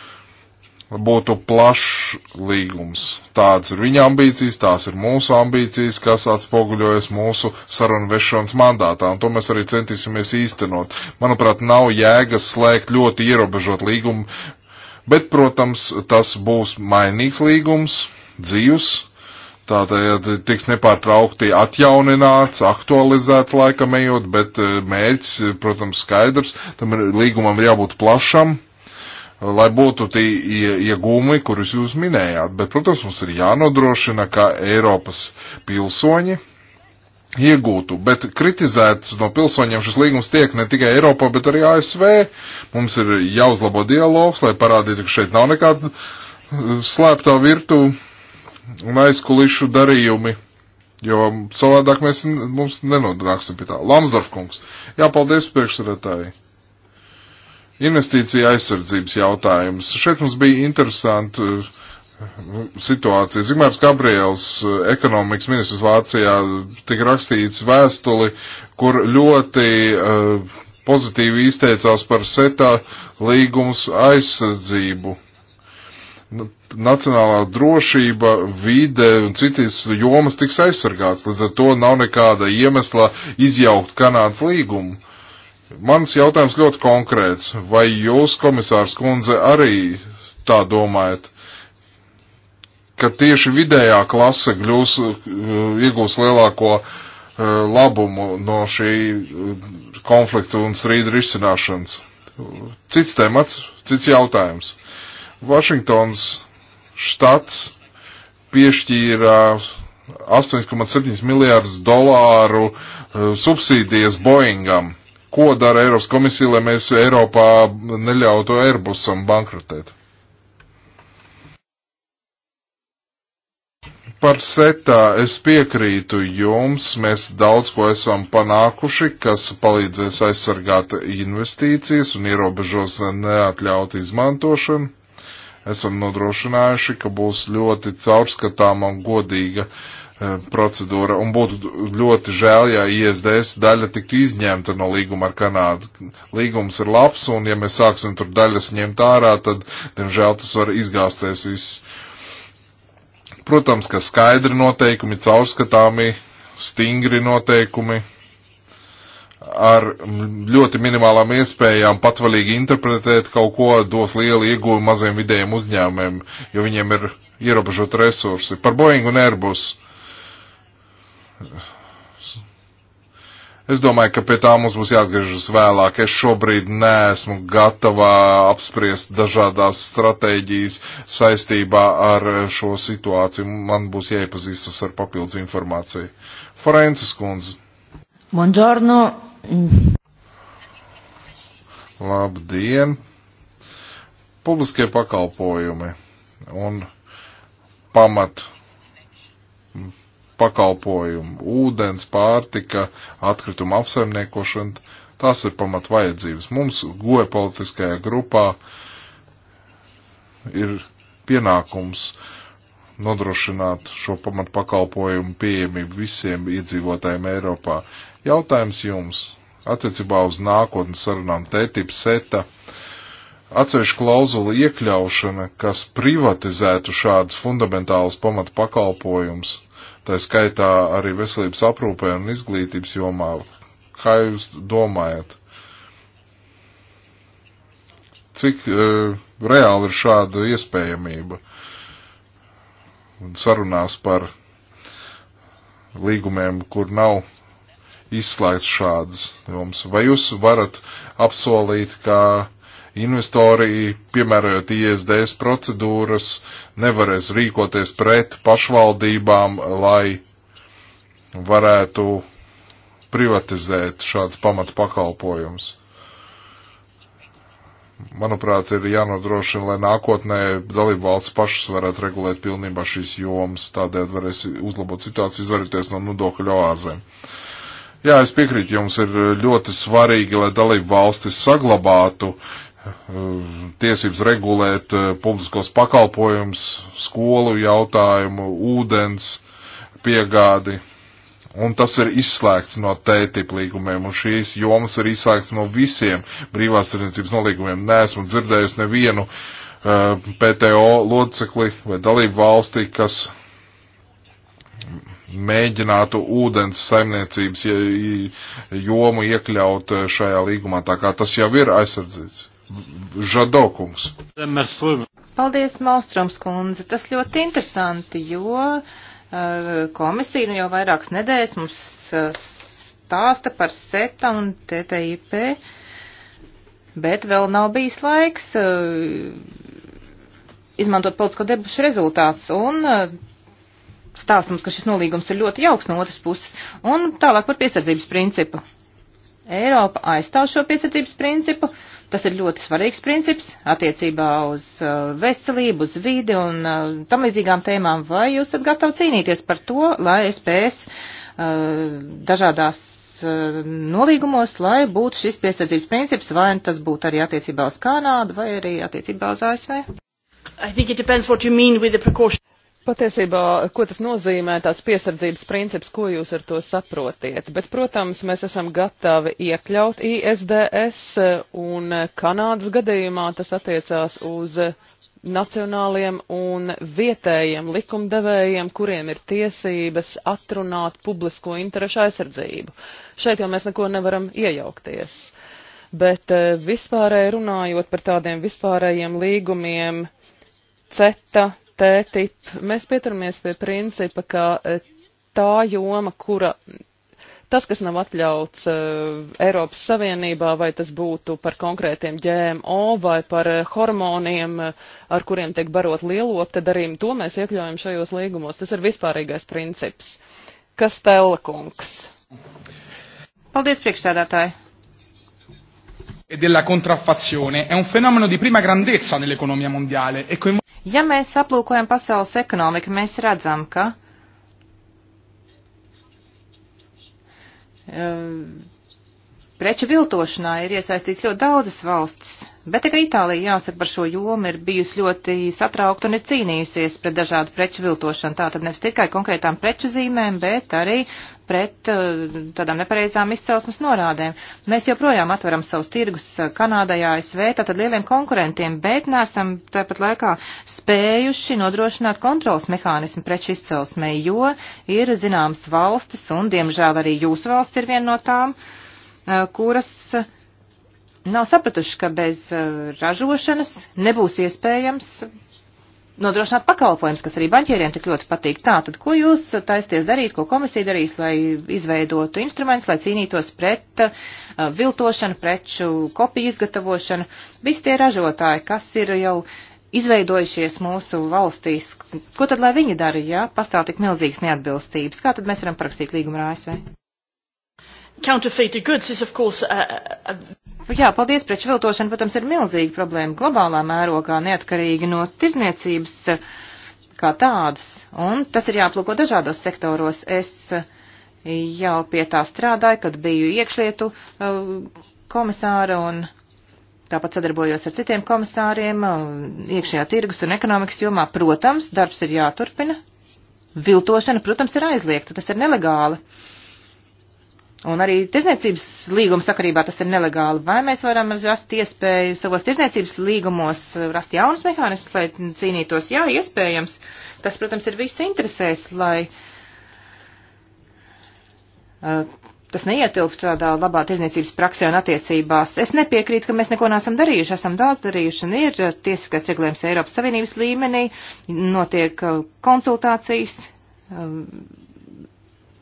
būtu plašs līgums. Tāds ir viņa ambīcijas, tās ir mūsu ambīcijas, kas atspoguļojas mūsu sarunu vešanas mandātā, un to mēs arī centīsimies īstenot. Manuprāt, nav jēgas slēgt ļoti ierobežot līgumu, bet, protams, tas būs mainīgs līgums, dzīvs, tātad tiks nepārtraukti atjaunināts, aktualizēts laikam ejot, bet eh, mērķis, protams, skaidrs, tam ir, līgumam ir jābūt plašam lai būtu tie iegūmi, kurus jūs minējāt. Bet, protams, mums ir jānodrošina, ka Eiropas pilsoņi iegūtu, bet kritizēts no pilsoņiem šis līgums tiek ne tikai Eiropā, bet arī ASV. Mums ir jāuzlabo dialogs, lai parādītu, ka šeit nav nekāda uh, slēptā virtu un aizkulišu darījumi, jo savādāk mēs mums nenodrāksim pie tā. Lamsdorf kungs, jāpaldies priekšsarētāji. Investīcija aizsardzības jautājums. Šeit mums bija interesanti uh, situācija. Zimārs Gabriels, uh, ekonomikas ministrs Vācijā, tika rakstīts vēstuli, kur ļoti uh, pozitīvi izteicās par setā līgums aizsardzību. Nacionālā drošība, vide un citas jomas tiks aizsargāts, līdz ar to nav nekāda iemesla izjaukt Kanādas līgumu. Mans jautājums ļoti konkrēts. Vai jūs, komisārs kundze, arī tā domājat, ka tieši vidējā klase gļūs, eh, iegūs lielāko eh, labumu no šī eh, konfliktu un strīdu risināšanas? Cits temats, cits jautājums. Vašingtons štats piešķīra 8,7 miljārdus dolāru subsīdijas Boeingam ko dara Eiropas komisija, lai mēs Eiropā neļautu Airbusam bankrotēt? Par setā es piekrītu jums, mēs daudz ko esam panākuši, kas palīdzēs aizsargāt investīcijas un ierobežos neatļaut izmantošanu. Esam nodrošinājuši, ka būs ļoti caurskatāma un godīga uh, E, procedūra, un būtu ļoti žēl, ja ISDS daļa tiktu izņemta no līguma ar Kanādu. Līgums ir labs, un ja mēs sāksim tur daļas ņemt ārā, tad, diemžēl, tas var izgāzties viss. Protams, ka skaidri noteikumi, caurskatāmi, stingri noteikumi, ar ļoti minimālām iespējām patvalīgi interpretēt kaut ko dos lielu ieguvumu maziem vidējiem uzņēmumiem, jo viņiem ir ierobežot resursi. Par Boeing un Airbus Es domāju, ka pie tā mums būs jāatgriežas vēlāk. Es šobrīd neesmu gatavā apspriest dažādās stratēģijas saistībā ar šo situāciju. Man būs jāiepazīstas ar papildus informāciju. Forences kundze. Buongiorno. Labdien. Publiskie pakalpojumi un pamat pakalpojumu, ūdens, pārtika, atkrituma apsaimniekošana. Tās ir pamat vajadzības. Mums goja politiskajā grupā ir pienākums nodrošināt šo pamat pakalpojumu pieejamību visiem iedzīvotājiem Eiropā. Jautājums jums attiecībā uz nākotnes sarunām tētip seta atsevišķu klauzulu iekļaušana, kas privatizētu šādus fundamentālus pamata pakalpojumus, tā skaitā arī veselības aprūpē un izglītības jomā. Kā jūs domājat? Cik uh, reāli ir šāda iespējamība un sarunās par līgumiem, kur nav izslēgts šādas jomas? Vai jūs varat apsolīt, ka uh, Investori, piemērojot ISDS procedūras, nevarēs rīkoties pret pašvaldībām, lai varētu privatizēt šāds pamata pakalpojums. Manuprāt, ir jānodrošina, lai nākotnē dalību valsts pašas varētu regulēt pilnībā šīs jomas, tādēļ varēs uzlabot situāciju, izvarīties no nodokļu oāzēm. Jā, es piekrītu, jums ir ļoti svarīgi, lai dalību valstis saglabātu tiesības regulēt eh, publiskos pakalpojumus, skolu jautājumu, ūdens piegādi. Un tas ir izslēgts no TTIP līgumiem, un šīs jomas ir izslēgts no visiem brīvās tirdzniecības nolīgumiem. Nesmu dzirdējusi nevienu uh, eh, PTO locekli vai dalību valsti, kas mēģinātu ūdens saimniecības jomu iekļaut eh, šajā līgumā, tā kā tas jau ir aizsardzīts. Žadokungs. Paldies, Malstroms kundze. Tas ļoti interesanti, jo eh, komisija nu jau vairākas nedēļas mums eh, stāsta par SETA un TTIP, bet vēl nav bijis laiks eh, izmantot politisko debušu rezultātus. Un stāst mums, ka šis nolīgums ir ļoti jauks no otras puses. Un tālāk par piesardzības principu. Eiropa aizstāv šo piesardzības principu, Tas ir ļoti svarīgs princips attiecībā uz uh, veselību, uz vidi un uh, tam līdzīgām tēmām. Vai jūs esat gatavi cīnīties par to, lai SPS uh, dažādās nolīgumos, lai būtu šis piesardzības princips, vai tas būtu arī attiecībā uz Kanādu vai arī attiecībā uz ASV? Patiesībā, ko tas nozīmē, tās piesardzības princips, ko jūs ar to saprotiet? Bet, protams, mēs esam gatavi iekļaut ISDS, un Kanādas gadījumā tas attiecās uz nacionāliem un vietējiem likumdevējiem, kuriem ir tiesības atrunāt publisko interešu aizsardzību. Šeit jau mēs neko nevaram iejaukties. Bet eh, vispārēji runājot par tādiem vispārējiem līgumiem, CETA, TTIP, mēs pieturamies pie principa, ka eh, tā joma, kura tas, kas nav atļauts uh, Eiropas Savienībā, vai tas būtu par konkrētiem GMO vai par uh, hormoniem, uh, ar kuriem tiek barot lielopi, tad arī to mēs iekļaujam šajos līgumos. Tas ir vispārīgais princips. Kas telekungs? Paldies, priekšsēdētāji! e della contraffazione è un fenomeno di prima grandezza nell'economia mondiale e coinvolge Ja mēs aplūkojam pasaules ekonomiku, mēs redzam, ka eh, preču viltošanā ir iesaistīts ļoti daudzas valstis. Bet arī Itālija, jāsaka, par šo jomu ir bijusi ļoti satraukta un ir cīnījusies pret dažādu preču viltošanu. Tātad nevis tikai konkrētām preču zīmēm, bet arī pret eh, tādām nepareizām izcelsmes norādēm. Mēs joprojām atveram savus tirgus eh, Kanādā, ASV, tātad lieliem konkurentiem, bet nesam tāpat laikā spējuši nodrošināt kontrols mehānismu preču izcelsmē, jo ir zināmas valstis, un diemžēl arī jūsu valsts ir viena no tām, eh, kuras nav sapratuši, ka bez uh, ražošanas nebūs iespējams nodrošināt pakalpojums, kas arī banķieriem tik ļoti patīk. Tā, tad ko jūs taisties darīt, ko komisija darīs, lai izveidotu instrumentus, lai cīnītos pret uh, viltošanu, preču kopiju izgatavošanu? Visi tie ražotāji, kas ir jau izveidojušies mūsu valstīs, ko tad lai viņi dara, ja pastāv tik milzīgas neatbilstības? Kā tad mēs varam parakstīt līgumu ar ASV? counterfeited goods is of course a, a Jā, paldies, preču viltošana, protams, ir milzīga problēma globālā mērogā, neatkarīgi no tirzniecības kā tādas. Un tas ir jāplūko dažādos sektoros. Es eh, jau pie tā strādāju, kad biju iekšlietu eh, komisāra un tāpat sadarbojos ar citiem komisāriem eh, iekšējā tirgus un ekonomikas jomā. Protams, darbs ir jāturpina. Viltošana, protams, ir aizliegta, tas ir nelegāli. Uh, Un arī tirzniecības līguma sakarībā tas ir nelegāli. Vai mēs varam rast iespēju savos tirzniecības līgumos rast jaunus mehānismus, lai cīnītos? Jā, iespējams. Tas, protams, ir visu interesēs, lai uh, tas neietilptu tādā labā tirzniecības praksē un attiecībās. Es nepiekrītu, ka mēs neko neesam darījuši. Esam daudz darījuši un ir eh, tiesiskais regulējums Eiropas Savienības līmenī, notiek uh, konsultācijas. Uh,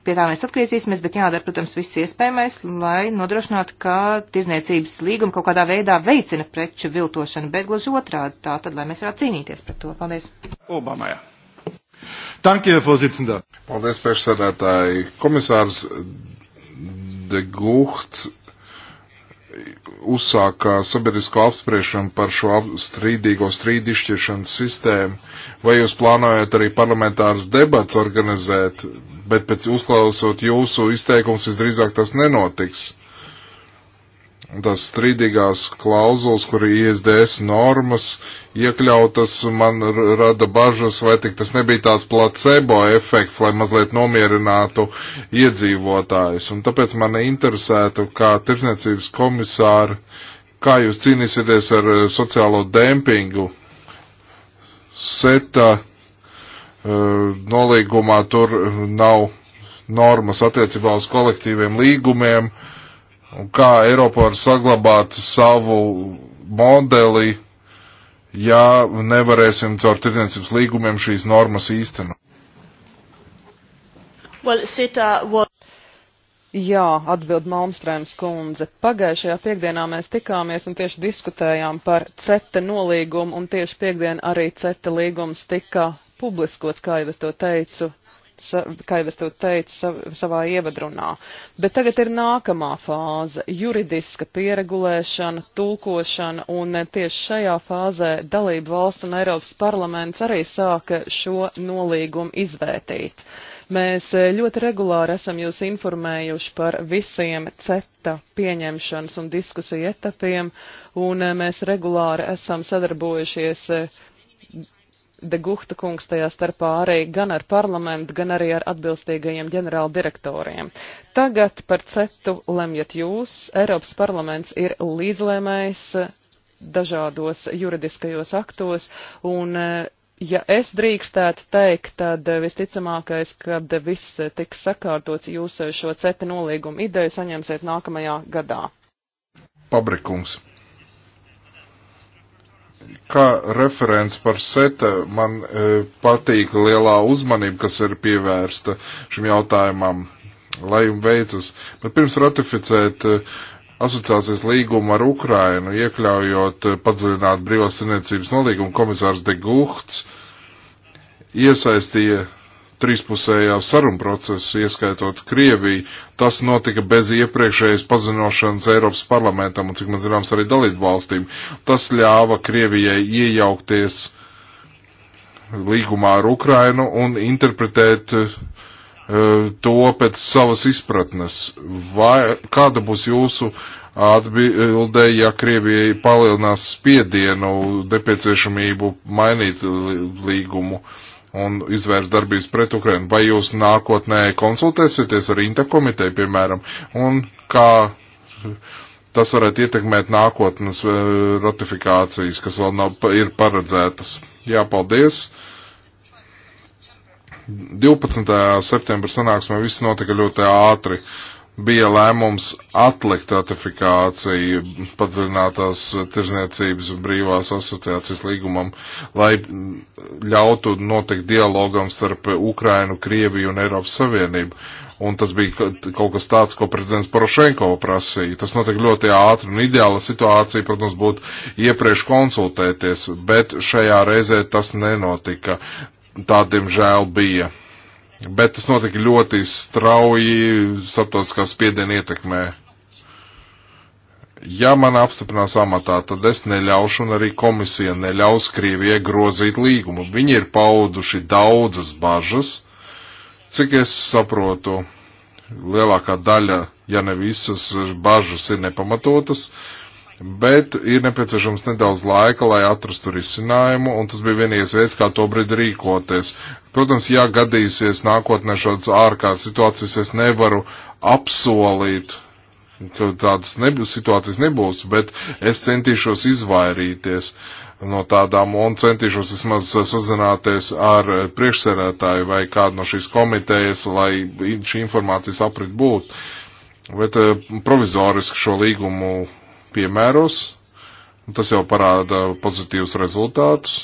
Pie tā mēs atgriezīsimies, bet jādara, protams, viss iespējamais, lai nodrošinātu, ka tirzniecības līguma kaut kādā veidā veicina preču viltošanu, bet gluži otrādi tā tad, lai mēs varētu cīnīties pret to. Paldies. Obamajā. Tankie, pozicindā. Paldies, priekšsēdētāji. Komisārs de Gucht uzsāka sabiedrisko apspriešanu par šo strīdīgo strīdu izšķiršanas sistēmu, vai jūs plānojat arī parlamentāras debats organizēt bet pēc uzklausot jūsu izteikums visdrīzāk tas nenotiks. Tas strīdīgās klauzulas, kur ir ISDS normas iekļautas, man rada bažas, vai tik tas nebija tāds placebo efekts, lai mazliet nomierinātu iedzīvotājus. Un tāpēc man interesētu, kā tirsniecības komisāri, kā jūs cīnīsieties ar eh, sociālo dempingu, seta Eh, nolīgumā tur nav normas attiecībā uz kolektīviem līgumiem, un kā Eiropa var saglabāt savu modeli, ja nevarēsim caur tirdzniecības līgumiem šīs normas īstenot. Well, CETA was... Jā, atbild Malmstrēms kundze. Pagājušajā piekdienā mēs tikāmies un tieši diskutējām par CETA nolīgumu, un tieši piekdien arī CETA līgums tika publiskots, kā jau es to teicu, kā jau es to teicu savā ievadrunā. Bet tagad ir nākamā fāze - juridiska pieregulēšana, tulkošana, un tieši šajā fāzē dalību valsts un Eiropas parlaments arī sāka šo nolīgumu izvērtīt. Mēs eh, ļoti regulāri esam jūs informējuši par visiem CETA pieņemšanas un diskusiju etapiem, un eh, mēs regulāri esam sadarbojušies eh, de Guhta kungs tajā starpā arī gan ar parlamentu, gan arī ar atbilstīgajiem ģenerāla direktoriem. Tagad par cetu lemjat jūs. Eiropas parlaments ir līdzlēmējs dažādos juridiskajos aktos un eh, ja es drīkstētu teikt, tad eh, visticamākais, kad viss eh, tiks sakārtots, jūs šo ceta nolīgumu ideju saņemsiet nākamajā gadā. Pabrikungs kā referents par seta man e, patīk lielā uzmanība, kas ir pievērsta šim jautājumam, lai jums veicas. Bet pirms ratificēt e, asociācijas līgumu ar Ukrainu, iekļaujot e, padziļināt brīvās tirniecības nolīgumu, komisārs De Guhts iesaistīja trīspusējā saruna procesu, ieskaitot Krieviju, tas notika bez iepriekšējas pazinošanas Eiropas parlamentam un, cik man zināms, arī dalību valstīm. Tas ļāva Krievijai iejaukties līgumā ar Ukrainu un interpretēt uh, to pēc savas izpratnes. Vai, kāda būs jūsu atbilde, ja Krievijai palielinās spiedienu nepieciešamību mainīt līgumu? Uh, un izvērs darbības pret Ukrainu. Vai jūs nākotnē konsultēsieties ar Inta komiteju, piemēram, un kā tas varētu ietekmēt nākotnes eh, ratifikācijas, kas vēl nav, ir paredzētas? Jā, paldies! 12. septembra sanāksmē viss notika ļoti ātri. Uh, bija lēmums atlikt ratifikāciju padziļinātās tirzniecības brīvās asociācijas līgumam, lai ļautu notikt dialogam starp Ukrainu, Krieviju un Eiropas Savienību. Un tas bija kaut kas tāds, ko prezidents Porošenko prasīja. Tas notika ļoti ātri un ideāla situācija, protams, būtu iepriekš konsultēties, bet šajā reizē tas nenotika. Tā, diemžēl, bija. Bet tas notika ļoti strauji starptautiskā spiediena ietekmē. Ja man apstiprinās amatā, tad es neļaušu un arī komisija neļaus Krievijai grozīt līgumu. Viņi ir pauduši daudzas bažas. Cik es saprotu, lielākā daļa, ja ne visas bažas ir nepamatotas. Uh, Bet ir nepieciešams nedaudz laika, lai atrastu risinājumu, un tas bija vienīgais veids, kā to brīdi rīkoties. Protams, ja gadīsies nākotnē šāds ārkārtas situācijas, es nevaru apsolīt, ka tādas nebūs, situācijas nebūs, bet es centīšos izvairīties no tādām un centīšos vismaz sazināties ar priekšsēdētāju vai kādu no šīs komitejas, lai šī informācijas aprit būtu. Bet eh, provizoriski šo līgumu piemēros, tas jau parāda pozitīvus rezultātus.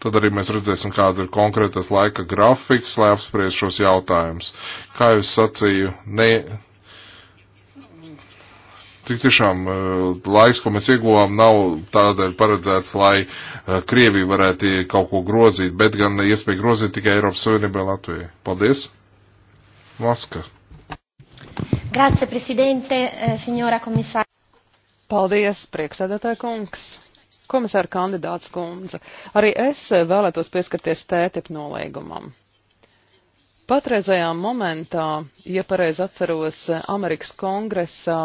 Tad arī mēs redzēsim, kāda ir konkrētais laika grafiks, lai apspriež šos jautājumus. Kā jau es sacīju, ne, tik tiešām eh, laiks, ko mēs ieguvām, nav tādēļ paredzēts, lai eh, Krievija varētu kaut ko grozīt, bet gan iespēja grozīt tikai Eiropas Savienībai Latvijai. Paldies! Maska! Grazie, Presidente, eh, signora Komisāra. Paldies, prieksēdētāja kungs. Komisāra kandidāts kundze. Arī es vēlētos pieskarties tētip nolīgumam. Patreizajā momentā, ja pareizi atceros, Amerikas kongresā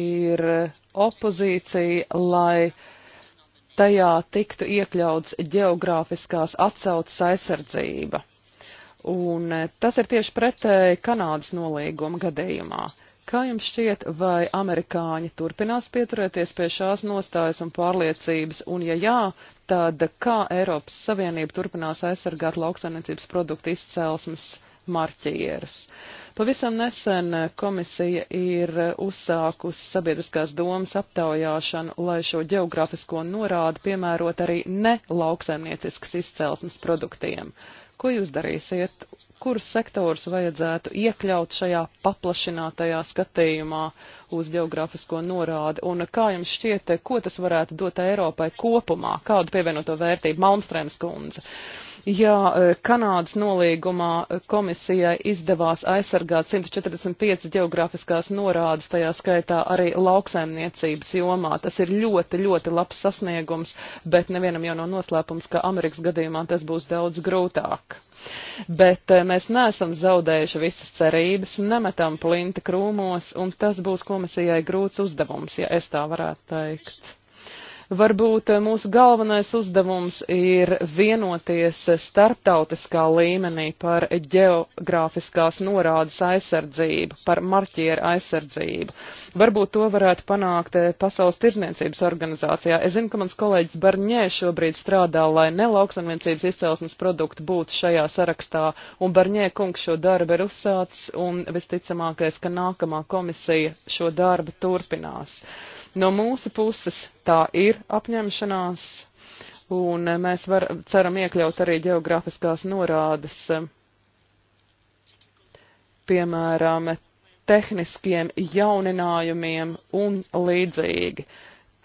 ir opozīcija, lai tajā tiktu iekļauts geogrāfiskās atsaucas aizsardzība. Un tas ir tieši pretēji Kanādas nolīguma gadījumā. Kā jums šķiet, vai amerikāņi turpinās pieturēties pie šās nostājas un pārliecības, un ja jā, tad kā Eiropas Savienība turpinās aizsargāt lauksainiecības produktu izcelsmes marķierus? Pavisam nesen komisija ir uzsākusi sabiedriskās domas aptaujāšanu, lai šo geogrāfisko norādu piemērot arī ne lauksaimnieciskas izcelsmes produktiem. Ko jūs darīsiet kurus sektors vajadzētu iekļaut šajā paplašinātajā skatījumā uz geogrāfisko norādi, un kā jums šķiet, ko tas varētu dot Eiropai kopumā, kādu pievienoto vērtību Malmstrēms kundze? Ja e, Kanādas nolīgumā komisijai izdevās aizsargāt 145 geogrāfiskās norādes, tajā skaitā arī lauksaimniecības jomā, tas ir ļoti, ļoti labs sasniegums, bet nevienam jau nav no noslēpums, ka Amerikas gadījumā tas būs daudz grūtāk. Bet e, mēs neesam zaudējuši visas cerības, nemetam plinti krūmos, un tas būs komisijai grūts uzdevums, ja es tā varētu teikt. Varbūt eh, mūsu galvenais uzdevums ir vienoties starptautiskā līmenī par geogrāfiskās norādes aizsardzību, par marķieru aizsardzību. Varbūt to varētu panākt eh, Pasaules tirzniecības organizācijā. Es zinu, ka mans kolēģis Barņē šobrīd strādā, lai nelauksanviencības izcelsmes produkti būtu šajā sarakstā, un Barņē kungs šo darbu ir uzsācis, un visticamākais, ka nākamā komisija šo darbu turpinās. No mūsu puses tā ir apņemšanās, un mēs var, ceram iekļaut arī geografiskās norādes, piemēram, tehniskiem jauninājumiem un līdzīgi.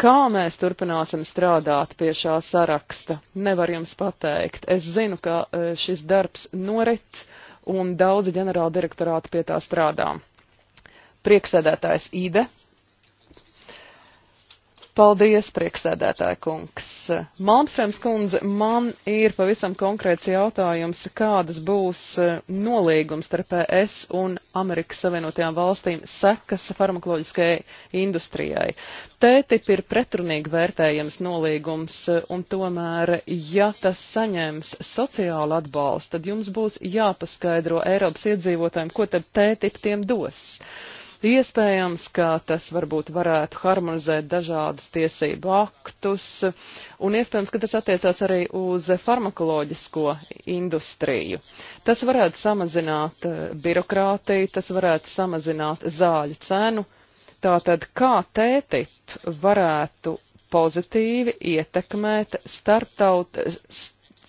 Kā mēs turpināsim strādāt pie šā saraksta, nevar jums pateikt. Es zinu, ka e, šis darbs norit un daudzi ģenerāla direktorāti pie tā strādā. Prieksēdētājs Ide, Paldies, prieksēdētāja kungs. Malmstrēms kundze, man ir pavisam konkrēts jautājums, kādas būs eh, nolīgums starp ES un Amerikas Savienotajām valstīm sekas farmakoloģiskajai industrijai. TTIP ir pretrunīgi vērtējams nolīgums, un tomēr, ja tas saņems sociālu atbalstu, tad jums būs jāpaskaidro Eiropas iedzīvotājiem, ko tad TTIP tiem dos. Uh, Iespējams, ka tas varbūt varētu harmonizēt dažādus tiesību aktus, un iespējams, ka tas attiecās arī uz farmakoloģisko industriju. Tas varētu samazināt eh, birokrātiju, tas varētu samazināt zāļu cenu. Tātad, kā TTIP varētu pozitīvi ietekmēt starptaut,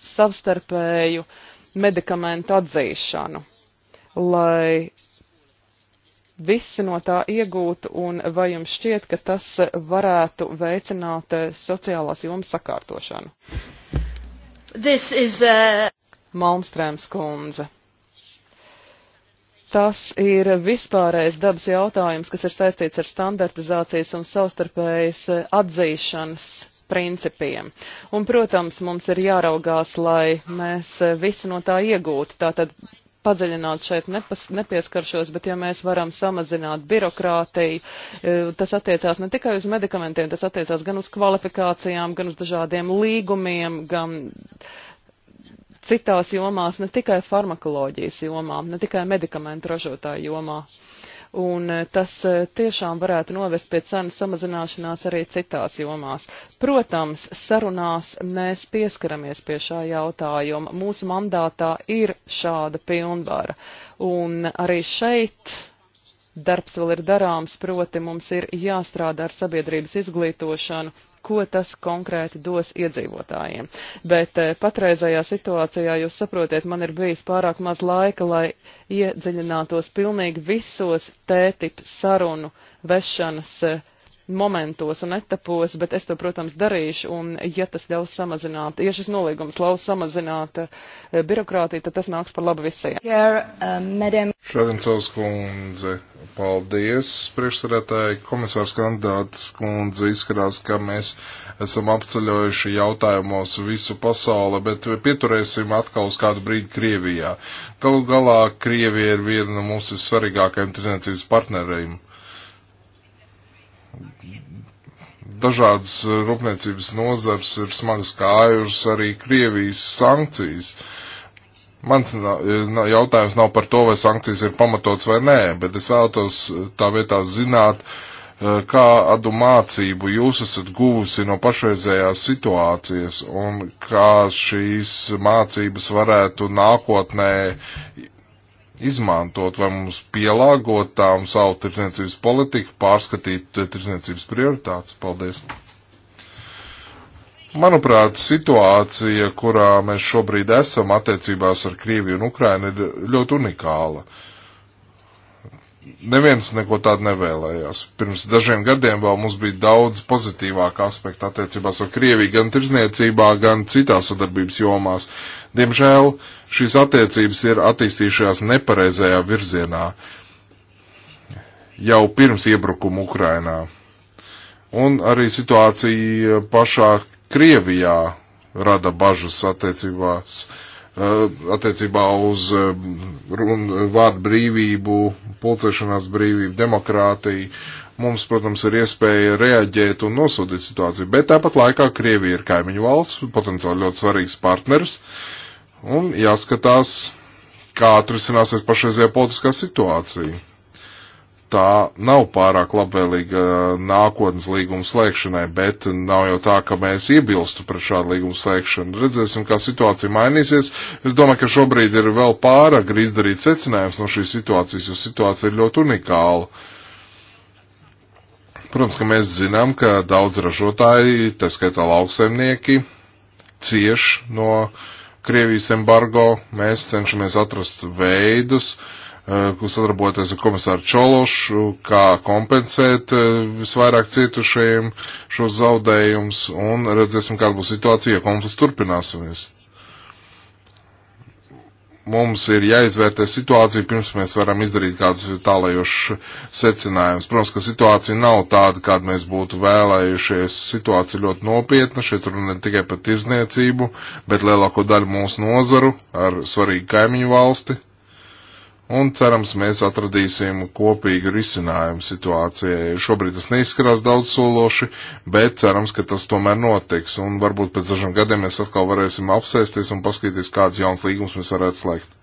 savstarpēju medikamentu atzīšanu, lai visi no tā iegūtu un vai jums šķiet, ka tas varētu veicināt eh, sociālās jomas sakārtošanu? This is, uh... Malmstrēms kundze. Tas ir vispārējais dabas jautājums, kas ir saistīts ar standartizācijas un savstarpējas eh, atzīšanas principiem. Un, protams, mums ir jāraugās, lai mēs eh, visi no tā iegūtu. Tātad padziļināt šeit nepas, nepieskaršos, bet ja mēs varam samazināt birokrātiju, e, tas attiecās ne tikai uz medikamentiem, tas attiecās gan uz kvalifikācijām, gan uz dažādiem līgumiem, gan citās jomās, ne tikai farmakoloģijas jomā, ne tikai medikamentu ražotāju jomā. Uh, un eh, tas eh, tiešām varētu novest pie cenu samazināšanās arī citās jomās. Protams, sarunās mēs pieskaramies pie šā jautājuma. Mūsu mandātā ir šāda pilnvara, un arī šeit darbs vēl ir darāms, proti mums ir jāstrādā ar sabiedrības izglītošanu, ko tas konkrēti dos iedzīvotājiem. Bet eh, patreizajā situācijā, jūs saprotiet, man ir bijis pārāk maz laika, lai iedziļinātos pilnīgi visos tētip sarunu vešanas eh, momentos un etapos, bet es to, protams, darīšu, un ja tas ļaus samazināt, ja šis nolīgums ļaus samazināt eh, birokrātiju, tad tas nāks par labu visiem. Um, Šodiencovs kundze, paldies, priekšsarētāji, komisārs kandidāts kundze izskatās, ka mēs esam apceļojuši jautājumos visu pasauli, bet pieturēsim atkal uz kādu brīdi Krievijā. Galu galā Krievija ir viena no mūsu svarīgākajiem tirdzniecības partneriem dažādas eh, rūpniecības nozars ir smagas kājušas arī Krievijas sankcijas. Mans eh, jautājums nav par to, vai sankcijas ir pamatots vai nē, bet es vēlētos eh, tā vietā zināt, kādu mācību jūs esat guvusi no pašreizējās situācijas un kā šīs mācības varētu nākotnē izmantot vai mums pielāgot tām savu tirdzniecības politiku, pārskatīt eh, tirdzniecības prioritātes. Paldies! Manuprāt, situācija, kurā mēs šobrīd esam attiecībās ar Krieviju un Ukrainu, ir ļoti unikāla. Uh, neviens neko tādu nevēlējās. Pirms dažiem gadiem vēl mums bija daudz pozitīvāka aspekta attiecībās ar Krieviju, gan tirzniecībā, gan citās sadarbības jomās. Diemžēl šīs attiecības ir attīstījušās nepareizajā virzienā jau pirms iebrukuma Ukrainā. Un arī situācija pašā Krievijā rada bažas attiecībās Eh, attiecībā uz eh, runu, vārdu brīvību, pulcēšanās brīvību, demokrātiju. Mums, protams, ir iespēja reaģēt un nosodīt situāciju, bet tāpat laikā Krievija ir kaimiņu valsts, potenciāli ļoti svarīgs partners, un jāskatās, kā atrisināsies pašreizējā politiskā situācija tā nav pārāk labvēlīga nākotnes līguma slēgšanai, bet nav jau tā, ka mēs iebilstu pret šādu līgumu slēgšanu. Redzēsim, kā situācija mainīsies. Es domāju, ka šobrīd ir vēl pārāk izdarīt secinājums no šīs situācijas, jo situācija ir ļoti unikāla. Protams, ka mēs zinām, ka daudz ražotāji, tā skaitā lauksaimnieki, cieš no Krievijas embargo. Mēs cenšamies atrast veidus, uh, Eh, sadarboties ar komisāru Čološu, kā kompensēt eh, visvairāk cietušajiem šos zaudējumus, un redzēsim, kāda būs situācija, ja konflikts turpināsies. Mums ir jāizvērtē situācija, pirms mēs varam izdarīt kādus tālējošus secinājumus. Protams, ka situācija nav tāda, kāda mēs būtu vēlējušies. Situācija ļoti nopietna, šeit runa ne tikai par tirzniecību, bet lielāko daļu mūsu nozaru ar svarīgu kaimiņu valsti un cerams, mēs atradīsim kopīgu risinājumu situācijai. Šobrīd tas neizskatās daudz sološi, bet cerams, ka tas tomēr notiks, un varbūt pēc dažiem gadiem mēs atkal varēsim apsēsties un paskatīties, kāds jauns līgums mēs varētu slēgt.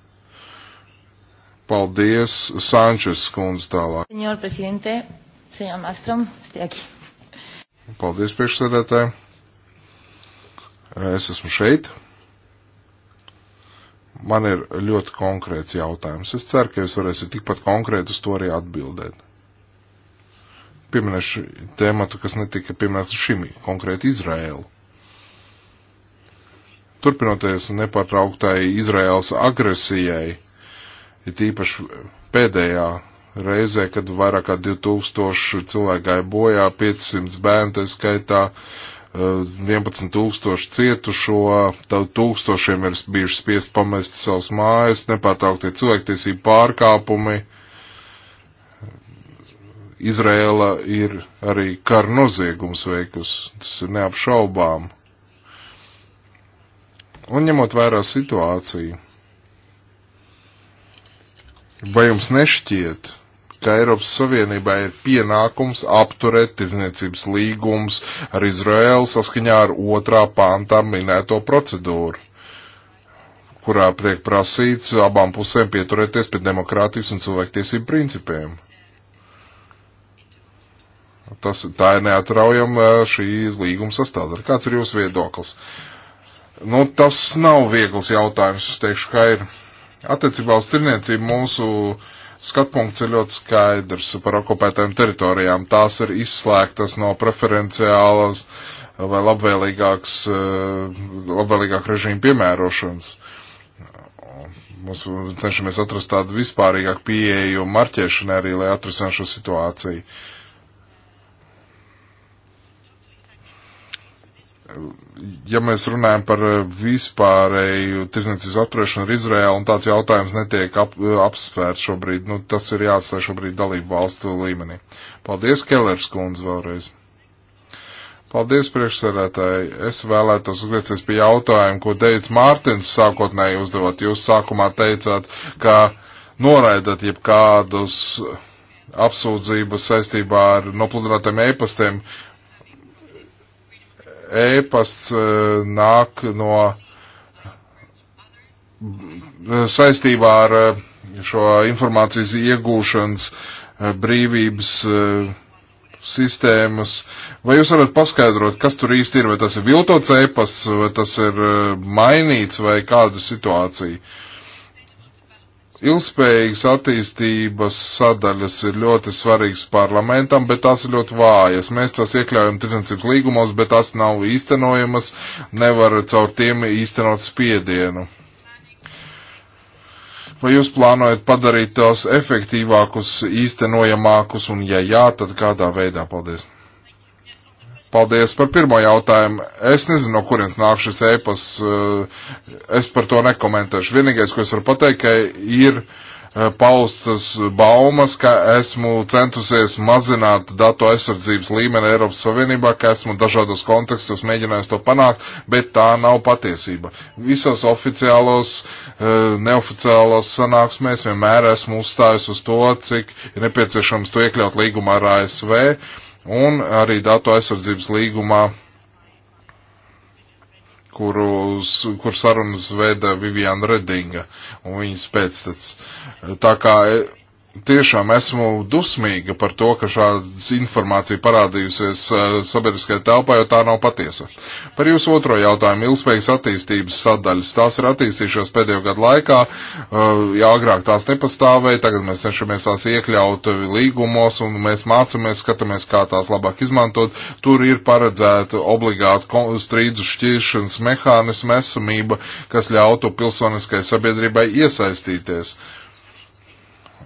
Paldies, Sančes kundze tālāk. Senjor prezidente, senjor Mastrom, stieki. Paldies, priekšsēdētāji. Es esmu šeit man ir ļoti konkrēts jautājums. Es ceru, ka jūs varēsiet tikpat konkrēti uz to arī atbildēt. Pieminēšu tēmatu, kas netika pieminēts šim konkrēti Izraēlu. Turpinoties nepārtrauktai Izraēlas agresijai, ir tīpaši pēdējā reizē, kad vairāk kā 2000 cilvēku gāja bojā, 500 bērnu, tā skaitā 11 tūkstoši cietušo, tad tūkstošiem ir bijuši spiest pamest savas mājas, nepārtrauktie cilvēktiesību pārkāpumi. Izrēla ir arī kara noziegums veikus, tas ir neapšaubām. Un ņemot vērā situāciju, vai jums nešķiet, ka Eiropas Savienībā ir pienākums apturēt tirdzniecības līgums ar Izraēlu saskaņā ar otrā pāntā minēto procedūru kurā tiek prasīts abām pusēm pieturēties pie demokrātijas un cilvēktiesību principiem. Tas, tā ir neatraujama eh, šīs līguma sastāvdaļa. Kāds ir jūsu viedoklis? Nu, tas nav viegls jautājums, es teikšu, kā ir. Attiecībā uz tirniecību mūsu uh, skatpunkts ir ļoti skaidrs par okupētajām teritorijām. Tās ir izslēgtas no preferenciālas vai labvēlīgāks, eh, labvēlīgāk režīmu piemērošanas. Mums cenšamies atrast tādu vispārīgāku pieeju marķēšanai arī, lai atrisinātu šo situāciju. Uh, ja mēs runājam par eh, vispārēju tirdzniecības apturēšanu ar Izraēlu un tāds jautājums netiek ap, eh, apspērts šobrīd, nu, tas ir jāatstāj šobrīd dalību valstu līmenī. Paldies, Kellers kundze, vēlreiz. Paldies, priekšsēdētāji. Es vēlētos atgriezties pie jautājuma, ko teica Mārtins sākotnēji uzdevot. Jūs sākumā teicāt, ka noraidat jebkādus apsūdzības saistībā ar nopludinātiem e-pastiem. Uh, ēpasts e, nāk no e, saistībā ar e, šo informācijas iegūšanas brīvības sistēmas. Vai jūs varat paskaidrot, kas tur īsti ir? Vai tas ir viltots ēpasts, vai tas ir mainīts, vai kāda situācija? Uh, Ilgspējīgas attīstības sadaļas ir ļoti svarīgas parlamentam, bet tās ir ļoti vājas. Mēs tās iekļaujam tirdzniecības līgumos, bet tās nav īstenojamas, nevar caur tiem īstenot spiedienu. Vai jūs plānojat padarīt tos efektīvākus, īstenojamākus, un ja jā, tad kādā veidā? Paldies! Paldies par pirmo jautājumu. Es nezinu, no kurienes nāk šis ēpas. Eh, es par to nekomentēšu. Vienīgais, ko es varu pateikt, ka ir eh, paustas baumas, ka esmu centusies mazināt datu aizsardzības līmeni Eiropas Savienībā, ka esmu dažādos kontekstos mēģinājis to panākt, bet tā nav patiesība. Visos oficiālos, eh, neoficiālos sanāksmēs vienmēr esmu uzstājis uz to, cik ir nepieciešams to iekļaut līgumā ar ASV Un arī datu aizsardzības līgumā, kuru, kur sarunas veda Viviana Redinga un viņas pēctecis. Tā kā tiešām esmu dusmīga par to, ka šādas informācija parādījusies uh, sabiedriskajā telpā, jo tā nav patiesa. Par jūsu otro jautājumu - ilgspējīgas attīstības sadaļas. Tās ir attīstījušās pēdējo gadu laikā, uh, ja agrāk tās nepastāvēja, tagad mēs cenšamies tās iekļaut līgumos un mēs mācamies, skatāmies, kā tās labāk izmantot. Tur ir paredzēta obligāta strīdu šķiršanas mehānisma esamība, kas ļautu pilsoniskai sabiedrībai iesaistīties. Uh,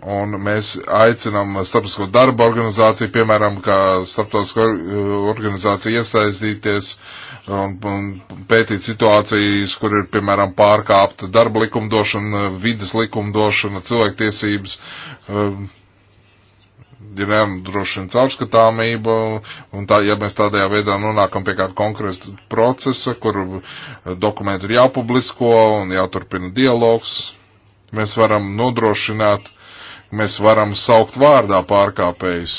Un mēs aicinām starptautisko darba organizāciju, piemēram, kā starptautisko eh, organizāciju iesaistīties un, un pētīt situācijas, kur ir, piemēram, pārkāpta darba likumdošana, vidas likumdošana, cilvēktiesības. Um, eh, ir jānodrošina caurskatāmība, un tā, ja mēs tādajā veidā nonākam pie kāda konkrēta procesa, kur eh, dokumenti ir jāpublisko un jāturpina dialogs, mēs varam nodrošināt mēs varam saukt vārdā pārkāpējus.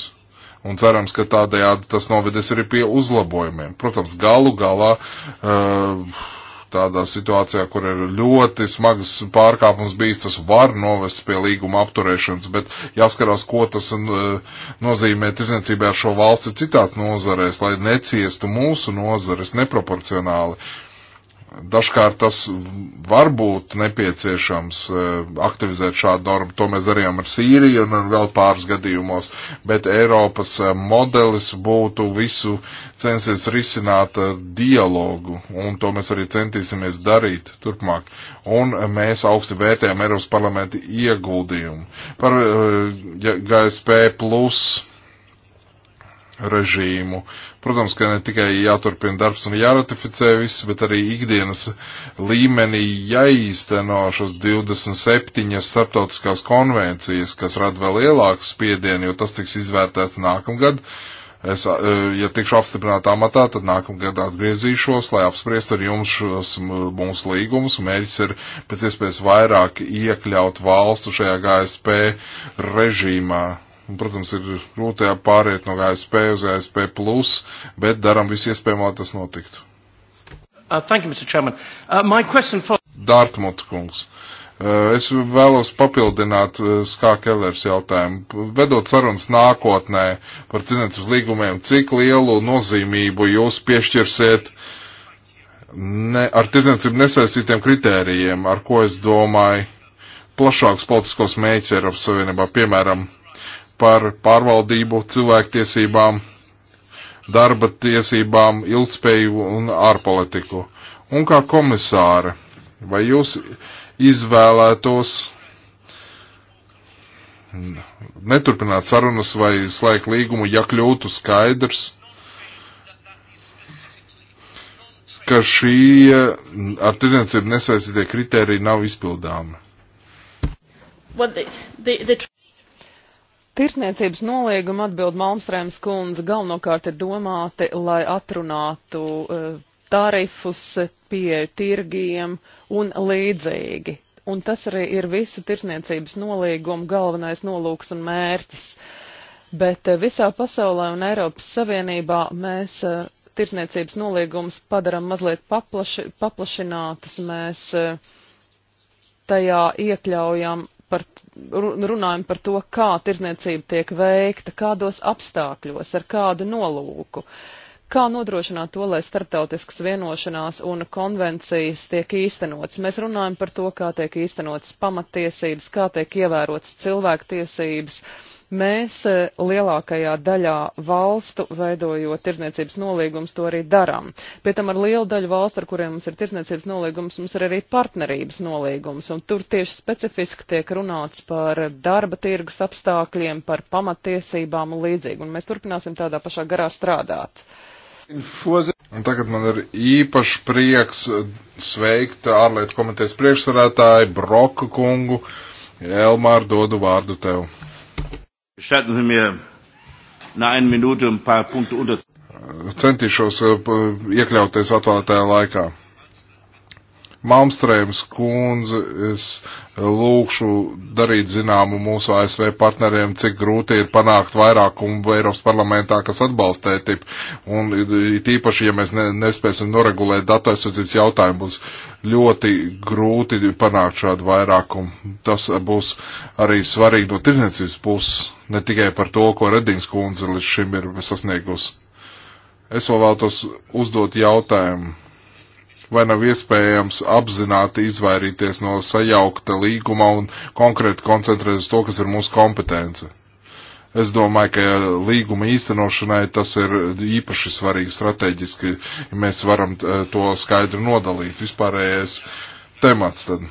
Un cerams, ka tādējādi tas novedīs arī pie uzlabojumiem. Protams, galu galā eh, tādā situācijā, kur ir ļoti smagas pārkāpums bijis, tas var novest pie līguma apturēšanas, bet jāskarās, ko tas eh, nozīmē tirzniecībā ar šo valsti citās nozarēs, lai neciestu mūsu nozares neproporcionāli. Uh, Dažkārt tas var būt nepieciešams eh, aktivizēt šādu normu. To mēs darījām ar Sīriju un vēl pāris gadījumos, bet Eiropas eh, modelis būtu visu censies risināt eh, dialogu, un to mēs arī centīsimies darīt turpmāk. Un mēs augsti vērtējam Eiropas parlamenta ieguldījumu. Par GSP plus režīmu. Protams, ka ne tikai jāturpina darbs un jāratificē viss, bet arī ikdienas līmenī jāīsteno šos 27 starptautiskās konvencijas, kas rada vēl lielāku spiedienu, jo tas tiks izvērtēts nākamgad. Es, ja tikšu apstiprinātā matā, tad nākamgad atgriezīšos, lai apspriestu ar jums šos mūsu līgumus. Mērķis ir pēc iespējas vairāk iekļaut valstu šajā GSP režīmā Un, protams, ir grūti pāriet no ASP uz ASP, plus, bet darām visu iespējamo, lai tas notiktu. Uh, thank you, Mr. Chairman. Uh, my question for... Dārtmut kungs. Uh, es vēlos papildināt uh, Skā Kellers jautājumu. Vedot sarunas nākotnē par tirnēcības līgumiem, cik lielu nozīmību jūs piešķirsiet ne, ar tirnēcību nesaistītiem kritērijiem, ar ko es domāju plašākus politiskos mēģus Eiropas Savienībā, piemēram, par pārvaldību, cilvēktiesībām, darba tiesībām, ilgspēju un ārpolitiku. Un kā komisāre, vai jūs izvēlētos neturpināt sarunas vai slēgt līgumu, ja kļūtu skaidrs, ka šī ar tirdzniecību nesaistītie kriteriji nav izpildāmi? Well, the, the, the... Tirsniecības nolieguma atbild Malmstrēms kundze galvenokārt ir domāti, lai atrunātu eh, tarifus pieeju tirgiem un līdzīgi. Un tas arī ir visu tirsniecības nolieguma galvenais nolūks un mērķis. Bet eh, visā pasaulē un Eiropas Savienībā mēs eh, tirsniecības noliegumus padaram mazliet paplaši, paplašinātus, mēs tajā iekļaujam par runājam par to, kā tirzniecība tiek veikta, kādos apstākļos, ar kādu nolūku. Kā nodrošināt to, lai starptautiskas vienošanās un konvencijas tiek īstenotas? Mēs runājam par to, kā tiek īstenotas pamatiesības, kā tiek ievērotas cilvēktiesības, uh, Mēs e, lielākajā daļā valstu, veidojot tirdzniecības nolīgums, to arī darām. Pie tam ar lielu daļu valstu, ar kuriem mums ir tirdzniecības nolīgums, mums ir arī partnerības nolīgums, un tur tieši specifiski tiek runāts par darba tirgus apstākļiem, par pamatiesībām un līdzīgi, un mēs turpināsim tādā pašā garā strādāt. Un tagad man ir īpaši prieks sveikt ārlietu komitejas priekšsarētāju Broku kungu. Elmār, dodu vārdu tev. Gestatten Sie mir nach einer Minute ein paar Punkte unter. Centīšos eh, iekļauties atvēlētajā laikā. Malmstrēms kundze, es eh, lūkšu darīt zināmu mūsu ASV partneriem, cik grūti ir panākt vairākumu Eiropas parlamentā, kas atbalstē tip. Un tīpaši, ja mēs ne, nespēsim noregulēt datu aizsardzības jautājumu, būs ļoti grūti panākt šādu vairākumu. Tas būs arī svarīgi no tirdzniecības puses, ne tikai par to, ko Redings kundze līdz šim ir sasniegusi. Es vēl vēlos uzdot jautājumu vai nav iespējams apzināti izvairīties no sajaukta līguma un konkrēti koncentrēties uz to, kas ir mūsu kompetence. Es domāju, ka līguma īstenošanai tas ir īpaši svarīgi strateģiski, ja mēs varam to skaidri nodalīt. Vispārējais temats tad,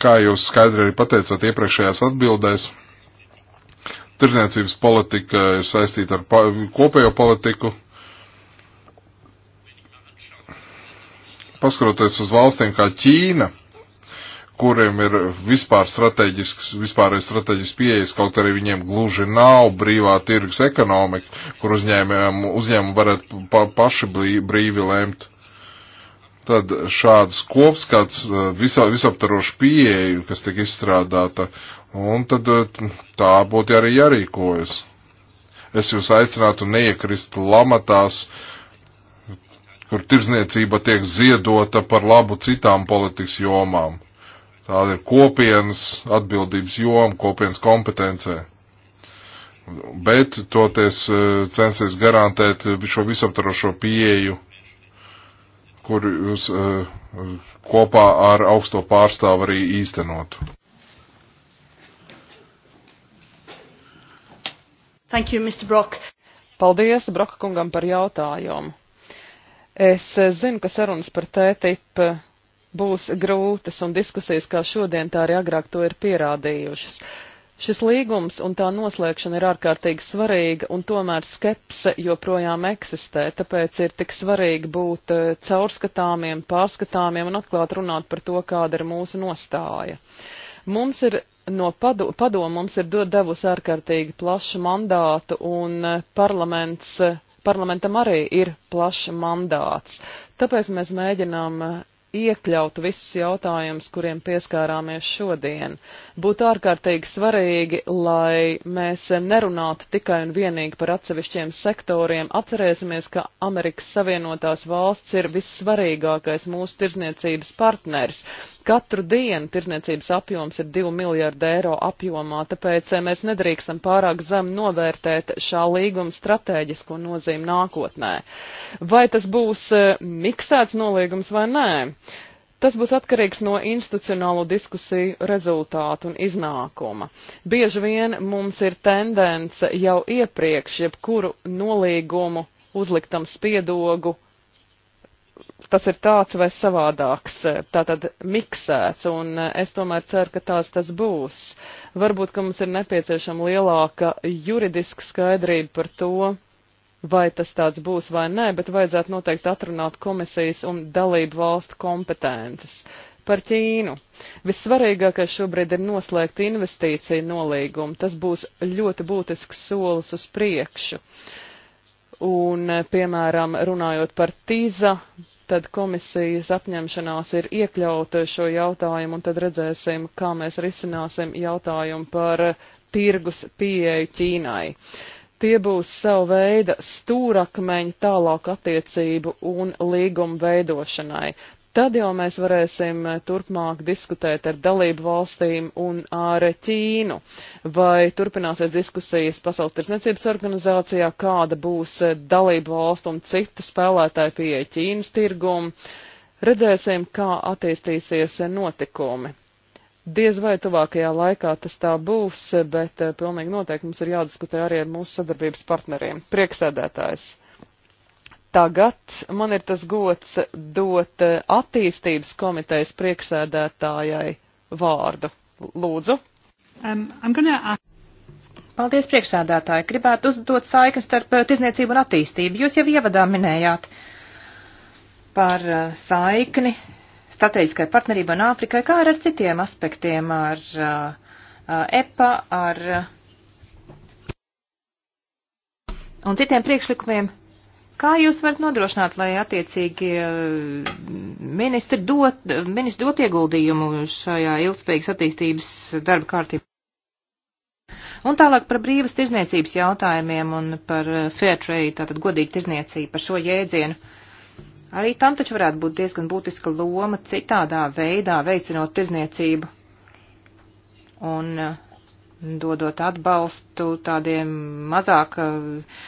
kā jūs skaidri arī pateicāt iepriekšējās atbildēs, tirdzniecības politika ir saistīta ar kopējo politiku paskatoties uz valstīm kā Ķīna, kuriem ir vispār strateģisks, vispārējais strateģisks pieejas, kaut arī viņiem gluži nav brīvā tirgus ekonomika, kur uzņēmumi uzņēmum varētu pa, paši brīvi lemt. Tad šāds kopskats, eh, visā, visaptarošu pieeju, kas tiek izstrādāta, un tad eh, tā būtu arī jārīkojas. Es jūs aicinātu neiekrist lamatās uh, kur tirzniecība tiek ziedota par labu citām politikas jomām. Tāda ir kopienas atbildības joma, kopienas kompetencē. Bet toties e, censies garantēt šo visaptarošo pieeju, kur jūs e, kopā ar augsto pārstāvu arī īstenotu. Thank you, Mr. Brock. Paldies Broka kungam par jautājumu. Es eh, zinu, ka sarunas par TTIP eh, būs grūtas un diskusijas kā šodien, tā arī agrāk to ir pierādījušas. Šis līgums un tā noslēgšana ir ārkārtīgi svarīga, un tomēr skepse joprojām eksistē, tāpēc ir tik svarīgi būt eh, caurskatāmiem, pārskatāmiem un atklāt runāt par to, kāda ir mūsu nostāja. Mums ir no padomu, padom, mums ir devusi ārkārtīgi plašu mandātu, un parlaments parlamentam arī ir plašs mandāts. Tāpēc mēs mēģinām eh, iekļaut visus jautājumus, kuriem pieskārāmies šodien. Būtu ārkārtīgi svarīgi, lai mēs nerunātu tikai un vienīgi par atsevišķiem sektoriem. Atcerēsimies, ka Amerikas Savienotās valsts ir vissvarīgākais mūsu tirzniecības partners. Katru dienu tirniecības apjoms ir 2 miljārdi eiro apjomā, tāpēc eh, mēs nedrīkstam pārāk zem novērtēt šā līguma stratēģisko nozīmi nākotnē. Vai tas būs eh, miksēts nolīgums vai nē? Tas būs atkarīgs no institucionālo diskusiju rezultātu un iznākuma. Bieži vien mums ir tendence jau iepriekš jebkuru nolīgumu uzliktam spiedogu tas ir tāds vai savādāks, eh, tātad miksēts, un eh, es tomēr ceru, ka tās tas būs. Varbūt, ka mums ir nepieciešama lielāka juridiska skaidrība par to, vai tas tāds būs vai nē, bet vajadzētu noteikti atrunāt komisijas un dalību valstu kompetences. Par Ķīnu. Vissvarīgākais šobrīd ir noslēgt investīciju nolīgumu. Tas būs ļoti būtisks solis uz priekšu. Uh, Un, eh, piemēram, runājot par tīza, tad komisijas apņemšanās ir iekļaut šo jautājumu, un tad redzēsim, kā mēs risināsim jautājumu par eh, tirgus pieeju Ķīnai. Tie būs savu veidu stūrakmeņi tālāk attiecību un līgumu veidošanai. Tad jau mēs varēsim eh, turpmāk diskutēt ar dalību valstīm un ar Ķīnu. Vai turpināsies diskusijas Pasaules tirsniecības organizācijā, kāda būs eh, dalību valstu un citu spēlētāju pieeja Ķīnas tirgumu. Redzēsim, kā attīstīsies notikumi. Diez vai tuvākajā laikā tas tā būs, eh, bet pilnīgi noteikti mums ir jādiskutē arī ar mūsu sadarbības partneriem. Prieksēdētājs! tagad man ir tas gods dot eh, attīstības komitejas priekšsēdētājai vārdu. Lūdzu. Um, gonna... Paldies, priekšsēdētāji. Gribētu uzdot saiknes starp eh, tirzniecību un attīstību. Jūs jau ievadā minējāt par eh, saikni strateģiskai partnerībai un Āfrikai, kā ar, ar citiem aspektiem, ar uh, EPA, ar uh, un citiem priekšlikumiem, Kā jūs varat nodrošināt, lai attiecīgi eh, ministri dot, eh, ministri dot ieguldījumu šajā ilgspējīgas attīstības darba kārtībā? Un tālāk par brīvas tirzniecības jautājumiem un par eh, fair trade, tātad godīgu tirzniecību, par šo jēdzienu. Arī tam taču varētu būt diezgan būtiska loma citādā veidā veicinot tirzniecību un dodot atbalstu tādiem mazāk uh,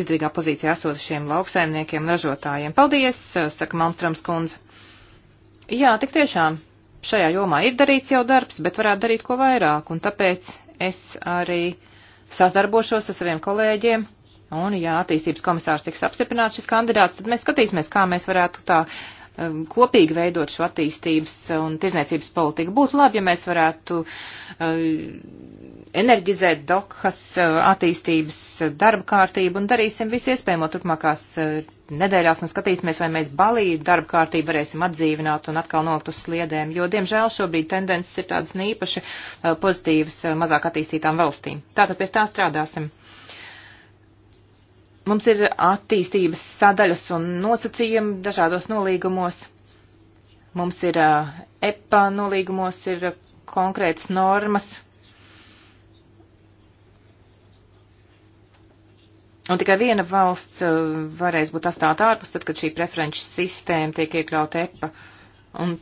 izdevīgā pozīcijā esošiem lauksaimniekiem, ražotājiem. Paldies, saka Malmstrams kundze. Jā, tik tiešām šajā jomā ir darīts jau darbs, bet varētu darīt ko vairāk, un tāpēc es arī sadarbošos ar saviem kolēģiem. Un, ja attīstības komisārs tiks apstiprināts šis kandidāts, tad mēs skatīsimies, kā mēs varētu tā Um, kopīgi veidot šo attīstības un tirzniecības politiku. Būtu labi, ja mēs varētu uh, enerģizēt Dokhas uh, attīstības uh, darba kārtību un darīsim visu iespējamo turpmākās nedēļās un skatīsimies, vai mēs Balī darba kārtību varēsim atdzīvināt un atkal nolikt uz sliedēm, jo, diemžēl, šobrīd tendences ir tādas īpaši pozitīvas mazāk attīstītām valstīm. Tātad pie tā strādāsim. Mums ir attīstības sadaļas un nosacījumi dažādos nolīgumos. Mums ir EPA nolīgumos, ir konkrētas normas. Un tikai viena valsts varēs būt atstāta ārpus, tad, kad šī preferenču sistēma tiek iekļauta EPA. Un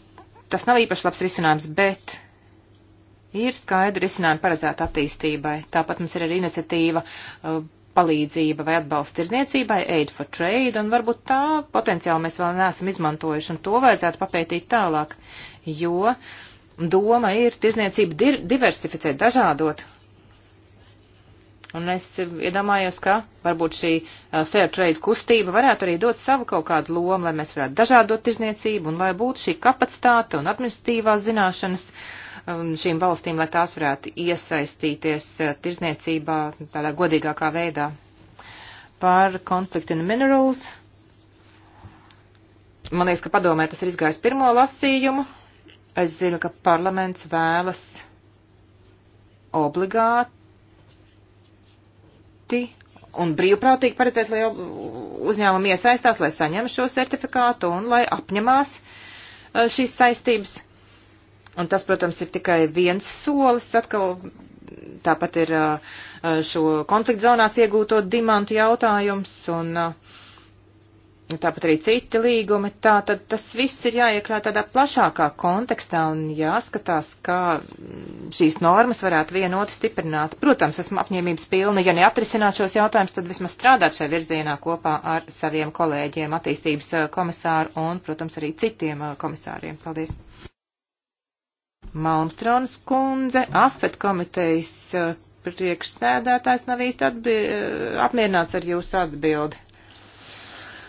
tas nav īpaši labs risinājums, bet ir skaidri risinājumi paredzēta attīstībai. Tāpat mums ir arī iniciatīva uh, palīdzība vai atbalsts tirzniecībai, aid for trade, un varbūt tā potenciāli mēs vēl neesam izmantojuši, un to vajadzētu papētīt tālāk, jo doma ir tirzniecību diversificēt, dažādot. Un es iedomājos, ka varbūt šī uh, fair trade kustība varētu arī dot savu kaut kādu lomu, lai mēs varētu dažādot tirzniecību un lai būtu šī kapacitāte un administratīvās zināšanas uh, Um, šīm valstīm, lai tās varētu iesaistīties uh, tirzniecībā tādā godīgākā veidā. Par Conflict in Minerals. Man liekas, ka padomē tas ir izgājis pirmo lasījumu. Es zinu, ka parlaments vēlas obligāti un brīvprātīgi paredzēt, lai uzņēmumi iesaistās, lai saņem šo certifikātu un lai apņemās uh, šīs saistības Un tas, protams, ir tikai viens solis, atkal tāpat ir uh, uh, šo konflikta zonās iegūto dimantu jautājums un uh, tāpat arī citi līgumi. Tā tad tas viss ir jāiekļaut tādā plašākā kontekstā un jāskatās, kā šīs normas varētu vienotu stiprināt. Protams, esmu apņēmības pilna, ja neatrisināt šos jautājumus, tad vismaz strādāt šajā virzienā kopā ar saviem kolēģiem, attīstības komisāru un, protams, arī citiem komisāriem. Paldies! Malmstrons kundze, AFET komitejas eh, priekšsēdētājs nav īsti atbi, eh, apmierināts ar jūsu atbildi.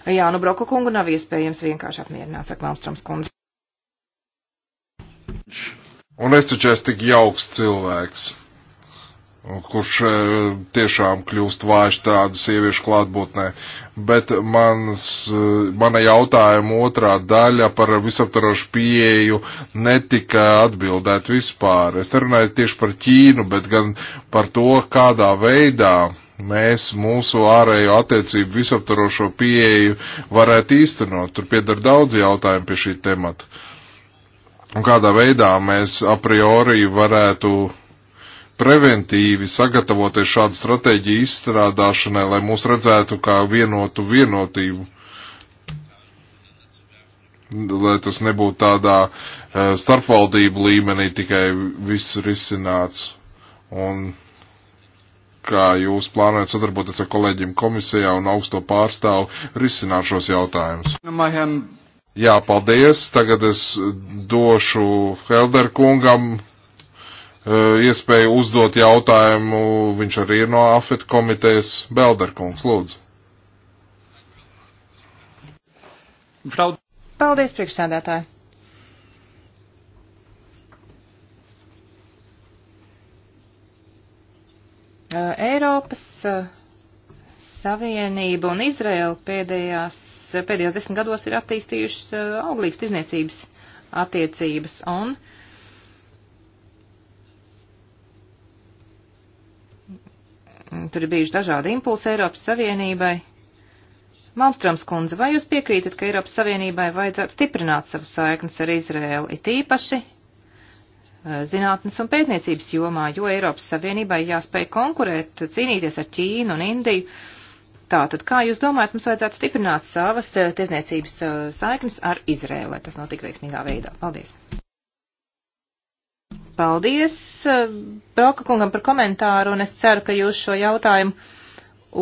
Jā, nu Broka kungu nav iespējams vienkārši apmierināt, saka Malmstroms kundze. Un es taču esmu tik jauks cilvēks kurš eh, tiešām kļūst vājš tādu sieviešu klātbūtnē. Bet mans, eh, mana jautājuma otrā daļa par visaptarošu pieeju netika atbildēt vispār. Es nerunāju tieši par Ķīnu, bet gan par to, kādā veidā mēs mūsu ārējo attiecību visaptarošo pieeju varētu īstenot. Tur piedar daudz jautājumu pie šī temata. Un kādā veidā mēs a priori varētu preventīvi sagatavoties šādu stratēģiju izstrādāšanai, lai mūs redzētu kā vienotu vienotību. Lai tas nebūtu tādā uh, starpvaldību līmenī tikai viss risināts. Un kā jūs plānojat sadarboties ar kolēģiem komisijā un augsto pārstāvu risināt šos jautājumus? Jā, paldies. Tagad es došu Helder kungam Eh, iespēju uzdot jautājumu, viņš arī ir no AFET komitejas. Belderkungs, lūdzu. Paldies, priekšsēdētāji. Eh, Eiropas eh, Savienība un Izraela pēdējās, pēdējos desmit gados ir attīstījušas auglīgas tirzniecības attiecības un uh, Tur ir bijuši dažādi impulsi Eiropas Savienībai. Malmstrāms kundze, vai jūs piekrītat, ka Eiropas Savienībai vajadzētu stiprināt savas saiknes ar Izrēlu, it īpaši eh, zinātnes un pētniecības jomā, jo Eiropas Savienībai jāspēj konkurēt, cīnīties ar Ķīnu un Indiju? Tātad, kā jūs domājat, mums vajadzētu stiprināt savas eh, tiesniecības eh, saiknes ar Izrēlu, lai tas notika veiksmīgā veidā? Paldies! Paldies eh, Broka kungam par komentāru, un es ceru, ka jūs šo jautājumu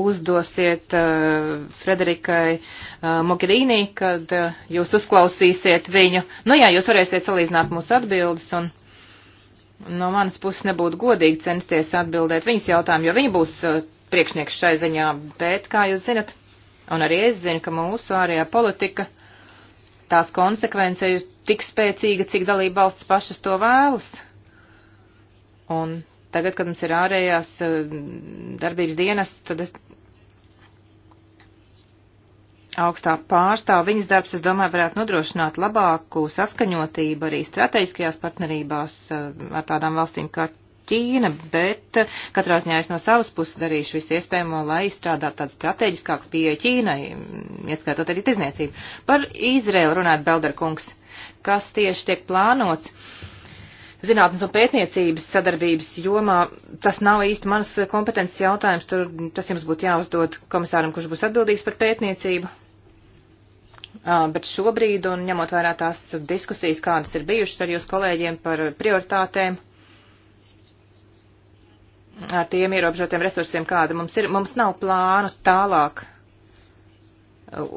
uzdosiet uh, Frederikai uh, Mogherini, kad uh, jūs uzklausīsiet viņu. Nu jā, jūs varēsiet salīdzināt mūsu atbildes, un no manas puses nebūtu godīgi censties atbildēt viņas jautājumu, jo viņa būs uh, priekšnieks šai ziņā, bet, kā jūs zinat, un arī es zinu, ka mūsu ārējā politika, tās konsekvence ir tik spēcīga, cik dalība valsts pašas to vēlas. Un tagad, kad mums ir ārējās eh, darbības dienas, tad es augstā pārstāv viņas darbs, es domāju, varētu nodrošināt labāku saskaņotību arī strateģiskajās partnerībās eh, ar tādām valstīm kā Ķīna, bet eh, katrā ziņā es no savas puses darīšu visu iespējamo, lai izstrādātu tādu strateģiskāku pieeju Ķīnai, ieskaitot arī tirzniecību. Par Izraelu runāt Belderkungs, kas tieši tiek plānots. Uh, zinātnes un pētniecības sadarbības jomā. Tas nav īsti mans kompetences jautājums, tur tas jums būtu jāuzdod komisāram, kurš būs atbildīgs par pētniecību. Bet šobrīd, un ņemot vērā tās diskusijas, kādas ir bijušas ar jūs kolēģiem par prioritātēm, ar tiem ierobežotiem resursiem, kāda mums ir, mums nav plānu tālāk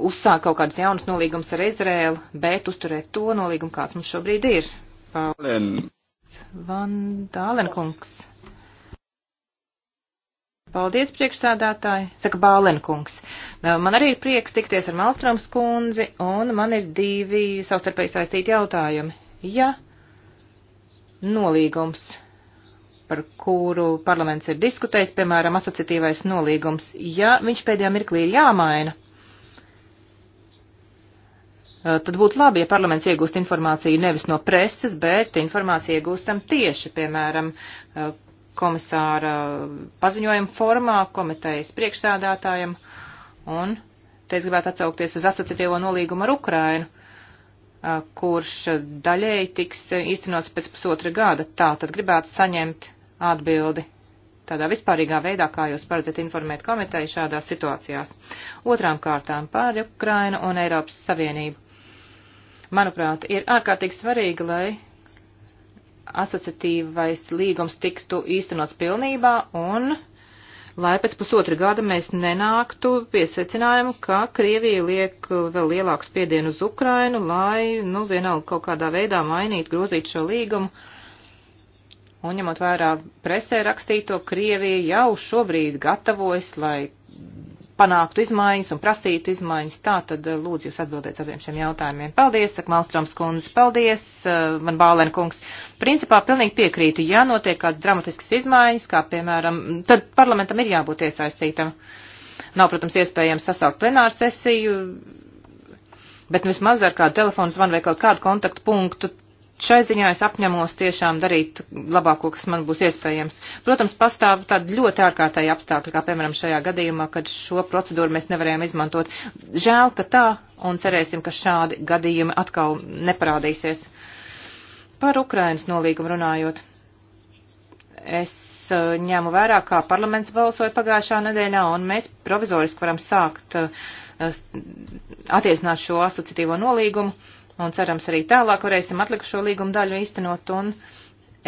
uzsākt kaut kādus jaunus nolīgumus ar Izrēlu, bet uzturēt to nolīgumu, kāds mums šobrīd ir. Paldies. Van Dālenkungs. Paldies, priekšsādātāji, saka Bālenkungs. Man arī ir prieks tikties ar Malstroms kundzi, un man ir divi savstarpēji saistīti jautājumi. Ja nolīgums, par kuru parlaments ir diskutējis, piemēram, asociatīvais nolīgums, ja viņš pēdējā mirklī ir jāmaina, Eh, tad būtu labi, ja parlaments iegūst informāciju nevis no preses, bet informāciju iegūstam tieši, piemēram, eh, komisāra paziņojuma formā, komitejas priekšsēdātājam, un te es gribētu atsaukties uz asociatīvo nolīgumu ar Ukrainu eh, kurš daļēji tiks īstenots pēc pusotra gada. Tā tad gribētu saņemt atbildi tādā vispārīgā veidā, kā jūs paredzat informēt komiteju šādās situācijās. Otrām kārtām par Ukrainu un Eiropas Savienību manuprāt, ir ārkārtīgi svarīgi, lai asociatīvais līgums tiktu īstenots pilnībā un lai pēc pusotra gada mēs nenāktu pie secinājumu, ka Krievija liek vēl lielāku spiedienu uz Ukrainu, lai, nu, vienalga kaut kādā veidā mainītu, grozītu šo līgumu. Un ņemot vērā presē rakstīto, Krievija jau šobrīd gatavojas, lai panāktu izmaiņas un prasītu izmaiņas. Tā tad eh, lūdzu jūs atbildēt abiem šiem jautājumiem. Paldies, saka Malstroms kundze, paldies, eh, man Bālēn kungs. Principā pilnīgi piekrītu, ja notiek kāds dramatisks izmaiņas, kā piemēram, tad parlamentam ir jābūt iesaistītam. Nav, protams, iespējams sasaukt plenāru sesiju, bet vismaz ar kādu telefonu zvanu vai kaut kādu kontaktu punktu Šai ziņā es apņemos tiešām darīt labāko, kas man būs iespējams. Protams, pastāv tādi ļoti ārkārtēji apstākļi, kā piemēram šajā gadījumā, kad šo procedūru mēs nevarējām izmantot. Žēl, ka tā, un cerēsim, ka šādi gadījumi atkal neparādīsies. Par Ukrainas nolīgumu runājot. Es eh, ņēmu vērā, kā parlaments balsoja pagājušā nedēļā, un mēs provizoriski varam sākt eh, attiecināt šo asociatīvo nolīgumu un cerams arī tālāk varēsim atlikušo līgumu daļu īstenot, un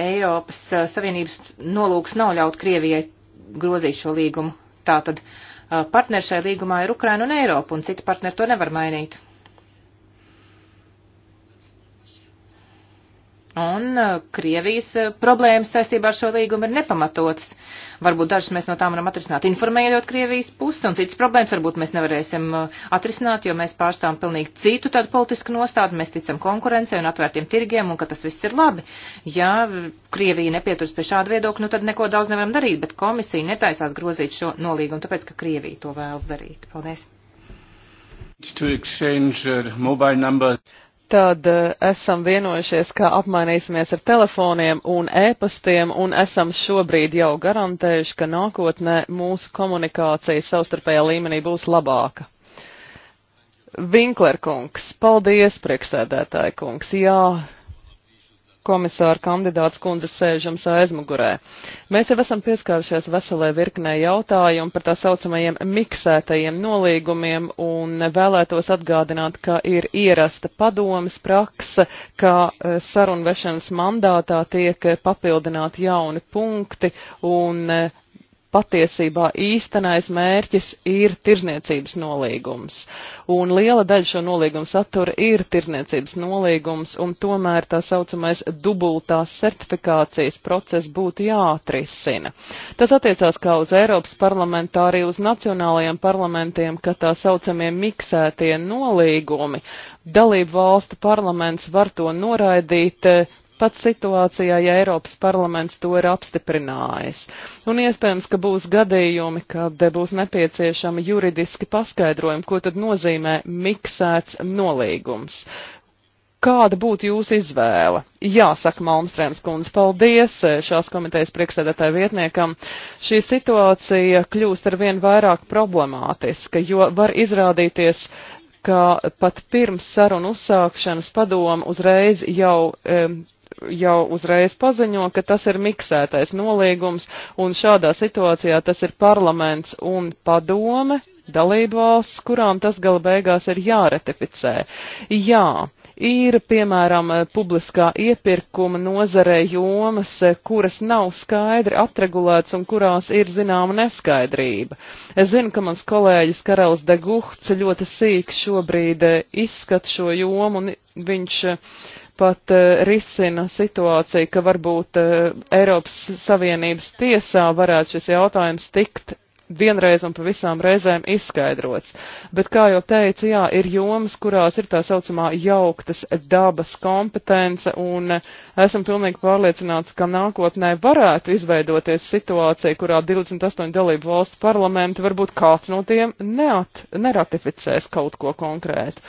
Eiropas uh, Savienības nolūks nav ļaut Krievijai grozīt šo līgumu. Tātad uh, partneri šai līgumā ir Ukraina un Eiropa, un citi partneri to nevar mainīt. Un uh, Krievijas uh, problēmas saistībā ar šo līgumu ir nepamatotas. Varbūt dažas mēs no tām varam atrisināt, informējot Krievijas pusi, un citas problēmas varbūt mēs nevarēsim uh, atrisināt, jo mēs pārstāvam pilnīgi citu tādu politisku nostādu, mēs ticam konkurencei un atvērtiem tirgiem, un ka tas viss ir labi. Ja Krievija nepieturas pie šāda viedokļa, nu tad neko daudz nevaram darīt, bet komisija netaisās grozīt šo nolīgumu, tāpēc, ka Krievija to vēlas darīt. Paldies. To exchange, uh, mobile numbers tad eh, esam vienojušies, ka apmainīsimies ar telefoniem un ēpastiem, un esam šobrīd jau garantējuši, ka nākotnē mūsu komunikācija savstarpējā līmenī būs labāka. Vinkler kungs, paldies, priekšsēdētāji kungs, jā, komisāra kandidāts kundze sēžams aizmugurē. Mēs jau esam pieskārušies veselē virknē jautājumu par tā saucamajiem miksētajiem nolīgumiem un vēlētos atgādināt, ka ir ierasta padomas prakse, ka e, sarunvešanas mandātā tiek papildināti jauni punkti un e, patiesībā īstenais mērķis ir tirzniecības nolīgums. Un liela daļa šo nolīgumu satura ir tirzniecības nolīgums, un tomēr tā saucamais dubultās certifikācijas process būtu jāatrisina. Tas attiecās kā uz Eiropas parlamentu, arī uz nacionālajiem parlamentiem, ka tā saucamie miksētie nolīgumi dalību valstu parlaments var to noraidīt pat situācijā, ja Eiropas parlaments to ir apstiprinājis. Un iespējams, ka būs gadījumi, kad būs nepieciešama juridiski paskaidrojumi, ko tad nozīmē miksēts nolīgums. Kāda būtu jūsu izvēle? Jā, saka Malmstrēms kundze, paldies e, šās komitejas priekšsēdētāja vietniekam. Šī situācija kļūst ar vien vairāk problemātiska, jo var izrādīties ka pat pirms sarunu uzsākšanas padoma uzreiz jau e, jau uzreiz paziņo, ka tas ir miksētais nolīgums, un šādā situācijā tas ir parlaments un padome, dalību valsts, kurām tas gala beigās ir jāratificē. Jā, ir, piemēram, publiskā iepirkuma nozarē jomas, kuras nav skaidri atregulētas un kurās ir zināma neskaidrība. Es zinu, ka mans kolēģis Karels Degухts ļoti sīk šobrīd izskat šo jomu un viņš pat eh, risina situāciju, ka varbūt eh, Eiropas Savienības tiesā varētu šis jautājums tikt vienreiz un pavisam reizēm izskaidrots. Bet, kā jau teicu, jā, ir jomas, kurās ir tā saucamā jauktas dabas kompetence, un esam pilnīgi pārliecināti, ka nākotnē varētu izveidoties situācija, kurā 28 dalību valstu parlamenti varbūt kāds no tiem neat, neratificēs kaut ko konkrētu.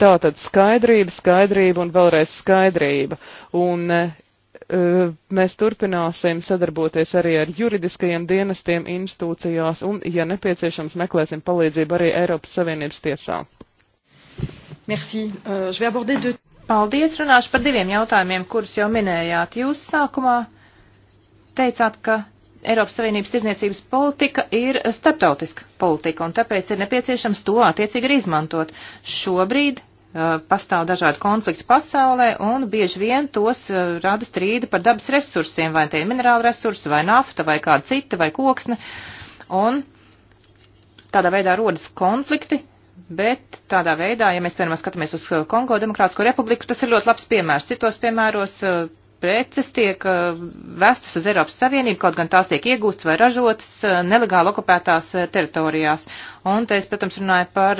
Tātad skaidrība, skaidrība un vēlreiz skaidrība. Un mēs turpināsim sadarboties arī ar juridiskajiem dienestiem institūcijās un, ja nepieciešams, meklēsim palīdzību arī Eiropas Savienības tiesā. Merci. Uh, de... Paldies, runāšu par diviem jautājumiem, kurus jau minējāt. Jūs sākumā teicāt, ka Eiropas Savienības tirzniecības politika ir starptautiska politika, un tāpēc ir nepieciešams to attiecīgi arī izmantot. Šobrīd Uh, pastāv dažādi konflikti pasaulē, un bieži vien tos uh, rada strīdi par dabas resursiem, vai tie ir minerāli resursi, vai nafta, vai kāda cita, vai koksne. Un tādā veidā rodas konflikti, bet tādā veidā, ja mēs, piemēram, skatāmies uz Kongo Demokrātisko republiku, tas ir ļoti labs piemērs. Citos piemēros uh, preces tiek eh, vestas uz Eiropas Savienību, kaut gan tās tiek iegūstas vai ražotas eh, nelegāli okupētās eh, teritorijās. Un te es, protams, runāju par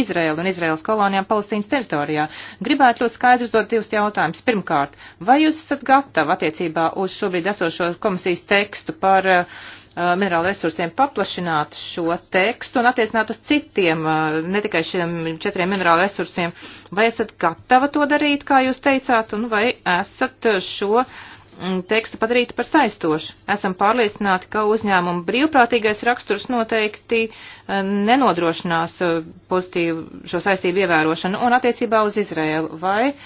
Izraēlu un Izraēlas kolonijām Palestīnas teritorijā. Gribētu ļoti skaidrs dot divus jautājumus. Pirmkārt, vai jūs esat gatavi attiecībā uz šobrīd esošo komisijas tekstu par uh, Uh, minerālu resursiem paplašināt šo tekstu un attiecināt uz citiem, uh, ne tikai šiem četriem minerālu resursiem. Vai esat gatava to darīt, kā jūs teicāt, un vai esat šo mm, tekstu padarīt par saistošu? Esam pārliecināti, ka uzņēmuma brīvprātīgais raksturs noteikti uh, nenodrošinās pozitīvu šo saistību ievērošanu un attiecībā uz Izraēlu. Vai uh,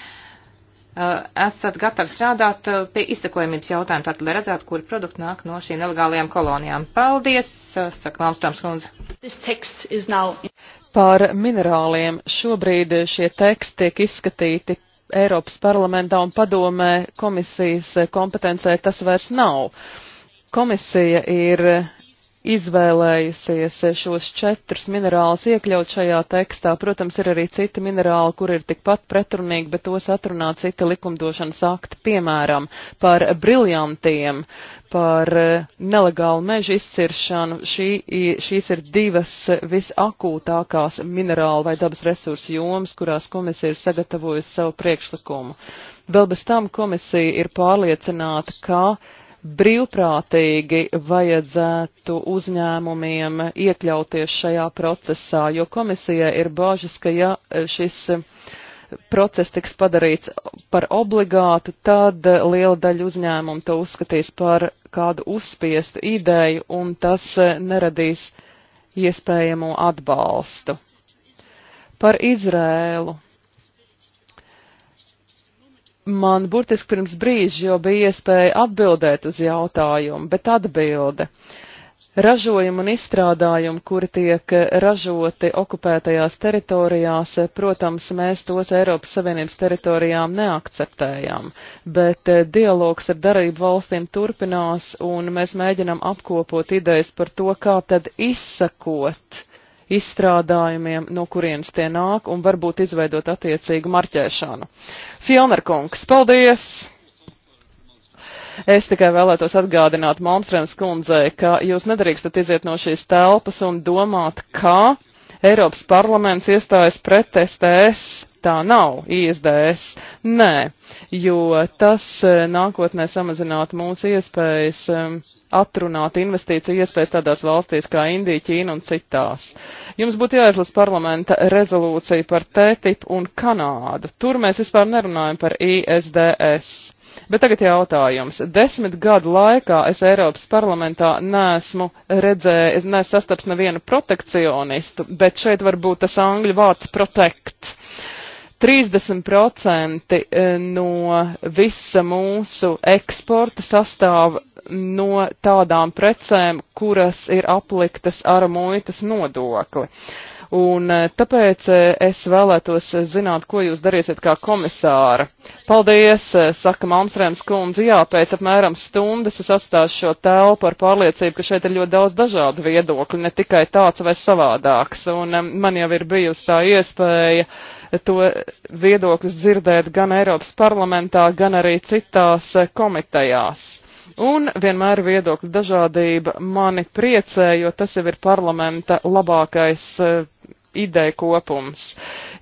Eh, esat gatavi strādāt eh, pie izsakojamības jautājuma, tātad, lai redzētu, kuri produkti nāk no šīm nelegālajām kolonijām. Paldies, eh, saka Malmstroms kundze. Now... Par minerāliem šobrīd šie teksti tiek izskatīti Eiropas parlamentā un padomē komisijas kompetencē tas vairs nav. Komisija ir izvēlējusies šos četrus minerālus iekļaut šajā tekstā. Protams, ir arī citi minerāli, kur ir tikpat pretrunīgi, bet tos atrunā cita likumdošanas akta, piemēram, par briljantiem, par e, nelegālu mežu izciršanu. Šī, šīs ir divas visakūtākās minerālu vai dabas resursu jomas, kurās komisija ir sagatavojusi savu priekšlikumu. Vēl bez tam komisija ir pārliecināta, ka brīvprātīgi vajadzētu uzņēmumiem iekļauties šajā procesā, jo komisijai ir bāžas, ka ja šis eh, process tiks padarīts par obligātu, tad liela daļa uzņēmumu to uzskatīs par kādu uzspiestu ideju un tas eh, neradīs iespējamo atbalstu. Par Izrēlu Man burtiski pirms brīža jau bija iespēja atbildēt uz jautājumu, bet atbilde. Ražojumi un izstrādājumi, kuri tiek ražoti okupētajās teritorijās, protams, mēs tos Eiropas Savienības teritorijām neakceptējām, bet dialogs ar darību valstīm turpinās un mēs mēģinam apkopot idejas par to, kā tad izsakot izstrādājumiem, no kurienes tie nāk, un varbūt izveidot attiecīgu marķēšanu. Fjellnerkungs, paldies! Es tikai vēlētos atgādināt Malmstrēms kundzei, ka jūs nedrīkstat iziet no šīs telpas un domāt, ka Eiropas parlaments iestājas pret STS tā nav ISDS. Nē, jo tas eh, nākotnē samazinātu mūsu iespējas ehm, atrunāt investīciju iespējas tādās valstīs kā Indija, Ķīna un citās. Jums būtu jāizlas parlamenta rezolūcija par TTIP un Kanādu. Tur mēs vispār nerunājam par ISDS. Bet tagad jautājums. Desmit gadu laikā es Eiropas parlamentā nesmu redzējis, nesastaps nevienu protekcionistu, bet šeit varbūt tas angļu vārds protect. Uh, 30% eh, no visa mūsu eksporta sastāv no tādām precēm, kuras ir apliktas ar muitas nodokli. Un eh, tāpēc eh, es vēlētos zināt, ko jūs darīsiet kā komisāra. Paldies, saka Malmstrēms kundze, jā, pēc apmēram stundas es atstāšu šo telpu ar pārliecību, ka šeit ir ļoti daudz dažādu viedokļu, ne tikai tāds vai savādāks. Un man jau ir bijusi tā iespēja uh, to viedokļus dzirdēt gan Eiropas parlamentā, gan arī citās eh, komitejās. Un vienmēr viedokļu dažādība mani priecē, jo tas jau ir parlamenta labākais eh, ideja kopums.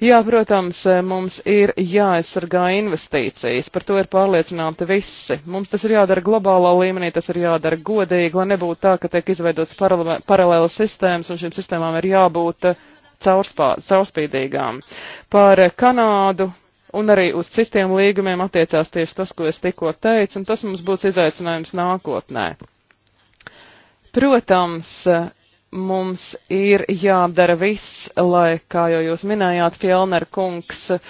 Jā, protams, eh, mums ir jāaizsargā investīcijas, par to ir pārliecināti visi. Mums tas ir jādara globālā līmenī, tas ir jādara godīgi, lai nebūtu tā, ka tiek izveidots paralēlas sistēmas un šīm sistēmām ir jābūt caurspā, caurspīdīgām. Par Kanādu un arī uz citiem līgumiem attiecās tieši tas, ko es tikko teicu, un tas mums būs izaicinājums nākotnē. Protams, mums ir jādara viss, lai, kā jau jūs minējāt, Fjellner kungs, uh,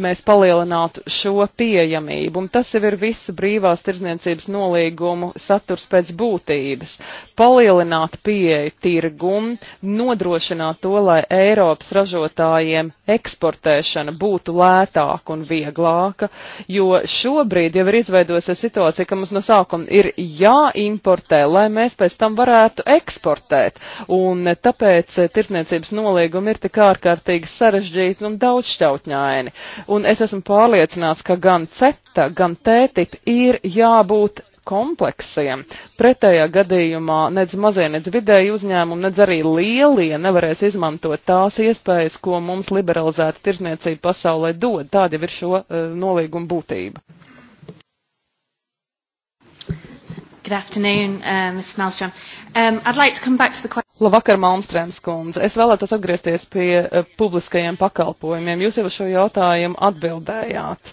mēs palielinātu šo pieejamību. Un tas jau ir visu brīvās tirdzniecības nolīgumu saturs pēc būtības. Palielināt pieeju tirgumu, nodrošināt to, lai Eiropas ražotājiem eksportēšana būtu lētāka un vieglāka, jo šobrīd jau ir izveidojusies situācija, ka mums no sākuma ir jāimportē, lai mēs pēc tam varētu eksportēt. Un tāpēc tirdzniecības nolīgumi ir tik ārkārtīgi sarežģīti un daudzšķautņaini. Un es esmu pārliecināts, ka gan CETA, gan TTIP ir jābūt kompleksiem. Pretējā gadījumā nedz mazie, nedz vidēji uzņēmumi, nedz arī lielie nevarēs izmantot tās iespējas, ko mums liberalizēta tirzniecība pasaulē dod. Tāda jau ir šo uh, nolīguma būtība. Good afternoon, uh, Ms. Malmström. Um, I'd like to come back to the question. Labvakar, Malmstrēms kundze. Es vēlētos atgriezties pie uh, publiskajiem pakalpojumiem. Jūs jau šo jautājumu atbildējāt.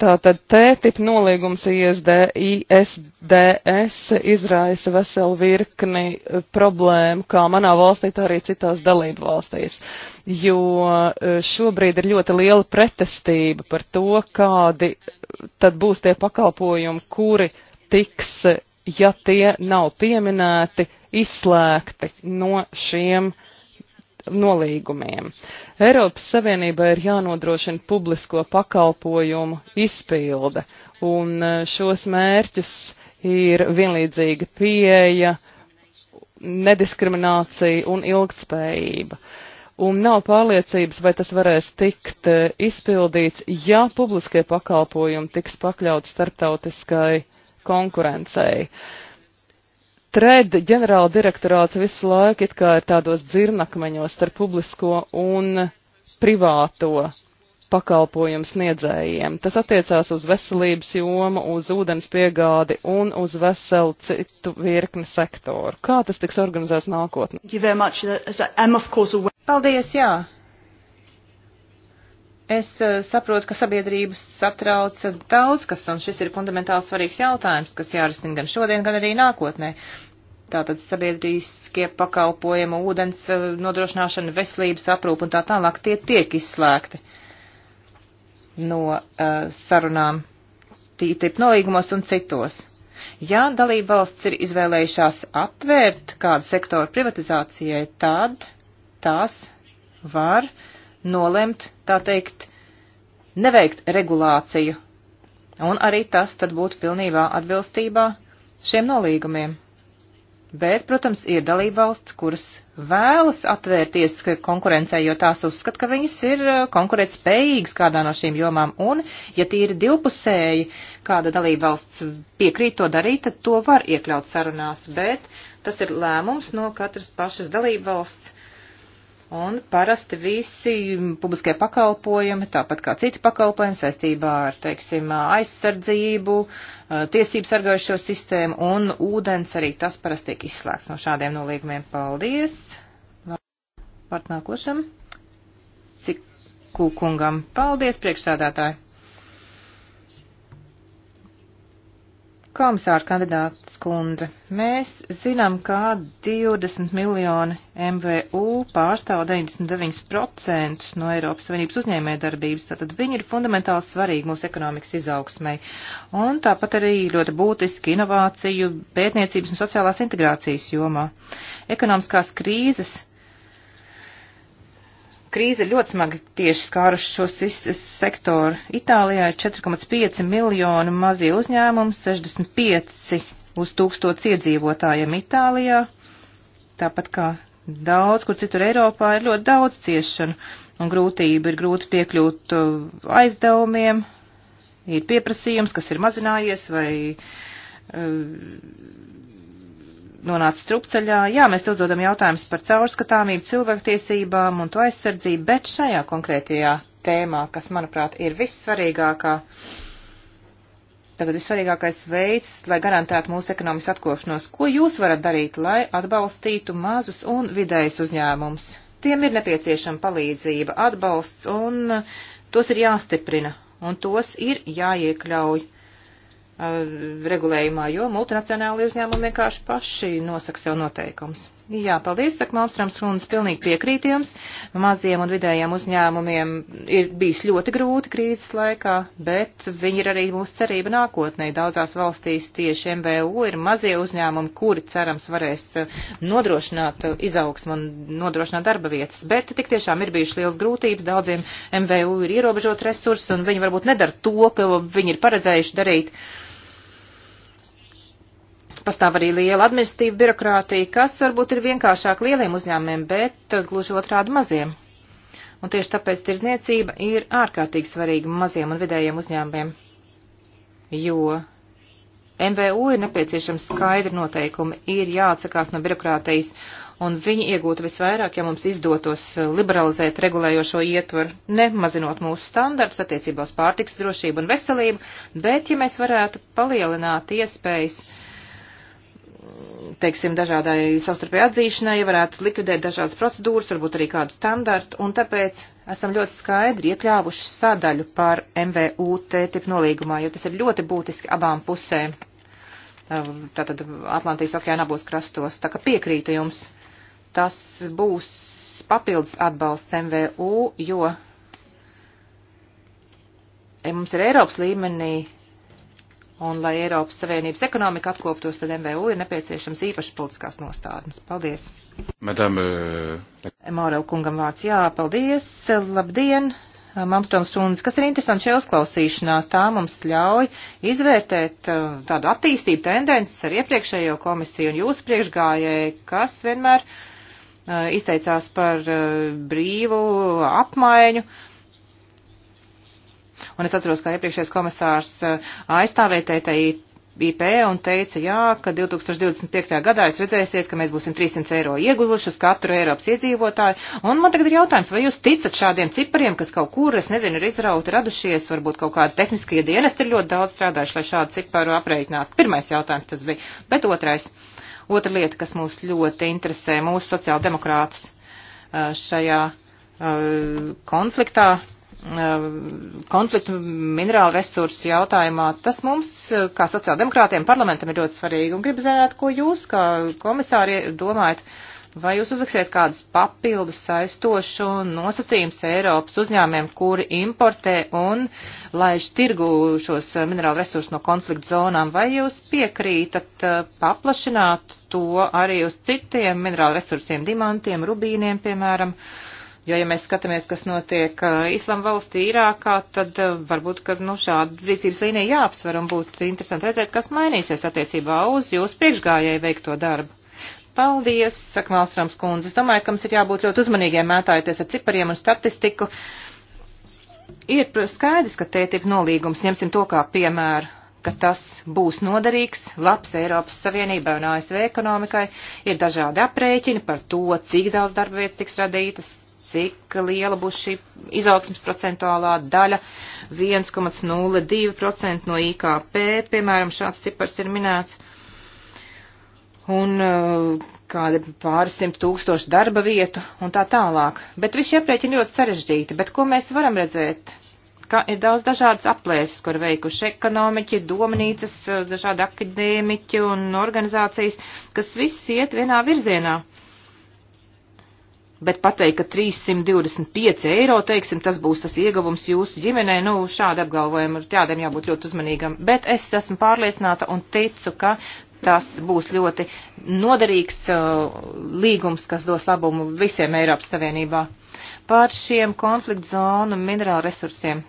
Tātad T-tip nolīgums ISD, ISDS izraisa veselu virkni uh, problēmu, kā manā valstī, tā arī citās dalību valstīs. Jo uh, šobrīd ir ļoti liela pretestība par to, kādi uh, tad būs tie pakalpojumi, kuri tiks ja tie nav pieminēti, izslēgti no šiem nolīgumiem. Eiropas Savienībai ir jānodrošina publisko pakalpojumu izpilde, un e, šos mērķus ir vienlīdzīga pieeja, nediskriminācija un ilgtspējība. Un nav pārliecības, vai tas varēs tikt e, izpildīts, ja publiskie pakalpojumi tiks pakļauti starptautiskai uh, konkurencei. Tred ģenerāla direktorāts visu laiku it kā ir tādos dzirnakmeņos starp publisko un privāto pakalpojumu sniedzējiem. Tas attiecās uz veselības jomu, uz ūdens piegādi un uz veselu citu virkni sektoru. Kā tas tiks organizēts nākotnē? Paldies, jā. Es eh, saprotu, ka sabiedrības satrauc daudz kas, un šis ir fundamentāli svarīgs jautājums, kas jārisina gan šodien, gan arī nākotnē. Tātad sabiedrīskie pakalpojumi, ūdens eh, nodrošināšana, veselības aprūpa un tā tālāk tie tiek izslēgti no uh, sarunām TTIP nolīgumos un citos. Ja dalība valsts ir izvēlējušās atvērt kādu sektoru privatizācijai, tad tās var uh, nolemt, tā teikt, neveikt regulāciju, un arī tas tad būtu pilnībā atbilstībā šiem nolīgumiem. Bet, protams, ir dalībvalsts, kuras vēlas atvērties konkurencē, jo tās uzskata, ka viņas ir uh, konkurēt spējīgas kādā no šīm jomām, un, ja tīri divpusēji kāda dalībvalsts piekrīt to darīt, tad to var iekļaut sarunās, bet tas ir lēmums no katras pašas dalībvalsts, Un parasti visi publiskie pakalpojumi, tāpat kā citi pakalpojumi saistībā ar, teiksim, aizsardzību, eh, tiesību sargājušo sistēmu un ūdens arī tas parasti tiek izslēgts no šādiem nolīgumiem. Paldies! Vārtnākošam. Cik kūkungam. Paldies, priekšsādātāji! Komisāra kandidāts kundze, mēs zinām, ka 20 miljoni MVU pārstāv 99% no Eiropas Savienības uzņēmē darbības, tātad viņi ir fundamentāli svarīgi mūsu ekonomikas izaugsmai. Un tāpat arī ļoti būtiski inovāciju, pētniecības un sociālās integrācijas jomā. Ekonomiskās krīzes krīze ļoti smagi tieši skāruši šo sektoru. Itālijā ir 4,5 miljonu mazie uzņēmumi, 65 uz tūkstots iedzīvotājiem Itālijā, tāpat kā daudz, kur citur Eiropā ir ļoti daudz ciešanu un grūtību, ir grūti piekļūt uh, aizdevumiem, ir pieprasījums, kas ir mazinājies vai uh, nonāca strupceļā. Jā, mēs tev dodam jautājumus par caurskatāmību, cilvēktiesībām un to aizsardzību, bet šajā konkrētajā tēmā, kas, manuprāt, ir vissvarīgākā, tātad vissvarīgākais veids, lai garantētu mūsu ekonomikas atkošanos, ko jūs varat darīt, lai atbalstītu mazus un vidējus uzņēmumus? Tiem ir nepieciešama palīdzība, atbalsts, un tos ir jāstiprina, un tos ir jāiekļauj Eh, regulējumā, jo multinacionāli uzņēmumi vienkārši paši nosaka sev noteikums. Jā, paldies, saka Malmstrāms Kunds, pilnīgi piekrīt jums. Maziem un vidējiem uzņēmumiem ir bijis ļoti grūti krīzes laikā, bet viņi ir arī mūsu cerība nākotnē. Daudzās valstīs tieši MVU ir mazie uzņēmumi, kuri, cerams, varēs eh, nodrošināt eh, izaugsmu un nodrošināt darba vietas. Bet tik tiešām ir bijušas liels grūtības, daudziem MVU ir ierobežot resursi un viņi varbūt nedara to, ko viņi ir paredzējuši darīt. Uh, Pastāv arī liela administratīva birokrātija, kas varbūt ir vienkāršāk lieliem uzņēmumiem, bet uh, gluži otrādi maziem. Un tieši tāpēc tirzniecība ir ārkārtīgi svarīga maziem un vidējiem uzņēmumiem, jo MVU ir nepieciešams skaidri noteikumi, ir jāatsakās no birokrātijas, un viņi iegūtu visvairāk, ja mums izdotos uh, liberalizēt regulējošo ietvaru, nemazinot mūsu standartus attiecībā uz pārtiks drošību un veselību, bet ja mēs varētu palielināt iespējas, uh, teiksim, dažādai savstarpēji atzīšanai, ja varētu likvidēt dažādas procedūras, varbūt arī kādu standartu, un tāpēc esam ļoti skaidri iekļāvuši sadaļu par MVU TTIP nolīgumā, jo tas ir ļoti būtiski abām pusēm, ehm, tātad Atlantijas okeāna abos krastos, tā ka piekrītu jums, tas būs papildus atbalsts MVU, jo mums ir Eiropas līmenī Un, lai Eiropas Savienības ekonomika atkoptos, tad MVU ir nepieciešams īpašas politiskās nostādnes. Paldies. Madame. Eh, Morel kungam vārds. Jā, paldies. Labdien. Eh, Mamstroms sundze, kas ir interesanti šajā uzklausīšanā, tā mums ļauj izvērtēt eh, tādu attīstību tendences ar iepriekšējo komisiju un jūsu priekšgājēju, kas vienmēr izteicās par brīvu apmaiņu Un es atceros, kā iepriekšējais komisārs uh, aizstāvēja TTIP IP un teica, jā, ka 2025. gadā jūs redzēsiet, ka mēs būsim 300 eiro ieguvuši uz katru Eiropas iedzīvotāju. Un man tagad ir jautājums, vai jūs ticat šādiem cipariem, kas kaut kur, es nezinu, ir izrauti, radušies, varbūt kaut kāda tehniskie dienesti ir ļoti daudz strādājuši, lai šādu ciparu apreikinātu. Pirmais jautājums tas bija. Bet otrais, otra lieta, kas mūs ļoti interesē, mūsu sociāldemokrātus uh, šajā uh, konfliktā konfliktu minerālu resursu jautājumā. Tas mums, kā sociāldemokrātiem, parlamentam ir ļoti svarīgi. Un gribu zināt, ko jūs, kā komisāri, domājat. Vai jūs uzliksiet kādus papildus saistošu nosacījumus Eiropas uzņēmiem, kuri importē un laiž tirgu šos minerālu resursus no konfliktu zonām? Vai jūs piekrītat paplašināt to arī uz citiem minerālu resursiem, dimantiem, rubīniem, piemēram? Uh, Jo, ja mēs skatāmies, kas notiek Islam valstī Irākā, tad varbūt, ka nu, šāda rīcības līnija jāapsver un būtu interesanti redzēt, kas mainīsies attiecībā uz jūsu priekšgājēju veikto darbu. Paldies, saka Malstrāms kundze. Es domāju, ka mums ir jābūt ļoti uzmanīgiem mētājoties ar cipariem un statistiku. Ir skaidrs, ka tētība nolīgums, ņemsim to kā piemēru, ka tas būs noderīgs, labs Eiropas Savienībai un ASV ekonomikai. Ir dažādi aprēķini par to, cik daudz darba vietas tiks radītas, cik liela būs šī izaugsmas procentuālā daļa 1,02% no IKP, piemēram, šāds cipars ir minēts. Un uh, kāda pāris simt tūkstoši darba vietu un tā tālāk. Bet visi aprēķini ļoti sarežģīti. Bet ko mēs varam redzēt? ka ir daudz dažādas aplēses, kur veikuši ekonomiķi, domnīcas, uh, dažādi akadēmiķi un organizācijas, kas viss iet vienā virzienā. Bet pateikt, ka 325 eiro, teiksim, tas būs tas ieguvums jūsu ģimenei, nu, šādi apgalvojumi ir tādiem jābūt ļoti uzmanīgam. Bet es esmu pārliecināta un ticu, ka tas būs ļoti noderīgs uh, līgums, kas dos labumu visiem Eiropas Savienībā. Par šiem konfliktu zonu minerālu resursiem.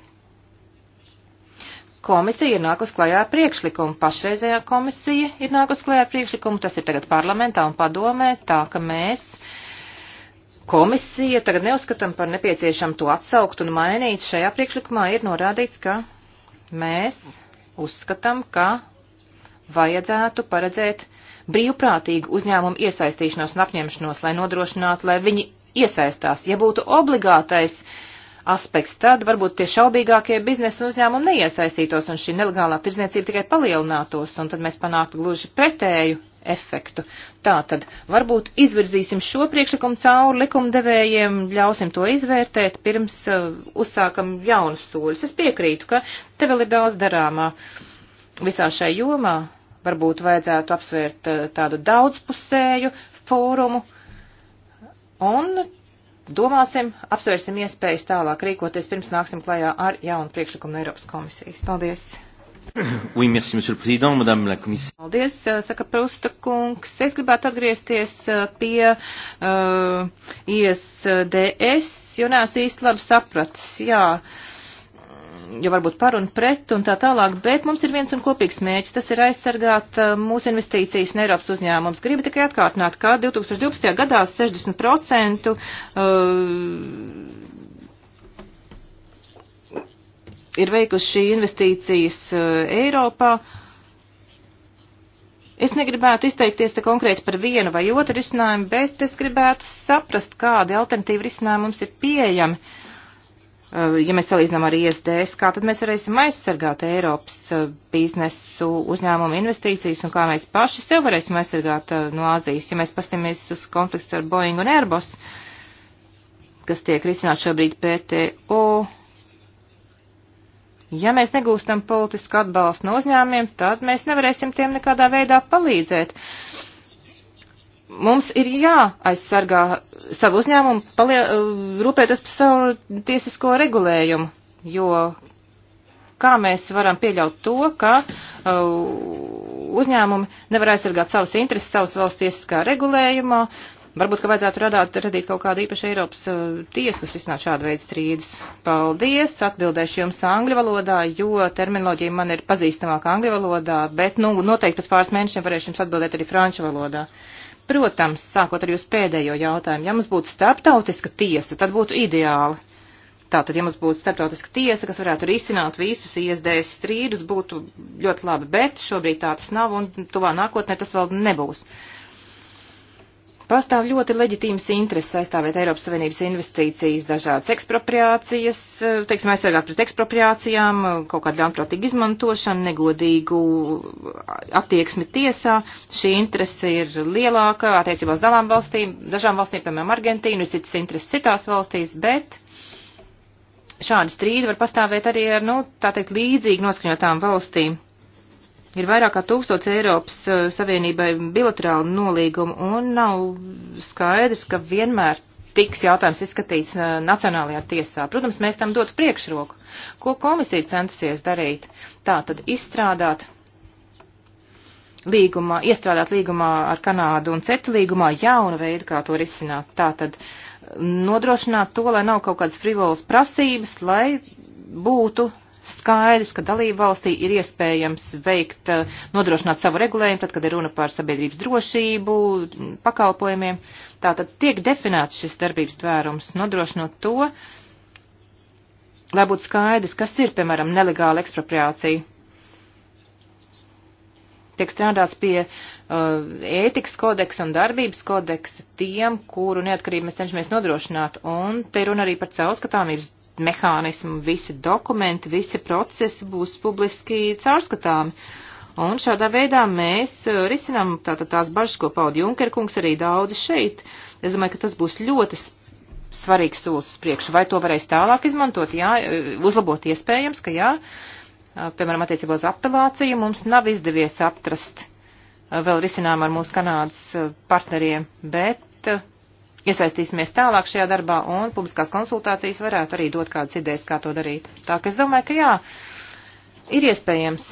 Komisija ir nākus klajā ar priekšlikumu, pašreizējā komisija ir nākus klajā ar priekšlikumu, tas ir tagad parlamentā un padomē, tā ka mēs uh, komisija tagad neuzskatām par nepieciešam to atsaukt un mainīt. Šajā priekšlikumā ir norādīts, ka mēs uzskatām, ka vajadzētu paredzēt brīvprātīgu uzņēmumu iesaistīšanos un apņemšanos, lai nodrošinātu, lai viņi iesaistās. Ja būtu obligātais uh, aspekts, tad varbūt tie šaubīgākie biznesa uzņēmumi neiesaistītos un šī nelegālā tirdzniecība tikai palielinātos, un tad mēs panāktu gluži pretēju efektu. Tātad varbūt izvirzīsim šo priekšlikumu cauri likumdevējiem, ļausim to izvērtēt, pirms uh, uzsākam jaunus soļus. Es piekrītu, ka te vēl ir daudz darāmā visā šai jomā. Varbūt vajadzētu apsvērt uh, tādu daudzpusēju fórumu. Un domāsim, apsvērsim iespējas tālāk rīkoties, pirms nāksim klajā ar jaunu priekšlikumu no Eiropas komisijas. Paldies! Oui, merci, monsieur le président, madame la commissaire. Paldies, eh, saka Prusta kungs. Es gribētu atgriezties eh, pie uh, eh, ISDS, jo neesmu īsti labi sapratis. Jā. Uh, jo varbūt par un pret un tā tālāk, bet mums ir viens un kopīgs mēģis, tas ir aizsargāt uh, mūsu investīcijas un Eiropas uzņēmums. Gribu tikai atkārtināt, ka 2012. gadā 60% uh, ir veikuši investīcijas uh, Eiropā. Es negribētu izteikties te konkrēti par vienu vai otru risinājumu, bet es gribētu saprast, kādi alternatīvi risinājumi mums ir pieejami. Uh, Uh, ja mēs salīdzinām ar ISDS, kā tad mēs varēsim aizsargāt Eiropas uh, biznesu uzņēmumu investīcijas un kā mēs paši sev varēsim aizsargāt uh, no Āzijas, ja mēs pastāmies uz konflikts ar Boeing un Airbus, kas tiek risināts šobrīd PTO. Ja mēs negūstam politisku atbalstu no uzņēmiem, tad mēs nevarēsim tiem nekādā veidā palīdzēt. Uh, mums ir jāaizsargā savu uzņēmumu, palie, eh, rūpēties par savu tiesisko regulējumu, jo kā mēs varam pieļaut to, ka uh, uzņēmumi nevar aizsargāt savas intereses, savas valsts tiesiskā regulējumā. Varbūt, ka vajadzētu radāt, radīt kaut kādu īpašu Eiropas uh, tiesu, kas risinātu šādu veidu strīdus. Paldies, atbildēšu jums angļu valodā, jo terminoloģija man ir pazīstamāka angļu valodā, bet, nu, noteikti pēc pāris mēnešiem varēšu jums atbildēt arī franču valodā. Uh, Protams, sākot ar jūsu pēdējo jautājumu, ja mums būtu starptautiska tiesa, tad būtu ideāli. Tātad, ja mums būtu starptautiska tiesa, kas varētu risināt visus ISDS strīdus, būtu ļoti labi, bet šobrīd tā tas nav un tuvā nākotnē tas vēl nebūs. Uh, Pastāv ļoti leģitīmas intereses aizstāvēt Eiropas Savienības investīcijas, dažādas ekspropriācijas, eh, teiksim, aizsargāt pret ekspropriācijām, kaut kādu ļaunprātīgu izmantošanu, negodīgu eh, attieksmi tiesā. Šī interese ir lielāka attiecībā uz dalām valstīm, dažām valstīm, piemēram, Argentīnu, ir citas intereses citās valstīs, bet šādi strīdi var pastāvēt arī ar, nu, tā teikt, līdzīgi noskaņotām valstīm. Ir vairāk kā tūkstots Eiropas uh, Savienībai bilaterālu nolīgumu un nav skaidrs, ka vienmēr tiks jautājums izskatīts uh, Nacionālajā tiesā. Protams, mēs tam dotu priekšroku. Ko komisija centusies darīt? Tā tad izstrādāt līgumā, iestrādāt līgumā ar Kanādu un CETA līgumā jaunu veidu, kā to risināt. Tā tad uh, nodrošināt to, lai nav kaut kādas frivolas prasības, lai būtu skaidrs, ka dalība valstī ir iespējams veikt, eh, nodrošināt savu regulējumu, tad, kad ir runa par sabiedrības drošību, pakalpojumiem. Tātad tiek definēts šis darbības tvērums, nodrošinot to, lai būtu skaidrs, kas ir, piemēram, nelegāla ekspropriācija. Tiek strādāts pie uh, ētikas kodeksa un darbības kodeksa tiem, kuru neatkarību mēs cenšamies nodrošināt, un te runa arī par caurskatāmības mehānismu, visi dokumenti, visi procesi būs publiski caurskatāmi. Un šādā veidā mēs uh, risinām tātad tās bažas, ko pauda Junkerkungs arī daudzi šeit. Es domāju, ka tas būs ļoti svarīgs solis uz priekšu. Vai to varēs tālāk izmantot? Jā, uh, uzlabot iespējams, ka jā. Uh, piemēram, attiecībā uz apelāciju mums nav izdevies atrast vēl risinām ar mūsu Kanādas partneriem, bet iesaistīsimies tālāk šajā darbā un publiskās konsultācijas varētu arī dot kādas idejas, kā to darīt. Tā ka es domāju, ka jā, ir iespējams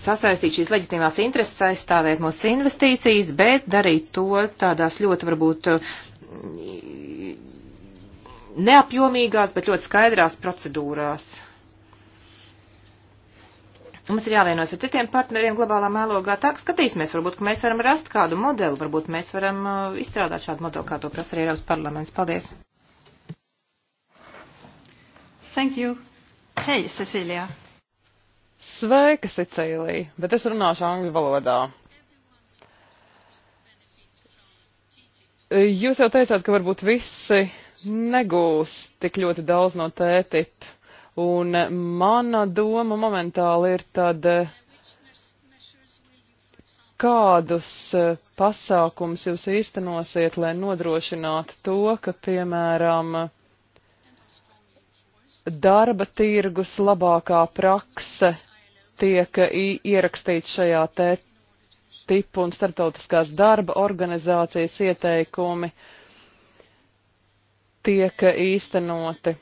sasaistīt šīs leģitīmās intereses, aizstāvēt mūsu investīcijas, bet darīt to tādās ļoti varbūt neapjomīgās, bet ļoti skaidrās procedūrās. Mums ir jāvienos ar citiem partneriem globālā mēlogā. Tā skatīsimies, varbūt, ka mēs varam rast kādu modeli, varbūt mēs varam uh, izstrādāt šādu modeli, kā to prasa arī Eiropas parlaments. Paldies! Thank you. Hei, Cecilija! Sveika, Cecilija! Bet es runāšu angļu valodā. Jūs jau teicāt, ka varbūt visi negūs tik ļoti daudz no tētipa Un eh, mana doma momentāli ir tad, eh, kādus eh, pasākums jūs īstenosiet, lai nodrošinātu to, ka, piemēram, darba tirgus labākā prakse tiek ierakstīts šajā te tipu un starptautiskās darba organizācijas ieteikumi tiek īstenoti.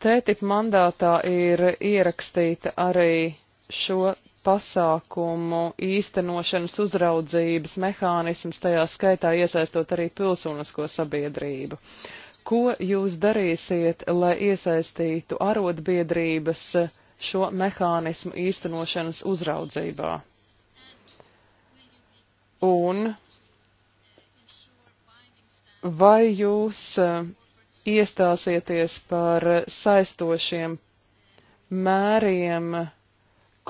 TTIP mandātā ir ierakstīta arī šo pasākumu īstenošanas uzraudzības mehānisms, tajā skaitā iesaistot arī pilsonisko sabiedrību. Ko jūs darīsiet, lai iesaistītu arotbiedrības šo mehānismu īstenošanas uzraudzībā? Un vai jūs iestāsieties par saistošiem mēriem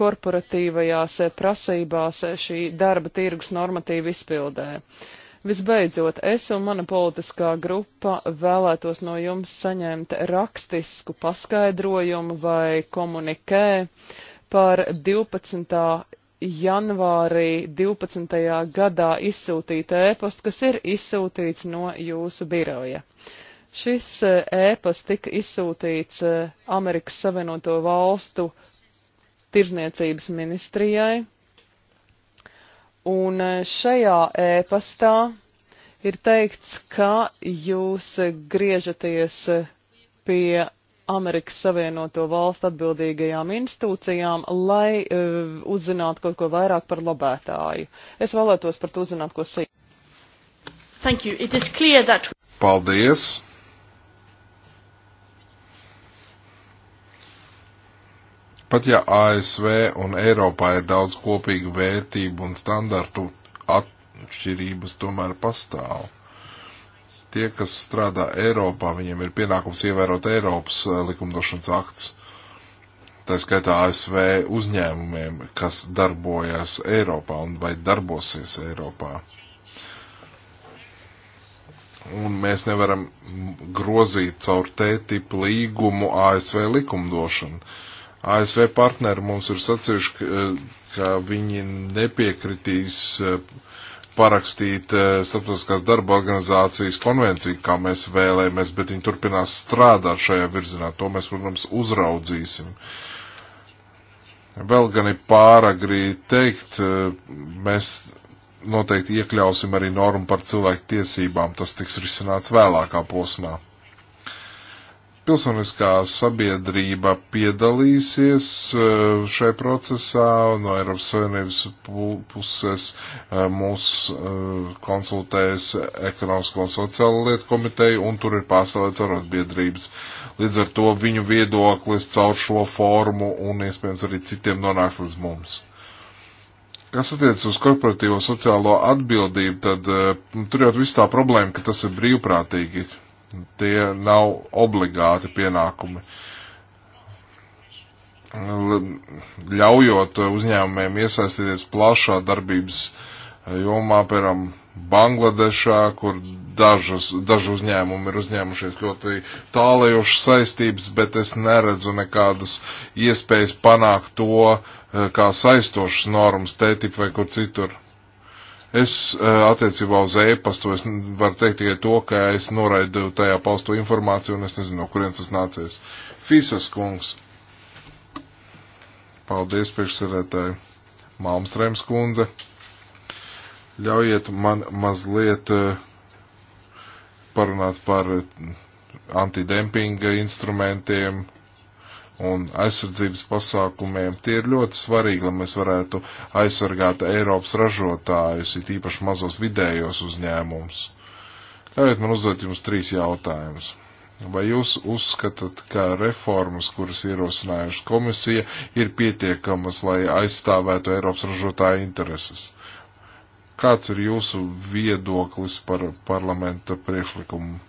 korporatīvajās prasībās šī darba tirgus normatīva izpildē. Visbeidzot, es un mana politiskā grupa vēlētos no jums saņemt rakstisku paskaidrojumu vai komunikē par 12. janvārī 12. gadā izsūtītu ēpastu, kas ir izsūtīts no jūsu biroja. Šis ēpas eh, tika izsūtīts eh, Amerikas Savienoto Valstu tirzniecības ministrijai, un eh, šajā ēpastā ir teikts, ka jūs griežaties pie Amerikas Savienoto Valstu atbildīgajām institūcijām, lai uh, uzzinātu kaut ko vairāk par lobētāju. Es vēlētos par to uzzināt, ko sīk. That... Paldies! Pat ja ASV un Eiropā ir daudz kopīgu vērtību un standartu atšķirības tomēr pastāv. Tie, kas strādā Eiropā, viņiem ir pienākums ievērot Eiropas eh, likumdošanas akts, tā skaitā ASV uzņēmumiem, kas darbojas Eiropā un vai darbosies Eiropā. Un mēs nevaram grozīt caur tētipu līgumu ASV likumdošanu. Uh, ASV partneri mums ir sacījuši, ka, ka viņi nepiekritīs eh, parakstīt eh, starptautiskās darba organizācijas konvenciju, kā mēs vēlējamies, bet viņi turpinās strādāt šajā virzienā. To mēs, protams, uzraudzīsim. Vēl gan ir pāragri teikt, eh, mēs noteikti iekļausim arī normu par cilvēku tiesībām. Tas tiks risināts vēlākā posmā pilsoniskā sabiedrība piedalīsies eh, šai procesā, no Eiropas Savienības puses eh, mūs eh, konsultēs ekonomisko un sociālo lietu komiteju, un tur ir pārstāvēts arotbiedrības. Līdz ar to viņu viedoklis caur šo formu un iespējams arī citiem nonāks līdz mums. Kas attiec uz korporatīvo sociālo atbildību, tad tur jau viss tā problēma, ka tas ir brīvprātīgi Tie nav obligāti pienākumi. Ļaujot uzņēmumiem iesaistīties plašā darbības jomā, piemēram, Bangladešā, kur dažas, daži uzņēmumi ir uzņēmušies ļoti tālajošas saistības, bet es neredzu nekādas iespējas panākt to kā saistošas normas tētip vai kur citur. Es eh, attiecībā uz e-pastu es varu teikt tikai to, ka es noraidu tajā pausto informāciju un es nezinu, no kurienes tas nācies. Fīsas kungs. Paldies, priekšsarētāji. Malmstrēms kundze. Ļaujiet man mazliet eh, parunāt par eh, antidempinga instrumentiem, un aizsardzības pasākumiem. Tie ir ļoti svarīgi, lai mēs varētu aizsargāt Eiropas ražotājus, it īpaši mazos vidējos uzņēmumus. Ļaujiet man uzdot jums trīs jautājumus. Vai jūs uzskatāt, ka reformas, kuras ierosinājuši komisija, ir pietiekamas, lai aizstāvētu Eiropas ražotāju intereses? Kāds ir jūsu viedoklis par parlamenta priekšlikumu?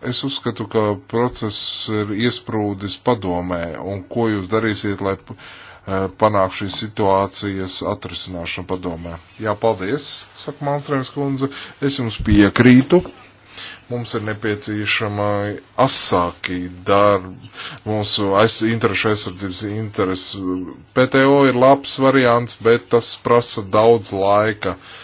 Es uzskatu, ka process ir iesprūdis padomē, un ko jūs darīsiet, lai eh, panāk šīs situācijas atrisināšanu padomē. Jā, paldies, saka Malmstrēms kundze, es jums piekrītu. Mums ir nepieciešama asāki darbi, mūsu aiz, interešu aizsardzības interesi. PTO ir labs variants, bet tas prasa daudz laika. Uh,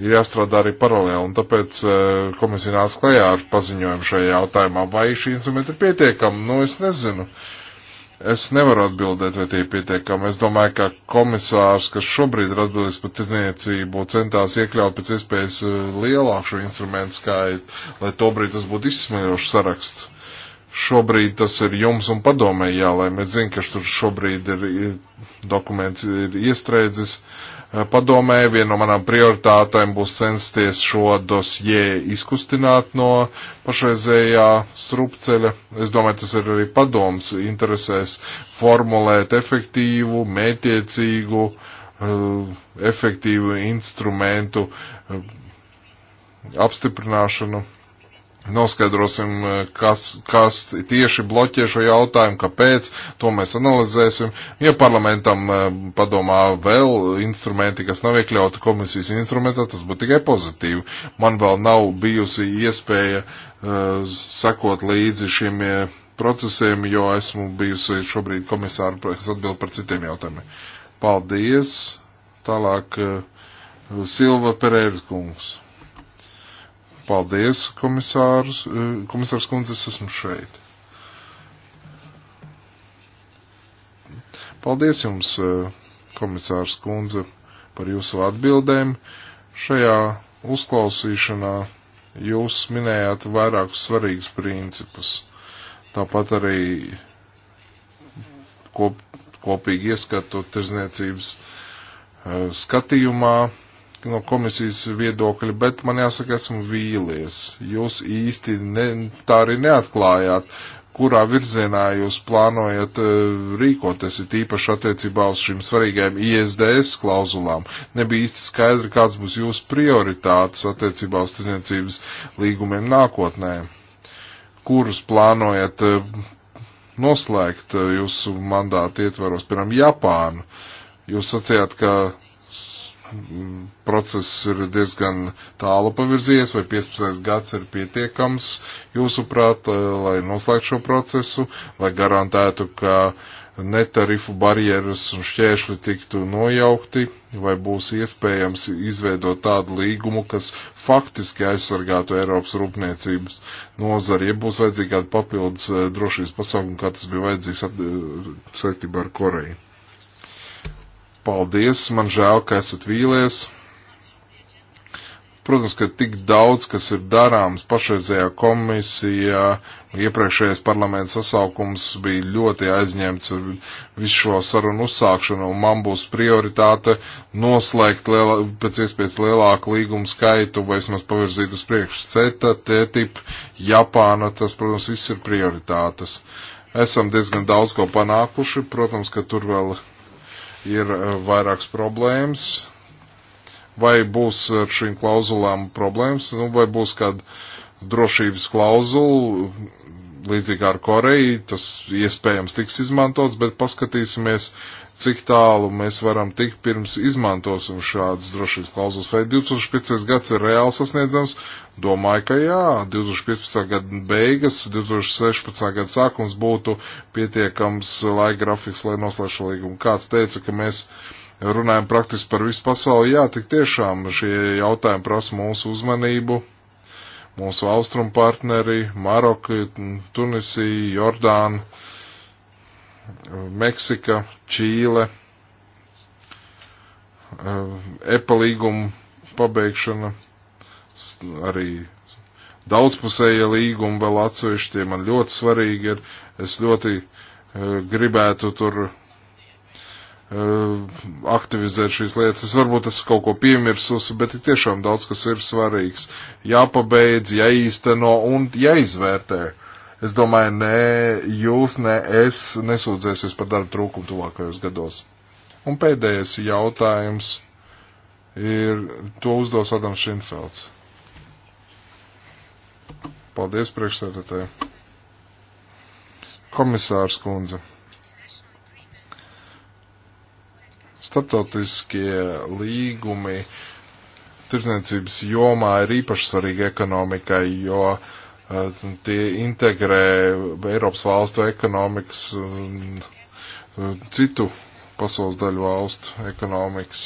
ir jāstrādā arī paralēli, un tāpēc e, komisija nāca klajā ar paziņojumu šajā jautājumā, vai šī instrumenta ir pietiekama, nu es nezinu. Es nevaru atbildēt, vai tie ir pietiekami. Es domāju, ka komisārs, kas šobrīd ir atbildīgs par tirniecību, centās iekļaut pēc iespējas e, lielāku šo instrumentu skaitu, lai tobrīd tas būtu izsmeļošs saraksts. Šobrīd tas ir jums un padomē jālēm. Es zinu, ka tur šobrīd ir, ir dokuments ir iestrēdzis. Uh, Eh, padomē. Viena no manām prioritātēm būs censties šo dosjē izkustināt no pašreizējā strupceļa. Es domāju, tas ir arī padoms interesēs formulēt efektīvu, mētiecīgu, eh, efektīvu instrumentu eh, apstiprināšanu noskaidrosim, eh, kas, kas tieši bloķē šo jautājumu, kāpēc, to mēs analizēsim. Ja parlamentam eh, padomā vēl instrumenti, kas nav iekļauti komisijas instrumentā, tas būtu tikai pozitīvi. Man vēl nav bijusi iespēja uh, sekot līdzi šiem procesiem, jo esmu bijusi šobrīd komisāra, kas atbild par citiem jautājumiem. Paldies! Tālāk uh, Silva Pereiras kungs. Paldies, komisārs, eh, komisārs kundze, es esmu šeit. Paldies jums, eh, komisārs kundze, par jūsu atbildēm. Šajā uzklausīšanā jūs minējāt vairākus svarīgus principus. Tāpat arī kop, kopīgi ieskatu tirzniecības eh, skatījumā no komisijas viedokļa, bet man jāsaka, esmu vīlies. Jūs īsti ne, tā arī neatklājāt, kurā virzienā jūs plānojat eh, rīkoties, ir tīpaši attiecībā uz šīm svarīgajām ISDS klauzulām. Nebija īsti skaidri, kāds būs jūsu prioritātes attiecībā uz tirniecības līgumiem nākotnē. Kurus plānojat eh, noslēgt eh, jūsu mandātu ietvaros, piemēram, Japānu? Jūs sacījāt, ka process ir diezgan tālu pavirzies, vai 15. gads ir pietiekams, jūsuprāt, eh, lai noslēgtu šo procesu, lai garantētu, ka netarifu barjeras un šķēršļi tiktu nojaukti, vai būs iespējams izveidot tādu līgumu, kas faktiski aizsargātu Eiropas rūpniecības nozari, ja būs vajadzīga kāda papildus eh, drošības pasākuma, kā tas bija vajadzīgs eh, saistībā ar Koreju. Paldies, man žēl, ka esat vīlies. Protams, ka tik daudz, kas ir darāms pašreizējā komisijā, iepriekšējais parlaments sasaukums bija ļoti aizņemts ar visu šo sarunu uzsākšanu, un man būs prioritāte noslēgt lielā, pēc iespējas lielāku līgumu skaitu, vai vismaz pavirzīt uz priekšu CETA, TTIP, Japāna, tas, protams, viss ir prioritātes. Esam diezgan daudz ko panākuši, protams, ka tur vēl ir eh, vairākas problēmas. Vai būs ar šīm klauzulām problēmas, nu, vai būs kāda drošības klauzula, līdzīgi ar Koreju, tas iespējams tiks izmantots, bet paskatīsimies, uh, cik tālu mēs varam tikt pirms izmantosim šādas drošības klauzulas. Vai 2015. gads ir reāli sasniedzams? Domāju, ka jā, 2015. gada beigas, 2016. gada sākums būtu pietiekams laika grafiks, lai noslēgtu līgumu. Kāds teica, ka mēs runājam praktiski par visu pasauli. Jā, tik tiešām šie jautājumi prasa mūsu uzmanību. Mūsu austrumu partneri, Maroka, Tunisija, Jordāna Meksika, Čīle, eh, EPA līguma pabeigšana, arī daudzpusēja līguma vēl atsevišķi, tie man ļoti svarīgi ir. Es ļoti eh, gribētu tur eh, aktivizēt šīs lietas. Es varbūt es kaut ko piemirsusi, bet ir tiešām daudz, kas ir svarīgs. Jāpabeidz, jāīsteno un jāizvērtē. Uh, Es domāju, ne jūs, ne es nesūdzēsies par darba trūkumu tuvākajos gados. Un pēdējais jautājums ir, to uzdos Adams Šinfelds. Paldies priekšsēdētāji. Komisārs kundze. Startautiskie līgumi tirdzniecības jomā ir īpaši svarīgi ekonomikai, jo uh, tie integrē Eiropas valstu ekonomikas un citu pasaules daļu valstu ekonomikas.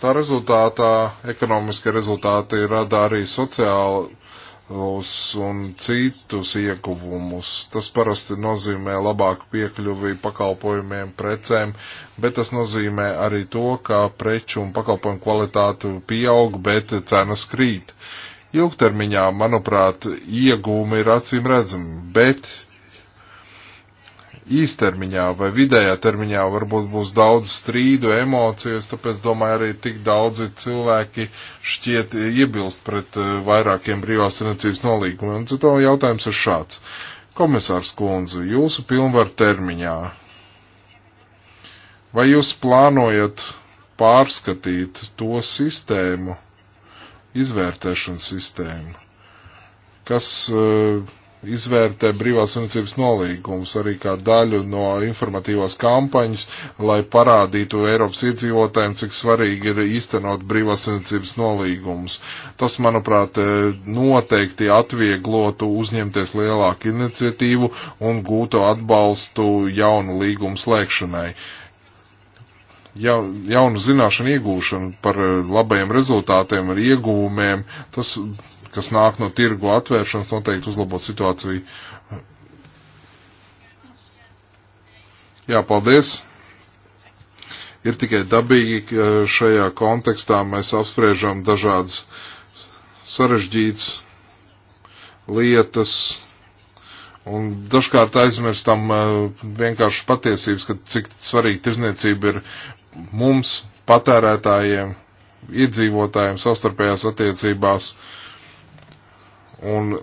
Tā rezultātā ekonomiski rezultāti rada arī sociālus un citus ieguvumus. Tas parasti nozīmē labāku piekļuvi pakalpojumiem, precēm, bet tas nozīmē arī to, ka preču un pakalpojumu kvalitāte pieaug, bet cenas krīt. Uh, Ilgtermiņā, manuprāt, iegūmi ir acīm redzami, bet īstermiņā vai vidējā termiņā varbūt būs daudz strīdu, emocijas, tāpēc domāju arī tik daudzi cilvēki šķiet iebilst pret eh, vairākiem brīvās cenacības nolīgumiem. Un cito jautājums ir šāds. Komisārs Kunze, jūsu pilnvaru termiņā, vai jūs plānojat pārskatīt to sistēmu? izvērtēšanas sistēmu, kas uh, izvērtē brīvās saimniecības nolīgumus arī kā daļu no informatīvās kampaņas, lai parādītu Eiropas iedzīvotājiem, cik svarīgi ir īstenot brīvās saimniecības nolīgumus. Tas, manuprāt, eh, noteikti atvieglotu uzņemties lielāku iniciatīvu un gūtu atbalstu jaunu līgumu slēgšanai. Uh, ja, jaunu zināšanu iegūšanu par eh, labajiem rezultātiem ar iegūmēm, tas, kas nāk no tirgu atvēršanas, noteikti uzlabot situāciju. Jā, paldies! Ir tikai dabīgi, ka šajā kontekstā mēs apspriežam dažādas sarežģītas lietas, Un dažkārt aizmirstam eh, vienkārši patiesības, ka cik svarīga tirzniecība ir mums, patērētājiem, iedzīvotājiem sastarpējās attiecībās un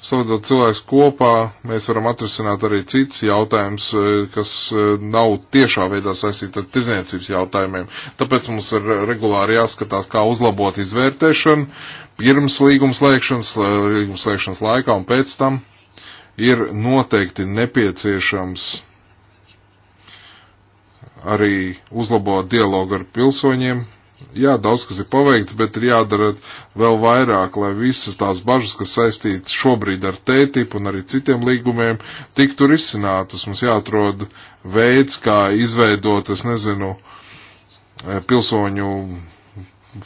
savedot cilvēks kopā, mēs varam atrisināt arī cits jautājums, e, kas e, nav tiešā veidā saistīts ar tirdzniecības jautājumiem. Tāpēc mums ir regulāri jāskatās, kā uzlabot izvērtēšanu pirms līgums slēgšanas, e, līgums slēgšanas laikā un pēc tam ir noteikti nepieciešams arī uzlabot dialogu ar pilsoņiem. Jā, daudz kas ir paveikts, bet ir jādara vēl vairāk, lai visas tās bažas, kas saistītas šobrīd ar tētipu un arī citiem līgumiem, tiktu risinātas. Mums jāatrod veids, kā izveidot, es nezinu, eh, pilsoņu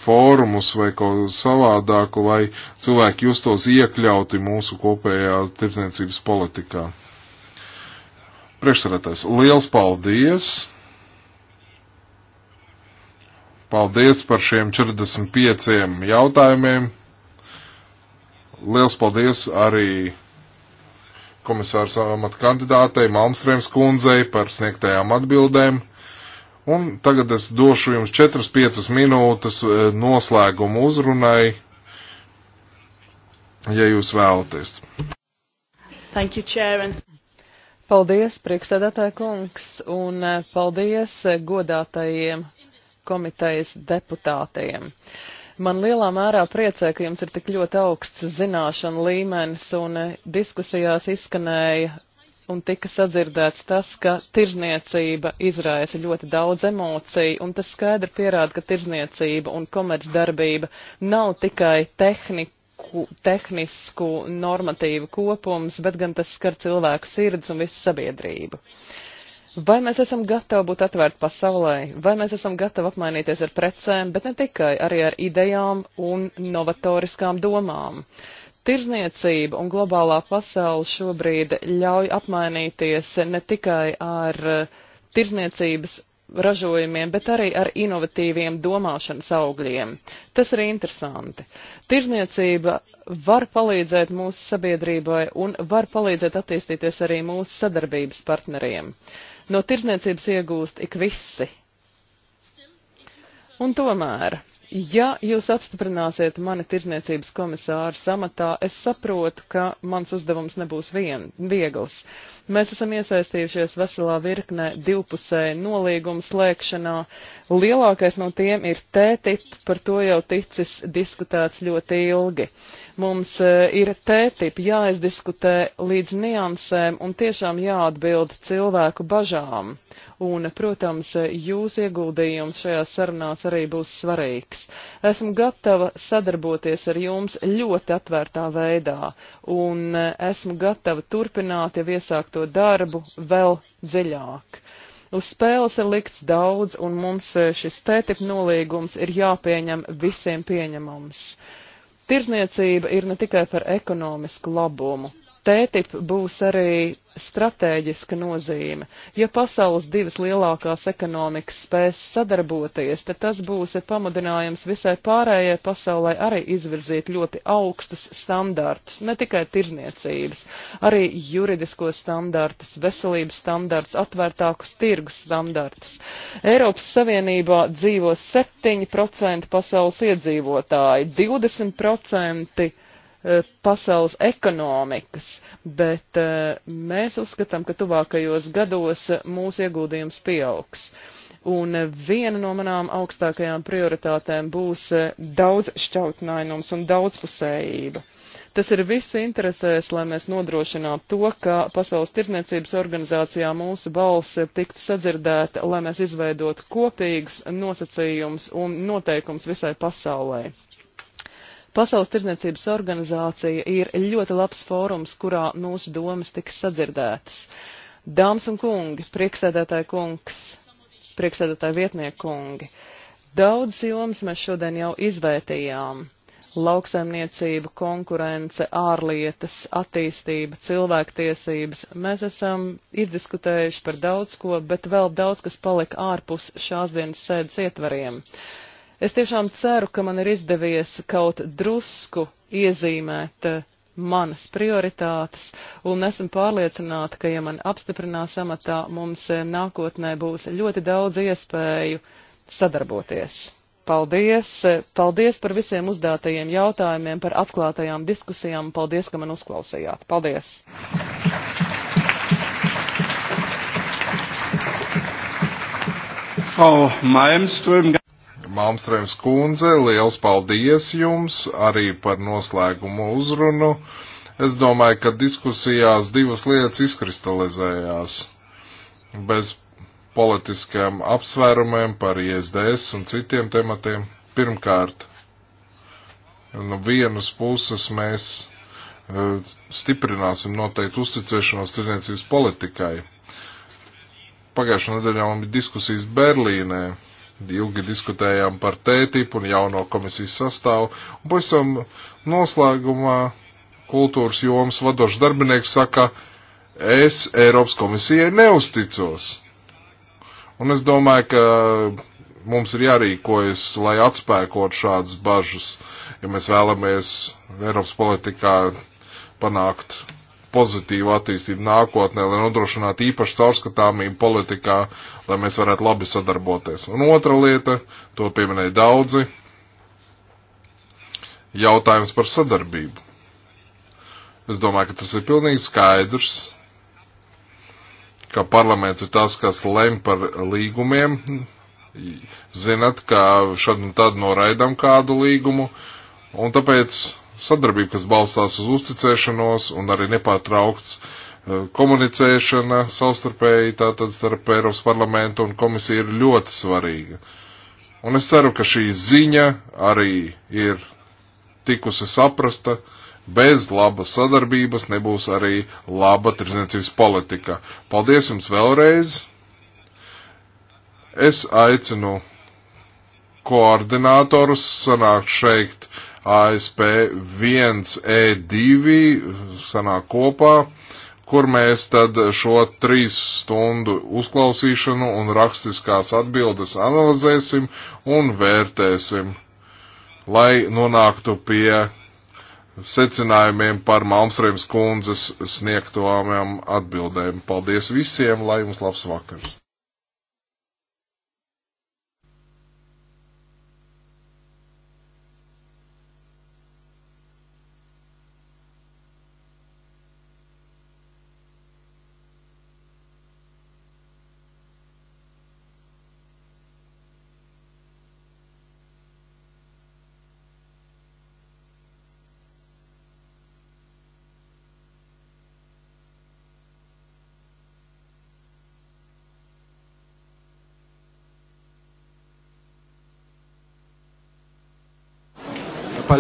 fórumus vai kaut savādāku, lai cilvēki justos iekļauti mūsu kopējā tirdzniecības politikā. Priekšsarētājs, liels paldies! Paldies par šiem 45 jautājumiem. Liels paldies arī komisārs amata kandidātei Malmstrēms kundzei par sniegtajām atbildēm. Un tagad es došu jums 4-5 minūtes e, noslēgumu uzrunai, ja jūs vēlaties. Thank you, Chair. And... Paldies, priekšsēdētāja kungs, un e, paldies e, godātajiem komitejas deputātiem. Man lielā mērā priecē, ka jums ir tik ļoti augsts zināšanu līmenis un eh, diskusijās izskanēja un tika sadzirdēts tas, ka tirzniecība izraisa ļoti daudz emociju, un tas skaidri pierāda, ka tirzniecība un komercdarbība nav tikai tehniku, tehnisku normatīvu kopums, bet gan tas skar cilvēku sirds un visu sabiedrību. Uh, Vai mēs esam gatavi būt atvērti pasaulē, vai mēs esam gatavi apmainīties ar precēm, bet ne tikai, arī ar idejām un novatoriskām domām. Tirzniecība un globālā pasaule šobrīd ļauj apmainīties ne tikai ar eh, tirzniecības ražojumiem, bet arī ar inovatīviem domāšanas augļiem. Tas ir interesanti. Tirzniecība var palīdzēt mūsu sabiedrībai un var palīdzēt attīstīties arī mūsu sadarbības partneriem. Uh, No tirdzniecības iegūst ik visi. Un tomēr, ja jūs apstiprināsiet mani tirdzniecības komisāru samatā, es saprotu, ka mans uzdevums nebūs vien, viegls. Mēs esam iesaistījušies veselā virknē divpusēju nolīgumu slēgšanā. Lielākais no tiem ir TTIP, par to jau ticis diskutēts ļoti ilgi. Uh, Mums e, ir tētip jāizdiskutē līdz niansēm un tiešām jāatbild cilvēku bažām. Un, protams, e, jūsu ieguldījums šajās sarunās arī būs svarīgs. Esmu gatava sadarboties ar jums ļoti atvērtā veidā un e, esmu gatava turpināt jau iesākto darbu vēl dziļāk. Uz spēles ir likts daudz, un mums šis tētip nolīgums ir jāpieņem visiem pieņemams. Tirzniecība ir ne tikai par ekonomisku labumu, TTIP būs arī stratēģiska nozīme. Ja pasaules divas lielākās ekonomikas spēs sadarboties, tad tas būs pamudinājums visai pārējai pasaulē arī izvirzīt ļoti augstus standartus, ne tikai tirzniecības, arī juridisko standartus, veselības standartus, atvērtākus tirgus standartus. Eiropas Savienībā dzīvo 7% pasaules iedzīvotāji, 20% Eh, pasaules ekonomikas, bet eh, mēs uzskatām, ka tuvākajos gados eh, mūsu ieguldījums pieaugs. Un viena no manām augstākajām prioritātēm būs daudz šķautnainums un daudzpusējība. Tas ir visu interesēs, lai mēs nodrošinātu to, ka Pasaules tirzniecības organizācijā mūsu balss tiktu sadzirdēta, lai mēs izveidotu kopīgus nosacījumus un noteikumus visai pasaulē. Pasaules tirdzniecības organizācija ir ļoti labs fórums, kurā mūsu domas tiks sadzirdētas. Dāmas un kungi, prieksēdētāji kungs, prieksēdētāji vietnieku kungi, daudz jomas mēs šodien jau izvērtījām lauksaimniecība, konkurence, ārlietas, attīstība, cilvēktiesības. Mēs esam izdiskutējuši par daudz ko, bet vēl daudz, kas palika ārpus šās dienas sēdes ietvariem. Es tiešām ceru, ka man ir izdevies kaut drusku iezīmēt eh, manas prioritātes, un esmu pārliecināta, ka, ja man apstiprinās amatā, mums eh, nākotnē būs ļoti daudz iespēju sadarboties. Paldies! Eh, paldies par visiem uzdātajiem jautājumiem, par atklātajām diskusijām, un paldies, ka man uzklausījāt. Paldies! Frau Malmström. Malmstrēms kundze, liels paldies jums arī par noslēgumu uzrunu. Es domāju, ka diskusijās divas lietas izkristalizējās. Bez politiskiem apsvērumiem par ISDS un citiem tematiem. Pirmkārt, no vienas puses mēs uh, stiprināsim noteikti uzticēšanos tirniecības politikai. Pagājušā nedēļā mums bija diskusijas Berlīnē Ilgi diskutējām par tētību un jauno komisijas sastāvu. Un pavisam noslēgumā kultūras jomas vadošs darbinieks saka, es Eiropas komisijai neusticos. Un es domāju, ka mums ir jārīkojas, lai atspēkot šādas bažas, ja mēs vēlamies Eiropas politikā panākt pozitīvu attīstību nākotnē, lai nodrošinātu īpašu caurskatāmību politikā, lai mēs varētu labi sadarboties. Un otra lieta, to pieminēja daudzi, jautājums par sadarbību. Es domāju, ka tas ir pilnīgi skaidrs, ka parlaments ir tas, kas lem par līgumiem. Zinat, ka šad un tad noraidam kādu līgumu, un tāpēc sadarbība, kas balstās uz uzticēšanos un arī nepārtraukts eh, komunicēšana savstarpēji, tātad starp Eiropas parlamentu un komisiju ir ļoti svarīga. Un es ceru, ka šī ziņa arī ir tikusi saprasta. Bez labas sadarbības nebūs arī laba tirdzniecības politika. Paldies jums vēlreiz! Es aicinu koordinātorus sanākt šeit ASP 1E2 e sanāk kopā, kur mēs tad šo trīs stundu uzklausīšanu un rakstiskās atbildes analizēsim un vērtēsim, lai nonāktu pie secinājumiem par Malmstrēms kundzes sniegtojumiem atbildēm. Paldies visiem, lai jums labs vakars!